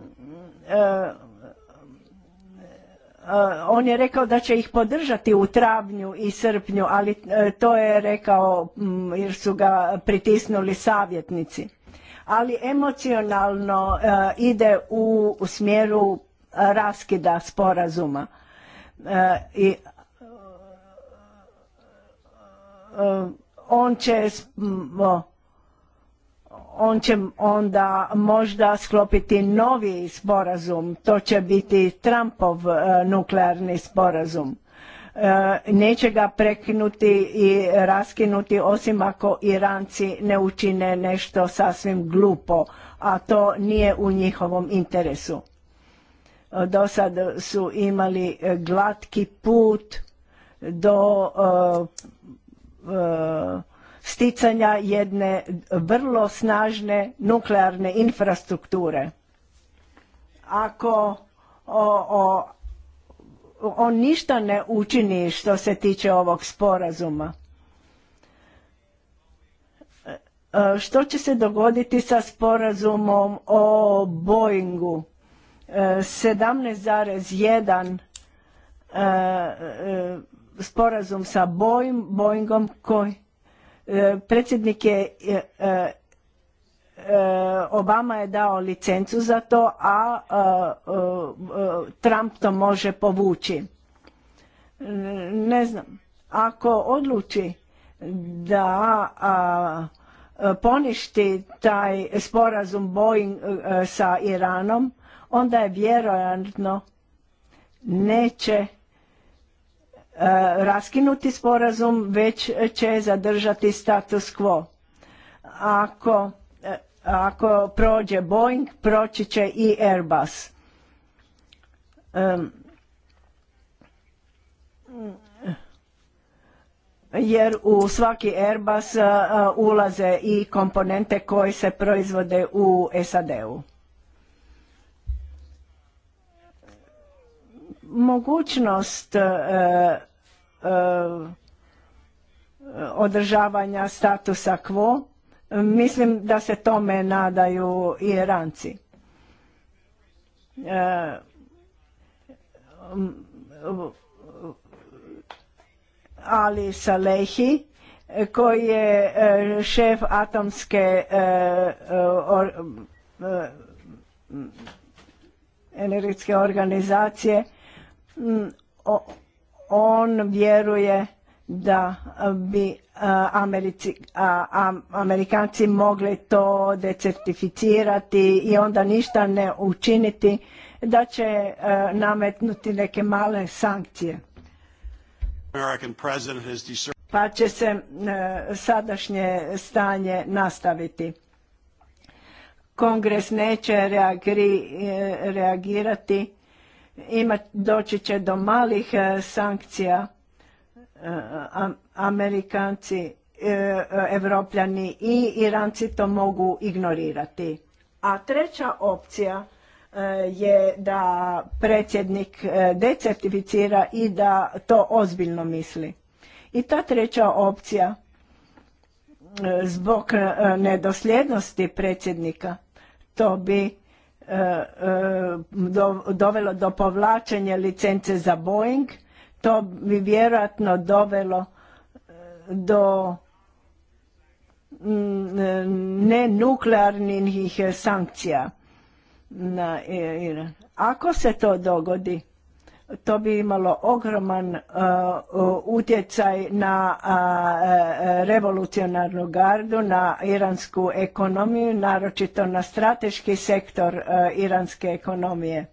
eh, eh, eh, on je rekao da će ih podržati u travnju i srpnju, ali to je rekao mm, jer su ga pritisnuli savjetnici. Ali emocionalno ide u smjeru raskida sporazuma. I on će on će onda možda sklopiti novi sporazum, to će biti Trumpov e, nuklearni sporazum. E, neće ga prekinuti i raskinuti osim ako Iranci ne učine nešto sasvim glupo, a to nije u njihovom interesu. E, do sad su imali glatki put do sticanja jedne vrlo snažne nuklearne infrastrukture. Ako o, on ništa ne učini što se tiče ovog sporazuma, e, što će se dogoditi sa sporazumom o Boeingu 17,1 e, e, sporazum sa Boeingom koji E, predsjednik je e, e, Obama je dao licencu za to, a Trump to može povući. Ne znam, ako odluči da poništi taj sporazum Boeing sa Iranom, onda je vjerojatno neće E, raskinuti sporazum, već će zadržati status quo. Ako, e, ako prođe Boeing, proći će i Airbus. E, jer u svaki Airbus ulaze i komponente koje se proizvode u SAD-u. mogućnost Eh, održavanja statusa kvo. Mislim da se tome nadaju i Iranci. Eh, Ali Salehi koji je eh, šef atomske energetske organizacije mm, on vjeruje da bi Amerikanci mogli to decertificirati i onda ništa ne učiniti, da će e, nametnuti neke male sankcije. Pa će se e, sadašnje stanje nastaviti. Kongres neće e, reagirati ima, doći će do malih e, sankcija. E, Amerikanci, e, Evropljani i Iranci to mogu ignorirati. A treća opcija je da predsjednik decertificira i da to ozbiljno misli. I ta treća opcija zbog nedosljednosti predsjednika to bi dovelo do povlačenja licence za Boeing, to bi vjerojatno dovelo eh, do mm, eh, nenuklearnih sankcija na eh, Iran. Ako se to dogodi, to bi imalo ogroman uh, uh, utjecaj na uh, revolucionarnu gardu, na iransku ekonomiju, naročito na strateški sektor iranske ekonomije.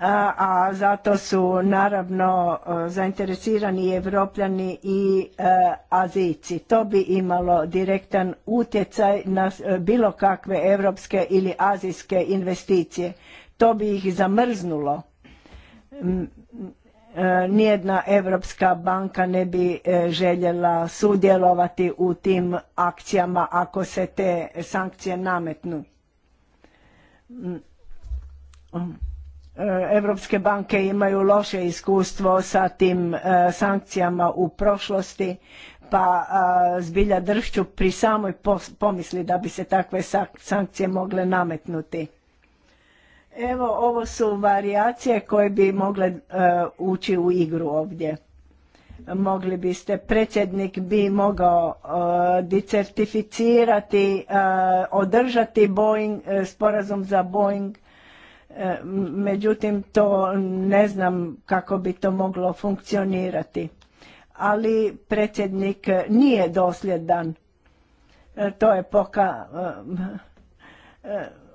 A, zato su naravno zainteresirani evropljani i azijci. To bi imalo direktan utjecaj na bilo kakve evropske ili azijske investicije. To bi ih zamrznulo nijedna europska banka ne bi e, željela sudjelovati u tim akcijama ako se te sankcije nametnu. Mm. Europske banke imaju loše iskustvo sa tim e, sankcijama u prošlosti, pa zbilja dršću pri samoj pomisli da bi se takve sankcije mogle nametnuti. Evo, ovo su varijacije koje bi mogle e, ući u igru ovdje. Mogli biste, predsjednik bi mogao e, decertificirati, e, održati Boeing, sporazum za Boeing, međutim to ne znam kako bi to moglo funkcionirati. Ali predsjednik nije dosljedan. To je poka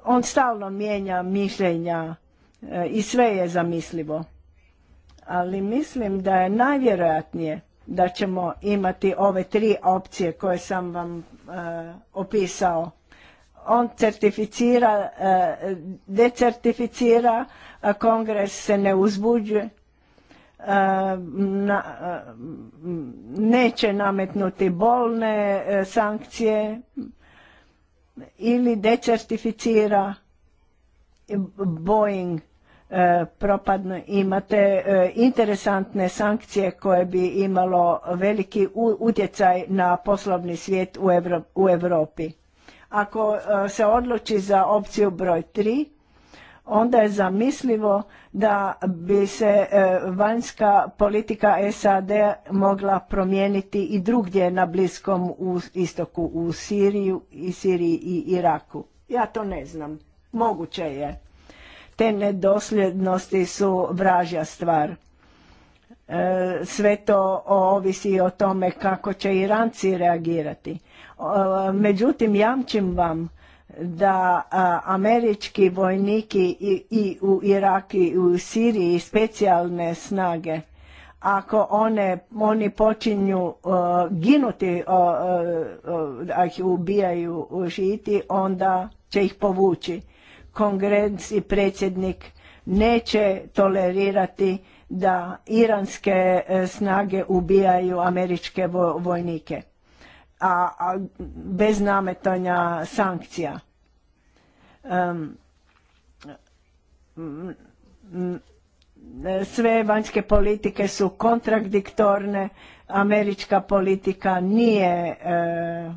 on stalno mijenja mišljenja e, i sve je zamislivo. Ali mislim da je najvjerojatnije da ćemo imati ove tri opcije koje sam vam e, opisao. On certificira, e, decertificira, kongres se ne uzbuđuje, neće nametnuti bolne sankcije, ili decertificira Boeing propadne, propadno imate e, interesantne sankcije koje bi imalo veliki utjecaj na poslovni svijet u, Europi. Ako e, se odluči za opciju broj tri onda je zamislivo da bi se e, vanjska politika SAD mogla promijeniti i drugdje na Bliskom istoku, u Siriju i Siriji i Iraku. Ja to ne znam. Moguće je. Te nedosljednosti su vražja stvar. E, sve to ovisi o tome kako će Iranci reagirati. E, međutim, jamčim vam da američki vojniki i, u Iraki i u Siriji specijalne snage ako one, oni počinju ginuti, da ih ubijaju žiti, onda će ih povući. Kongres i predsjednik neće tolerirati da iranske e, snage ubijaju američke vojnike, a bez nametanja sankcija sve vanjske politike su kontradiktorne, američka politika nije e, e,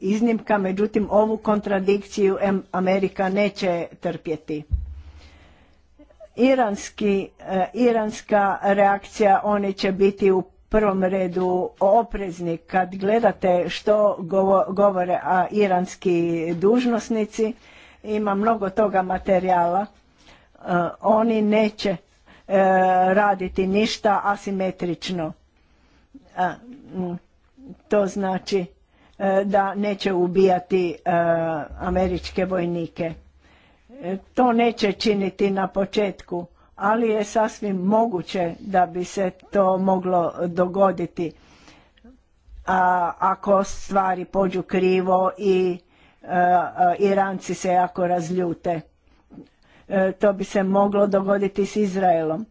iznimka, međutim ovu kontradikciju Amerika neće trpjeti. E, iranska reakcija, oni će biti u prvom redu oprezni kad gledate što govore a, iranski dužnosnici. Ima mnogo toga materijala. E, oni neće e, raditi ništa asimetrično. E, to znači da neće ubijati američke vojnike. To neće činiti na početku ali je sasvim moguće da bi se to moglo dogoditi a ako stvari pođu krivo i e, e, Iranci se jako razljute. E, to bi se moglo dogoditi s Izraelom.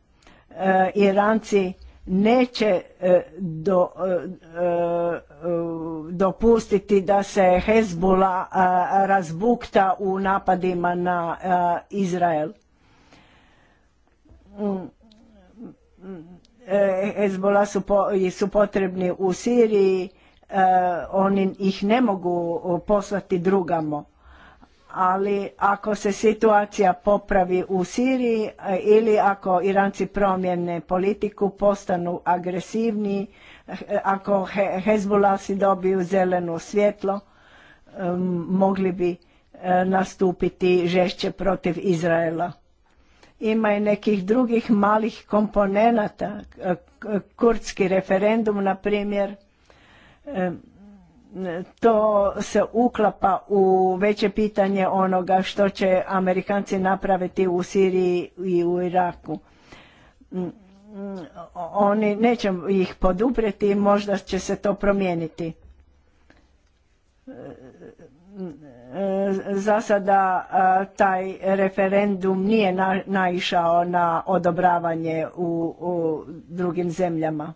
Iranci neće do, dopustiti da se Hezbula razbukta u napadima na Izrael Hezbola mm. mm. su, po, su potrebni u Siriji, e, oni ih ne mogu poslati drugamo. Ali ako se situacija popravi u Siriji e, ili ako Iranci promijene politiku, postanu agresivniji, e, ako si dobiju zeleno svjetlo, mogli bi nastupiti žešće protiv Izraela ima i nekih drugih malih komponenata. Kurdski referendum, na primjer, to se uklapa u veće pitanje onoga što će Amerikanci napraviti u Siriji i u Iraku. Oni neće ih poduprijeti, možda će se to promijeniti E, za sada e, taj referendum nije naišao na odobravanje u, drugim zemljama.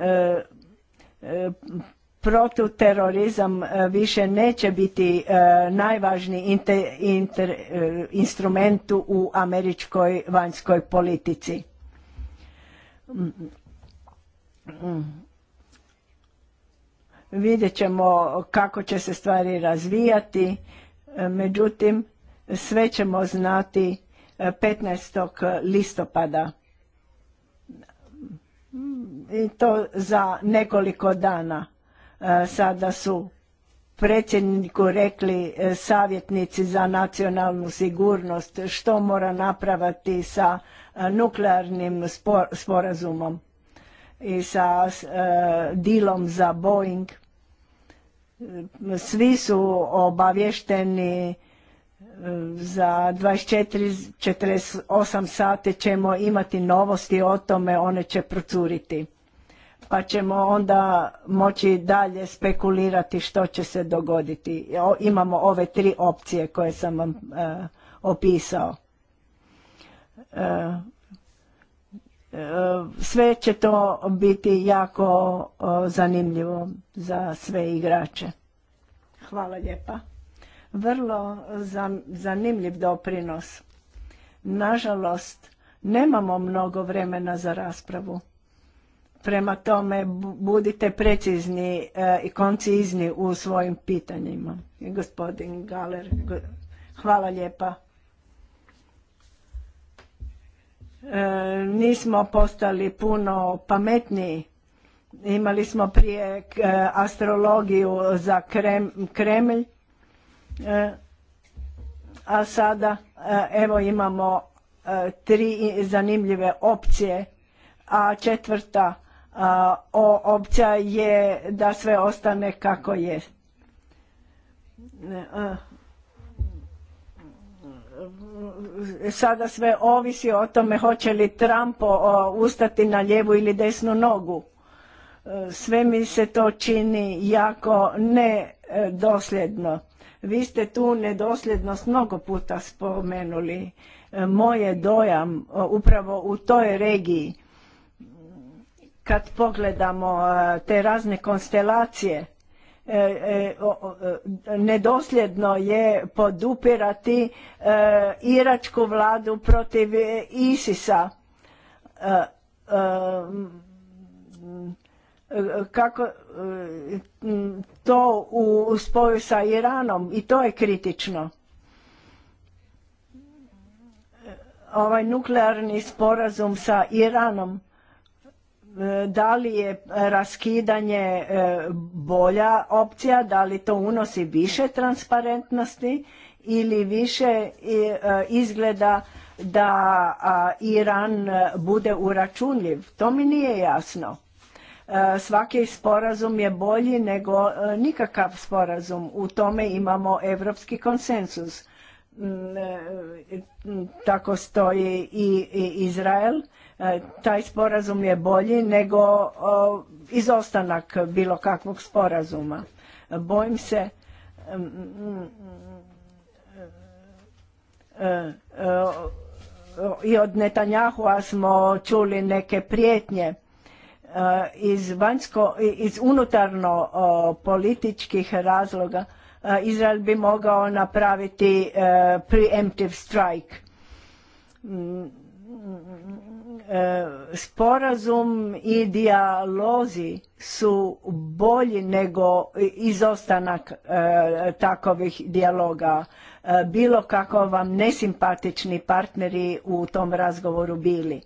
E, protuterorizam više neće biti najvažniji instrument u američkoj vanjskoj politici. Mm, mm, mm. Vidjet ćemo kako će se stvari razvijati, e, međutim sve ćemo znati 15. E, listopada i to za nekoliko dana. E, sada su predsjedniku rekli savjetnici za nacionalnu sigurnost što mora napraviti sa nuklearnim sporazumom i sa dilom za Boeing. Svi su obavješteni e, za 24-48 sate ćemo imati novosti o tome, one će procuriti. Pa ćemo onda moći dalje spekulirati što će se dogoditi. Imamo ove tri opcije koje sam vam e, opisao. E, sve će to biti jako zanimljivo za sve igrače. Hvala lijepa. Vrlo zanimljiv doprinos. Nažalost, nemamo mnogo vremena za raspravu. Prema tome, budite precizni e, i koncizni u svojim pitanjima. Gospodin Galer, hvala lijepa. E, nismo postali puno pametniji. Imali smo prije e, astrologiju za Kremlj, e, a sada evo imamo tri zanimljive opcije, a četvrta opcija je da sve ostane kako je. E, sada sve ovisi o tome hoće li Trump ustati na lijevu ili desnu nogu. E, sve mi se to čini jako nedosljedno. Vi ste tu nedosljednost mnogo puta spomenuli. E, Moje dojam upravo u toj regiji kad pogledamo te razne konstelacije E, e, nedosljedno je podupirati e, iračku vladu protiv ISISA kako to u spoju sa Iranom i to je kritično. Ovaj nuklearni sporazum sa Iranom da li je raskidanje e, bolja opcija, da li to unosi više transparentnosti ili više e, e, izgleda da Iran bude uračunljiv. To mi nije jasno. Svaki sporazum je bolji nego nikakav sporazum. U tome imamo evropski konsensus tako stoji i, Izrael. E, taj sporazum je bolji nego izostanak bilo kakvog sporazuma. Bojim se e, e, i od Netanjahua smo čuli neke prijetnje iz vanjsko, iz unutarno političkih razloga E, Izrael bi mogao napraviti e, preemptive strike. E, sporazum i dijalozi su bolji nego izostanak takovih dijaloga. Bilo kako vam nesimpatični partneri u tom razgovoru bili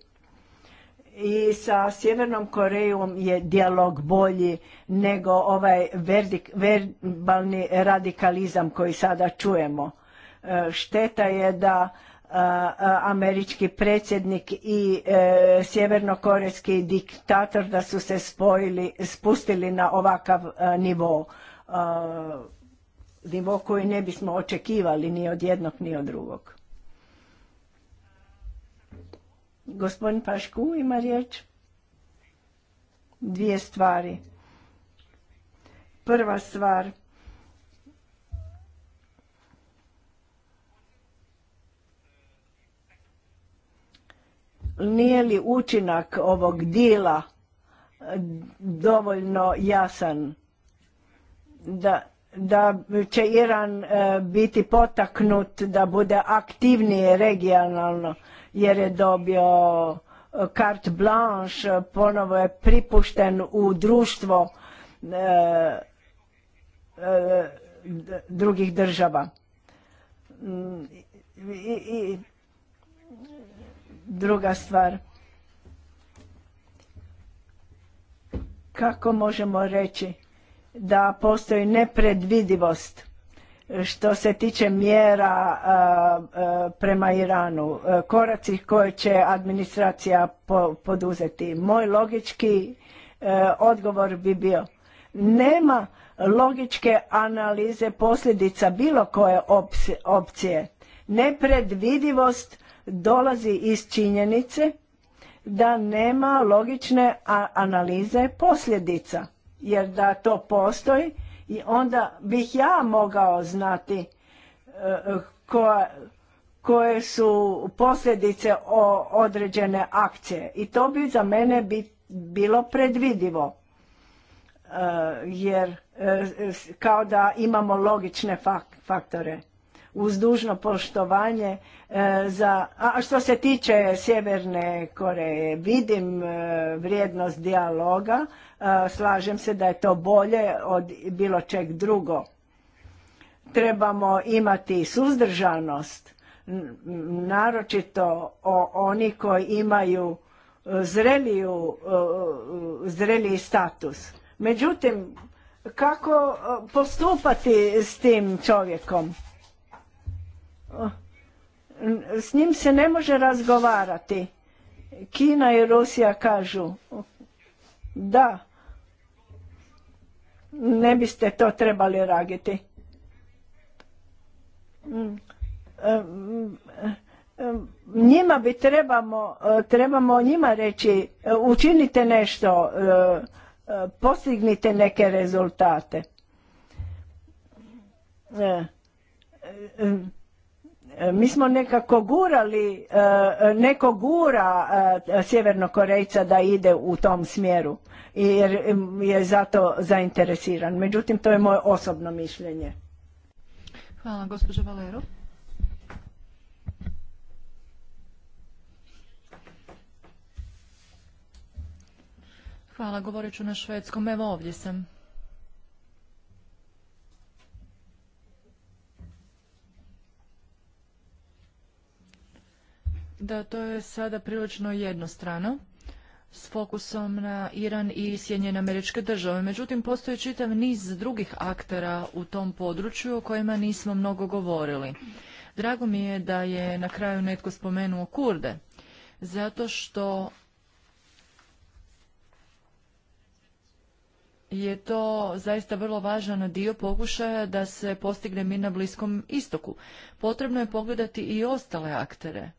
i sa Sjevernom Korejom je dijalog bolji nego ovaj verbalni radikalizam koji sada čujemo. E, šteta je da e, američki predsjednik i e, sjevernokorejski diktator da su se spojili, spustili na ovakav nivo. Nivo koji ne bismo očekivali ni od jednog ni od drugog. Gospodin Pašku ima riječ. Dvije stvari. Prva stvar. Nije li učinak ovog dila eh, dovoljno jasan? Da, da će Iran eh, biti potaknut da bude aktivnije regionalno jer je dobio e, carte blanche, ponovo je pripušten u društvo e, e, drugih država. Mm, i druga stvar, kako možemo reći da postoji nepredvidivost što se tiče mjera prema Iranu, e, koraci koje će administracija poduzeti, moj logički e, odgovor bi bio nema logičke analize posljedica bilo koje opcije. Nepredvidivost dolazi iz činjenice da nema logične analize posljedica, jer da to postoji, i onda bih ja mogao znati e, koje su posljedice određene akcije. I to bi za mene bilo predvidivo. E, jer e, kao da imamo logične faktore uz dužno poštovanje e, za a što se tiče sjeverne Koreje vidim e, vrijednost dijaloga e, slažem se da je to bolje od bilo čeg drugo trebamo imati suzdržanost naročito o oni koji imaju zreliju zreliji status međutim kako postupati s tim čovjekom s njim se ne može razgovarati. Kina i Rusija kažu da ne biste to trebali raditi. Njima bi trebamo, trebamo njima reći učinite nešto, postignite neke rezultate. Mi smo nekako gurali, eh, neko gura eh, korejca da ide u tom smjeru jer je zato zainteresiran. Međutim, to je moje osobno mišljenje. Hvala, gospođo Valero. Hvala, govorit ću na švedskom. Evo ovdje sam. Da, to je sada prilično jednostrano s fokusom na Iran i Sjedinjene američke države. Međutim, postoji čitav niz drugih aktera u tom području o kojima nismo mnogo govorili. Drago mi je da je na kraju netko spomenuo Kurde, zato što je to zaista vrlo važan dio pokušaja da se postigne mi na Bliskom istoku. Potrebno je pogledati i ostale aktere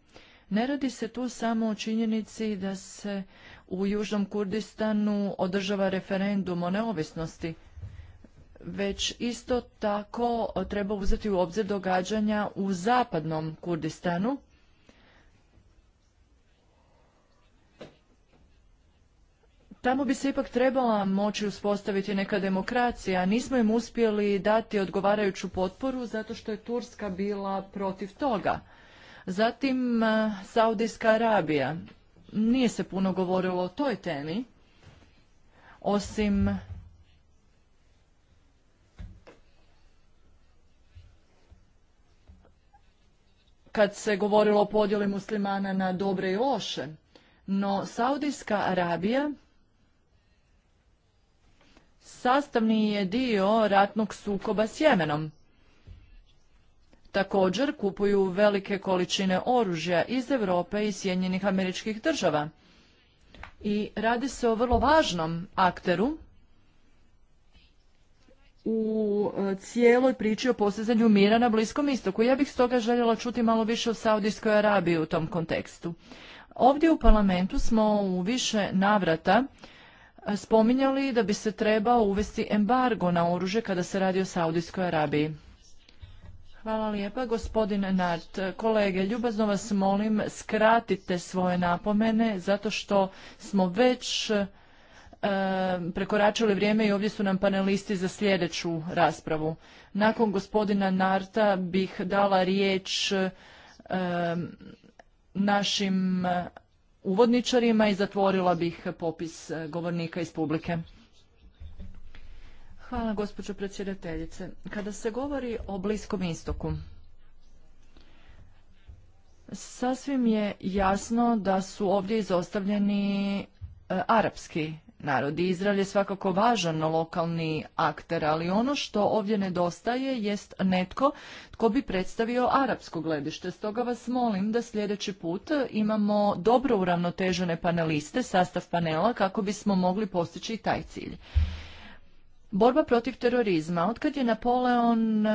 ne radi se tu samo o činjenici da se u Južnom Kurdistanu održava referendum o neovisnosti, već isto tako treba uzeti u obzir događanja u zapadnom Kurdistanu, Tamo bi se ipak trebala moći uspostaviti neka demokracija, nismo im uspjeli dati odgovarajuću potporu zato što je Turska bila protiv toga. Zatim e, Saudijska Arabija. Nije se puno govorilo o toj temi, osim kad se govorilo o podjeli muslimana na dobre i loše. No, Saudijska Arabija sastavni je dio ratnog sukoba s Jemenom. Također kupuju velike količine oružja iz Europe i Sjedinjenih američkih država. I radi se o vrlo važnom akteru u e, cijeloj priči o postizanju mira na Bliskom istoku. Ja bih stoga željela čuti malo više o Saudijskoj Arabiji u tom kontekstu. Ovdje u parlamentu smo u više navrata e, spominjali da bi se trebao uvesti embargo na oružje kada se radi o Saudijskoj Arabiji. Hvala lijepa, gospodine Nart. Kolege, ljubazno vas molim, skratite svoje napomene, zato što smo već e, prekoračili vrijeme i ovdje su nam panelisti za sljedeću raspravu. Nakon gospodina Narta bih dala riječ e, našim uvodničarima i zatvorila bih popis govornika iz publike. Hvala, gospođo predsjedateljice. Kada se govori o Bliskom istoku, sasvim je jasno da su ovdje izostavljeni e, arapski narodi. Izrael je svakako važan lokalni akter, ali ono što ovdje nedostaje jest netko tko bi predstavio arapsko gledište. Stoga vas molim da sljedeći put imamo dobro uravnotežene paneliste, sastav panela, kako bismo mogli postići i taj cilj. Borba protiv terorizma. Otkad je Napoleon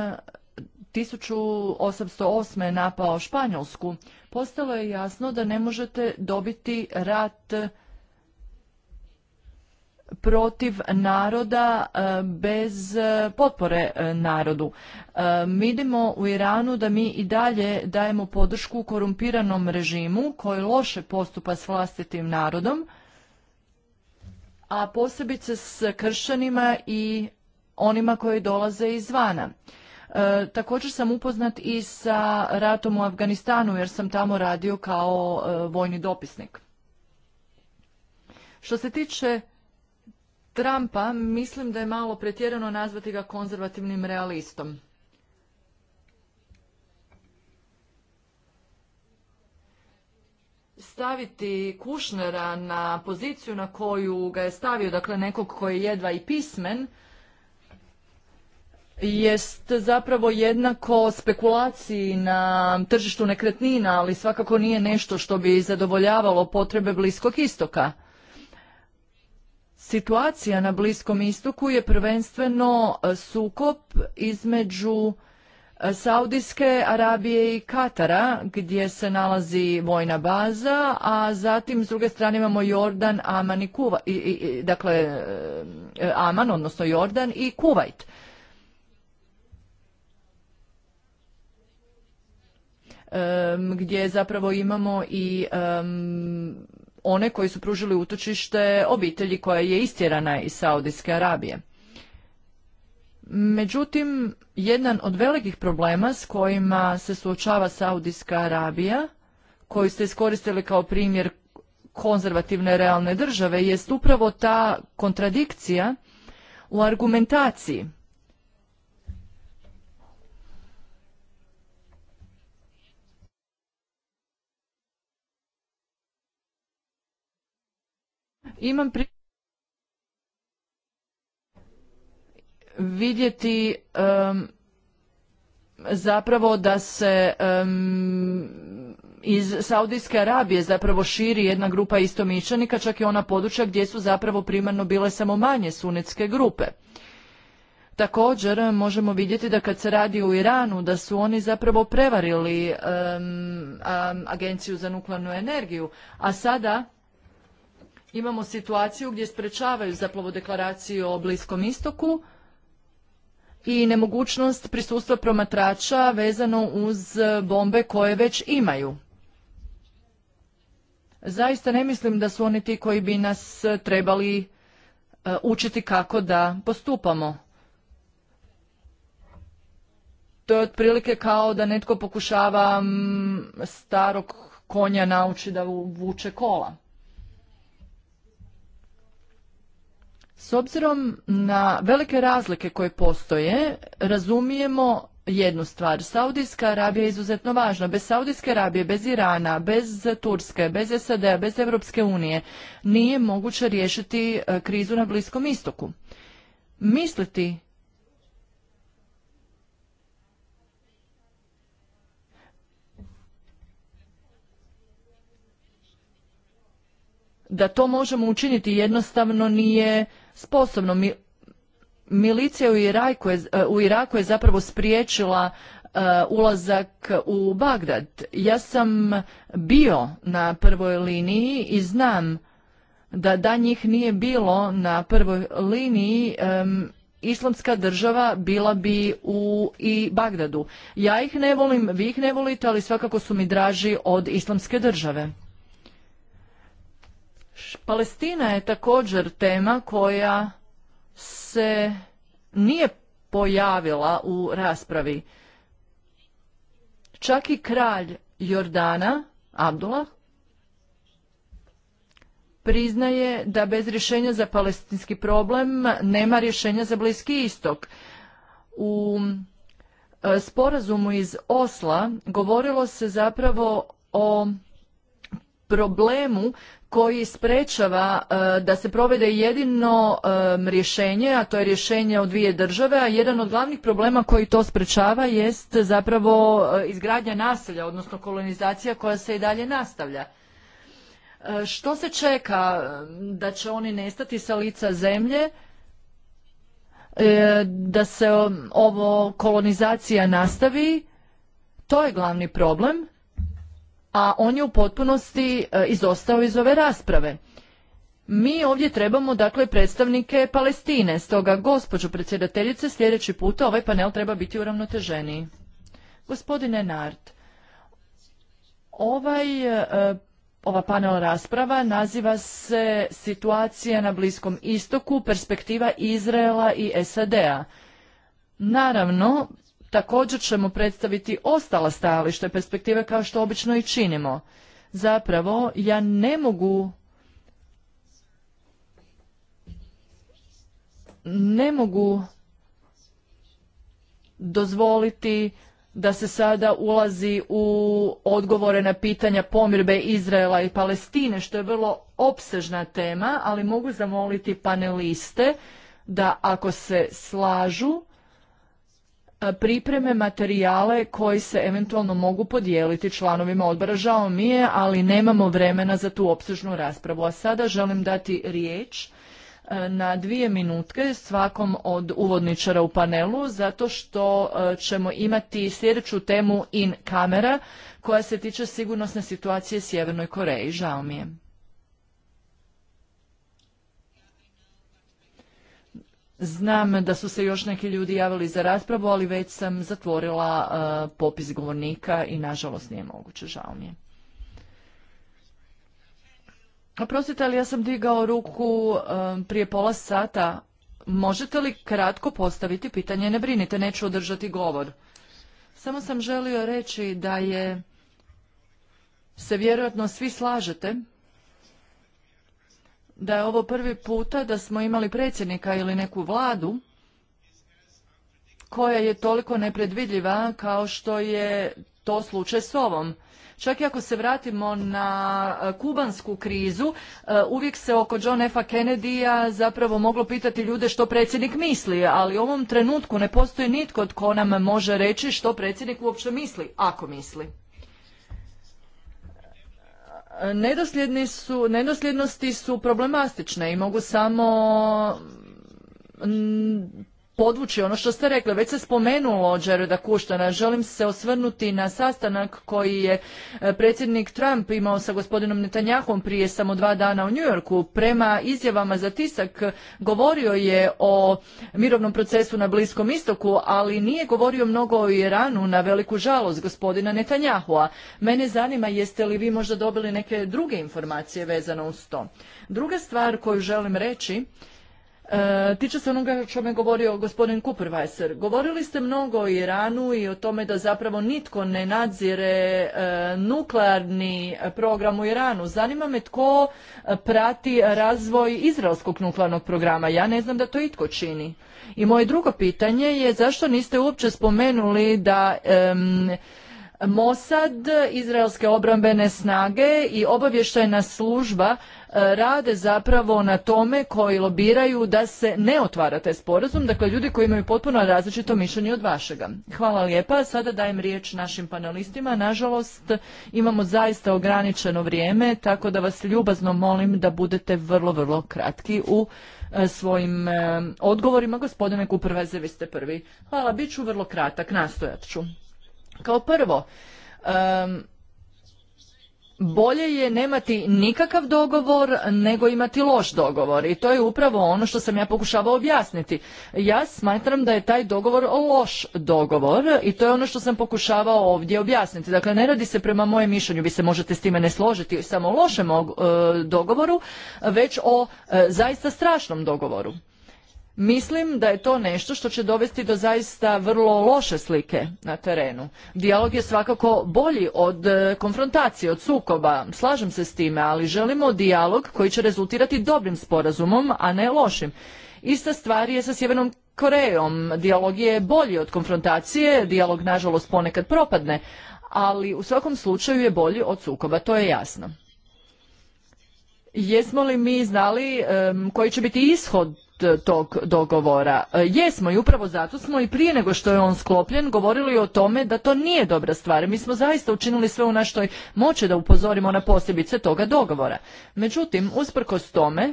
1808. Eh, napao Španjolsku, postalo je jasno da ne možete dobiti rat eh, protiv naroda eh, bez potpore narodu. Vidimo u Iranu da mi i dalje dajemo podršku korumpiranom režimu koji loše postupa s vlastitim narodom a posebice s kršćanima i onima koji dolaze izvana. E, također sam upoznat i sa ratom u Afganistanu jer sam tamo radio kao e, vojni dopisnik. Što se tiče Trumpa, mislim da je malo pretjerano nazvati ga konzervativnim realistom. staviti Kušnera na poziciju na koju ga je stavio, dakle nekog koji je jedva i pismen, jest zapravo jednako spekulaciji na tržištu nekretnina, ali svakako nije nešto što bi zadovoljavalo potrebe Bliskog istoka. Situacija na Bliskom istoku je prvenstveno e, sukop između Saudijske Arabije i Katara gdje se nalazi vojna baza, a zatim s druge strane imamo Jordan, Aman i Kuva, dakle e, Aman, odnosno Jordan i Kuvajt. gdje zapravo imamo i one koji su pružili utočište obitelji koja je istjerana iz Saudijske Arabije. Međutim, jedan od velikih problema s kojima se suočava Saudijska Arabija, koju ste iskoristili kao primjer konzervativne realne države, jest upravo ta kontradikcija u argumentaciji. Imam vidjeti zapravo da se iz Saudijske Arabije zapravo širi jedna grupa istomišljenika, čak i ona područja gdje su zapravo primarno bile samo manje sunetske grupe. Također možemo vidjeti da kad se radi u Iranu, da su oni zapravo prevarili Agenciju za nuklearnu energiju, a sada imamo situaciju gdje sprečavaju zapravo deklaraciju o Bliskom istoku, i nemogućnost prisustva promatrača vezano uz e, bombe koje već imaju. Zaista ne mislim da su oni ti koji bi nas e, trebali e, učiti kako da postupamo. To je otprilike kao da netko pokušava starog konja nauči da vuče kola. S obzirom na velike razlike koje postoje, razumijemo jednu stvar. Saudijska Arabija je izuzetno važna. Bez Saudijske Arabije, bez Irana, bez Turske, bez sad bez Europske unije nije moguće riješiti e, krizu na Bliskom istoku. Misliti da to možemo učiniti jednostavno nije sposobno. milicija u Iraku je, e, u Iraku je zapravo spriječila e, ulazak u Bagdad. Ja sam bio na prvoj liniji i znam da da njih nije bilo na prvoj liniji islamska država bila bi u i Bagdadu. Ja ih ne volim, vi ih ne volite, ali svakako su mi draži od islamske države. Palestina je također tema koja se nije pojavila u raspravi. Čak i kralj Jordana, Abdullah, priznaje da bez rješenja za palestinski problem nema rješenja za Bliski istok. U e, sporazumu iz Osla govorilo se zapravo o problemu koji sprečava e, da se provede jedino e, rješenje, a to je rješenje od dvije države, a jedan od glavnih problema koji to sprečava jest zapravo e, izgradnja naselja, odnosno kolonizacija koja se i dalje nastavlja. što se čeka da će oni nestati sa lica zemlje, da se ovo kolonizacija nastavi, to je glavni problem a on je u potpunosti e, izostao iz ove rasprave. Mi ovdje trebamo dakle predstavnike Palestine, stoga gospođo predsjedateljice sljedeći puta ovaj panel treba biti uravnoteženiji. Gospodine Nart, ovaj, e, ova panel rasprava naziva se situacija na Bliskom istoku, perspektiva Izraela i SAD-a. Naravno, Također ćemo predstaviti ostala stajališta i perspektive kao što obično i činimo. Zapravo, ja ne mogu ne mogu dozvoliti da se sada ulazi u odgovore na pitanja pomirbe Izraela i Palestine, što je vrlo opsežna tema, ali mogu zamoliti paneliste da ako se slažu, pripreme materijale koji se eventualno mogu podijeliti članovima odbora. Žao mi je, ali nemamo vremena za tu opsežnu raspravu. A sada želim dati riječ na dvije minutke svakom od uvodničara u panelu, zato što ćemo imati sljedeću temu in kamera koja se tiče sigurnosne situacije Sjevernoj Koreji. Žao mi je. Znam da su se još neki ljudi javili za raspravu, ali već sam zatvorila e, popis govornika i nažalost nije moguće, žao mi je. Oprostite, ali ja sam digao ruku e, prije pola sata. Možete li kratko postaviti pitanje? Ne brinite, neću održati govor. Samo sam želio reći da je se vjerojatno svi slažete da je ovo prvi puta da smo imali predsjednika ili neku vladu koja je toliko nepredvidljiva kao što je to slučaj s ovom. Čak i ako se vratimo na e, kubansku krizu, e, uvijek se oko John F. Kennedy-a zapravo moglo pitati ljude što predsjednik misli, ali u ovom trenutku ne postoji nitko tko nam može reći što predsjednik uopće misli, ako misli. Nedosljedni su, nedosljednosti su problematične i mogu samo podvući ono što ste rekli. Već se spomenulo Đereda Kuštana. Želim se osvrnuti na sastanak koji je e, predsjednik Trump imao sa gospodinom Netanjahom prije samo dva dana u New Yorku. Prema izjavama za tisak govorio je o mirovnom procesu na Bliskom istoku, ali nije govorio mnogo o Iranu na veliku žalost gospodina Netanjahua. Mene zanima jeste li vi možda dobili neke druge informacije vezano uz to. Druga stvar koju želim reći E, tiče se onoga o me govorio gospodin Kuperweiser, Govorili ste mnogo o Iranu i o tome da zapravo nitko ne nadzire e, nuklearni program u Iranu. Zanima me tko prati razvoj izraelskog nuklearnog programa. Ja ne znam da to itko čini. I moje drugo pitanje je zašto niste uopće spomenuli da... Mosad, izraelske obrambene snage i obavještajna služba e, rade zapravo na tome koji lobiraju da se ne otvara taj sporazum, dakle ljudi koji imaju potpuno različito mišljenje od vašega. Hvala lijepa, sada dajem riječ našim panelistima, nažalost imamo zaista ograničeno vrijeme, tako da vas ljubazno molim da budete vrlo, vrlo kratki u e, svojim e, odgovorima. Gospodine Kuprveze, vi ste prvi. Hvala, bit ću vrlo kratak, nastojat ću. Kao prvo, bolje je nemati nikakav dogovor nego imati loš dogovor i to je upravo ono što sam ja pokušavao objasniti. Ja smatram da je taj dogovor loš dogovor i to je ono što sam pokušavao ovdje objasniti. Dakle, ne radi se prema mojem mišljenju, vi se možete s time ne složiti samo o lošem e, dogovoru, već o e, zaista strašnom dogovoru. Mislim da je to nešto što će dovesti do zaista vrlo loše slike na terenu. Dijalog je svakako bolji od e, konfrontacije, od sukoba, slažem se s time, ali želimo dijalog koji će rezultirati dobrim sporazumom, a ne lošim. Ista stvar je sa Sjevernom Korejom. Dijalog je bolji od konfrontacije, dijalog nažalost ponekad propadne, ali u svakom slučaju je bolji od sukoba, to je jasno. Jesmo li mi znali koji će biti ishod E, tog dogovora. E, jesmo i upravo zato smo i prije nego što je on sklopljen govorili o tome da to nije dobra stvar. Mi smo zaista učinili sve u našoj moći da upozorimo na posljedice toga dogovora. Međutim, usprkos tome,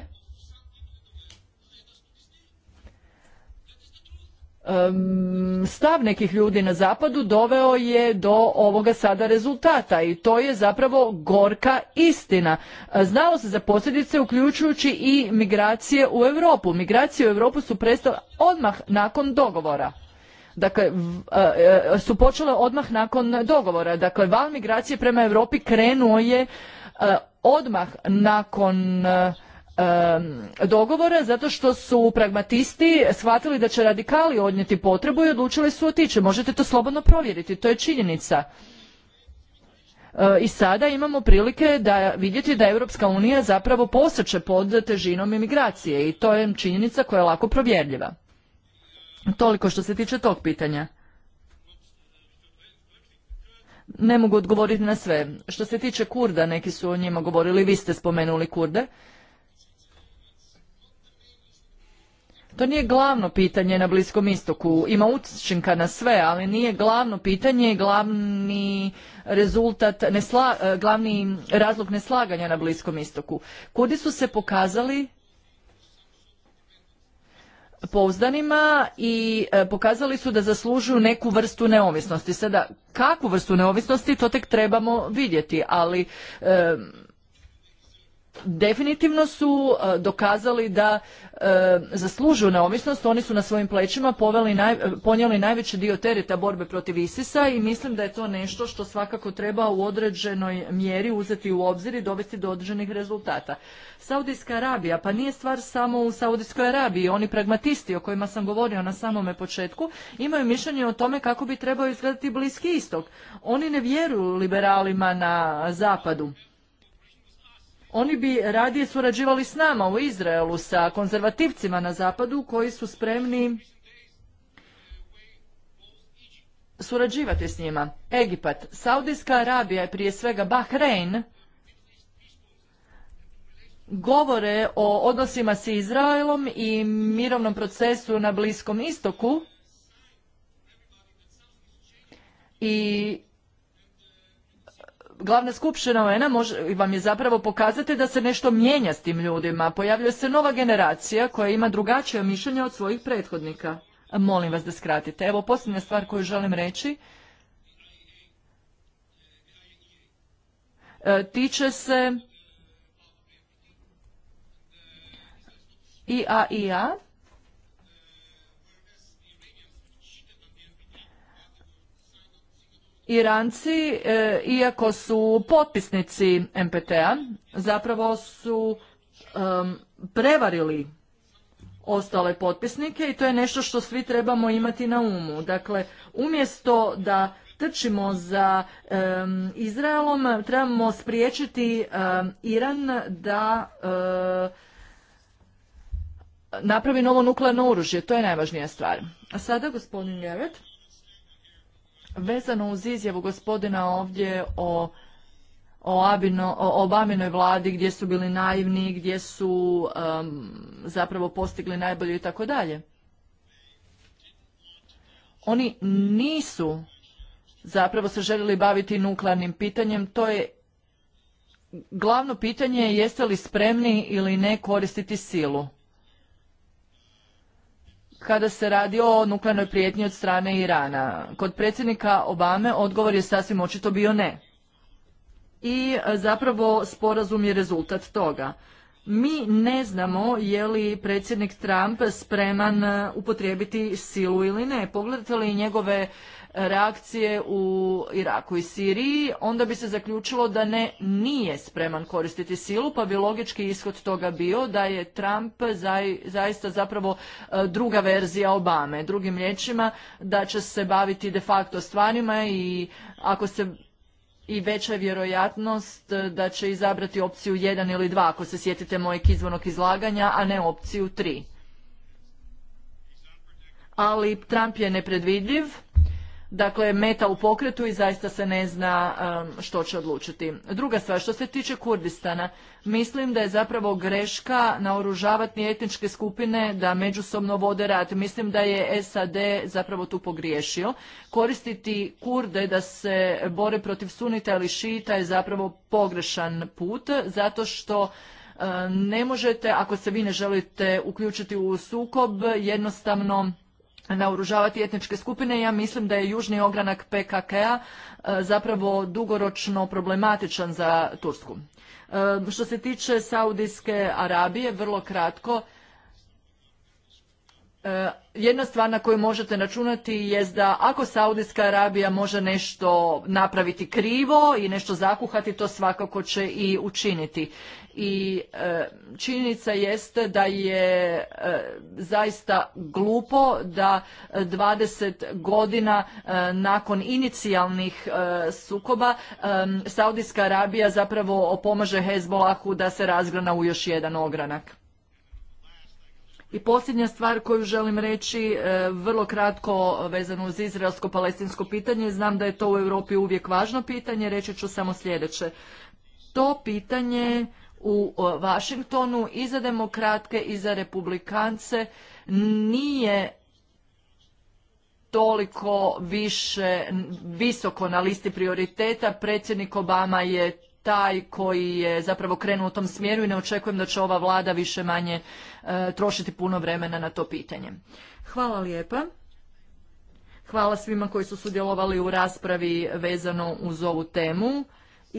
stav nekih ljudi na zapadu doveo je do ovoga sada rezultata i to je zapravo gorka istina. E, znalo se za posljedice uključujući i migracije u Europu. Migracije u Europu su prestale odmah nakon dogovora. Dakle, e, e, su počele odmah nakon dogovora. Dakle, val migracije prema Europi krenuo je odmah nakon dogovore, zato što su pragmatisti shvatili da će radikali odnijeti potrebu i odlučili su otići. Možete to slobodno provjeriti, to je činjenica. E, I sada imamo prilike da vidjeti da Europska unija zapravo posreće pod težinom imigracije i to je činjenica koja je lako provjerljiva. Toliko što se tiče tog pitanja. Ne mogu odgovoriti na sve. Što se tiče Kurda, neki su o njima govorili, vi ste spomenuli Kurde. To nije glavno pitanje na Bliskom istoku. Ima učinka na sve, ali nije glavno pitanje i glavni rezultat, e, glavni razlog neslaganja na Bliskom istoku. Kudi su se pokazali pouzdanima i e, pokazali su da zaslužuju neku vrstu neovisnosti. Sada, kakvu vrstu neovisnosti, to tek trebamo vidjeti, ali... E, definitivno su e, dokazali da e, zaslužuju neovisnost, oni su na svojim plećima ponijeli najveći dio tereta borbe protiv Isisa i mislim da je to nešto što svakako treba u određenoj mjeri uzeti u obzir i dovesti do određenih rezultata. Saudijska Arabija, pa nije stvar samo u Saudijskoj Arabiji, oni pragmatisti o kojima sam govorio na samome početku, imaju mišljenje o tome kako bi trebao izgledati Bliski istok. Oni ne vjeruju liberalima na zapadu. Oni bi radije surađivali s nama u Izraelu, sa konzervativcima na zapadu koji su spremni surađivati s njima. Egipat, Saudijska Arabija je prije svega Bahrein govore o odnosima s Izraelom i mirovnom procesu na Bliskom istoku i glavna skupština ONA vam je zapravo pokazati da se nešto mijenja s tim ljudima. Pojavljuje se nova generacija koja ima drugačije mišljenje od svojih prethodnika. Molim vas da skratite. Evo posljednja stvar koju želim reći. E, tiče se IAIA. Iranci, e, iako su potpisnici MPT-a, zapravo su prevarili ostale potpisnike i to je nešto što svi trebamo imati na umu. Dakle, umjesto da trčimo za Izraelom, trebamo spriječiti Iran da e, napravi novo nuklearno oružje. To je najvažnija stvar. A sada gospodin Ljevet. Vezano uz izjavu gospodina ovdje o o, Obaminoj vladi gdje su bili naivni, gdje su um, zapravo postigli najbolje i tako dalje. Oni nisu zapravo se željeli baviti nuklearnim pitanjem, to je glavno pitanje jeste li spremni ili ne koristiti silu kada se radi o nuklearnoj prijetnji od strane Irana. Kod predsjednika Obame odgovor je sasvim očito bio ne. I e, zapravo sporazum je rezultat toga. Mi ne znamo je li predsjednik Trump spreman e, upotrijebiti silu ili ne. Pogledate li njegove reakcije u Iraku i Siriji, onda bi se zaključilo da ne nije spreman koristiti silu, pa bi logički ishod toga bio da je Trump zaista zapravo e, druga verzija Obame. Drugim riječima da će se baviti de facto stvarima i ako se i veća je vjerojatnost e, da će izabrati opciju 1 ili 2, ako se sjetite mojeg izvornog izlaganja, a ne opciju 3. Ali Trump je nepredvidljiv, dakle meta u pokretu i zaista se ne zna um, što će odlučiti. Druga stvar, što se tiče Kurdistana, mislim da je zapravo greška naoružavati etničke skupine da međusobno vode rat. Mislim da je SAD zapravo tu pogriješio. Koristiti Kurde da se bore protiv sunita ili šita je zapravo pogrešan put, zato što uh, ne možete, ako se vi ne želite uključiti u sukob, jednostavno naoružavati etničke skupine. Ja mislim da je južni ogranak PKK-a e, zapravo dugoročno problematičan za Tursku. E, što se tiče Saudijske Arabije, vrlo kratko, e, jedna stvar na koju možete računati je da ako Saudijska Arabija može nešto napraviti krivo i nešto zakuhati, to svakako će i učiniti i e, činjenica jeste da je e, zaista glupo da 20 godina e, nakon inicijalnih sukoba Saudijska Arabija zapravo opomaže Hezbolahu da se razgrana u još jedan ogranak. I posljednja stvar koju želim reći, vrlo kratko vezano uz izraelsko-palestinsko pitanje, znam da je to u Europi uvijek važno pitanje, reći ću samo sljedeće. To pitanje u Washingtonu i za demokratke i za republikance nije toliko više visoko na listi prioriteta. Predsjednik Obama je taj koji je zapravo krenuo u tom smjeru i ne očekujem da će ova vlada više manje e, trošiti puno vremena na to pitanje. Hvala lijepa. Hvala svima koji su sudjelovali u raspravi vezano uz ovu temu.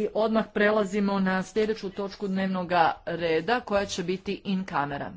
I odmah prelazimo na sljedeću točku dnevnoga reda koja će biti in kamera.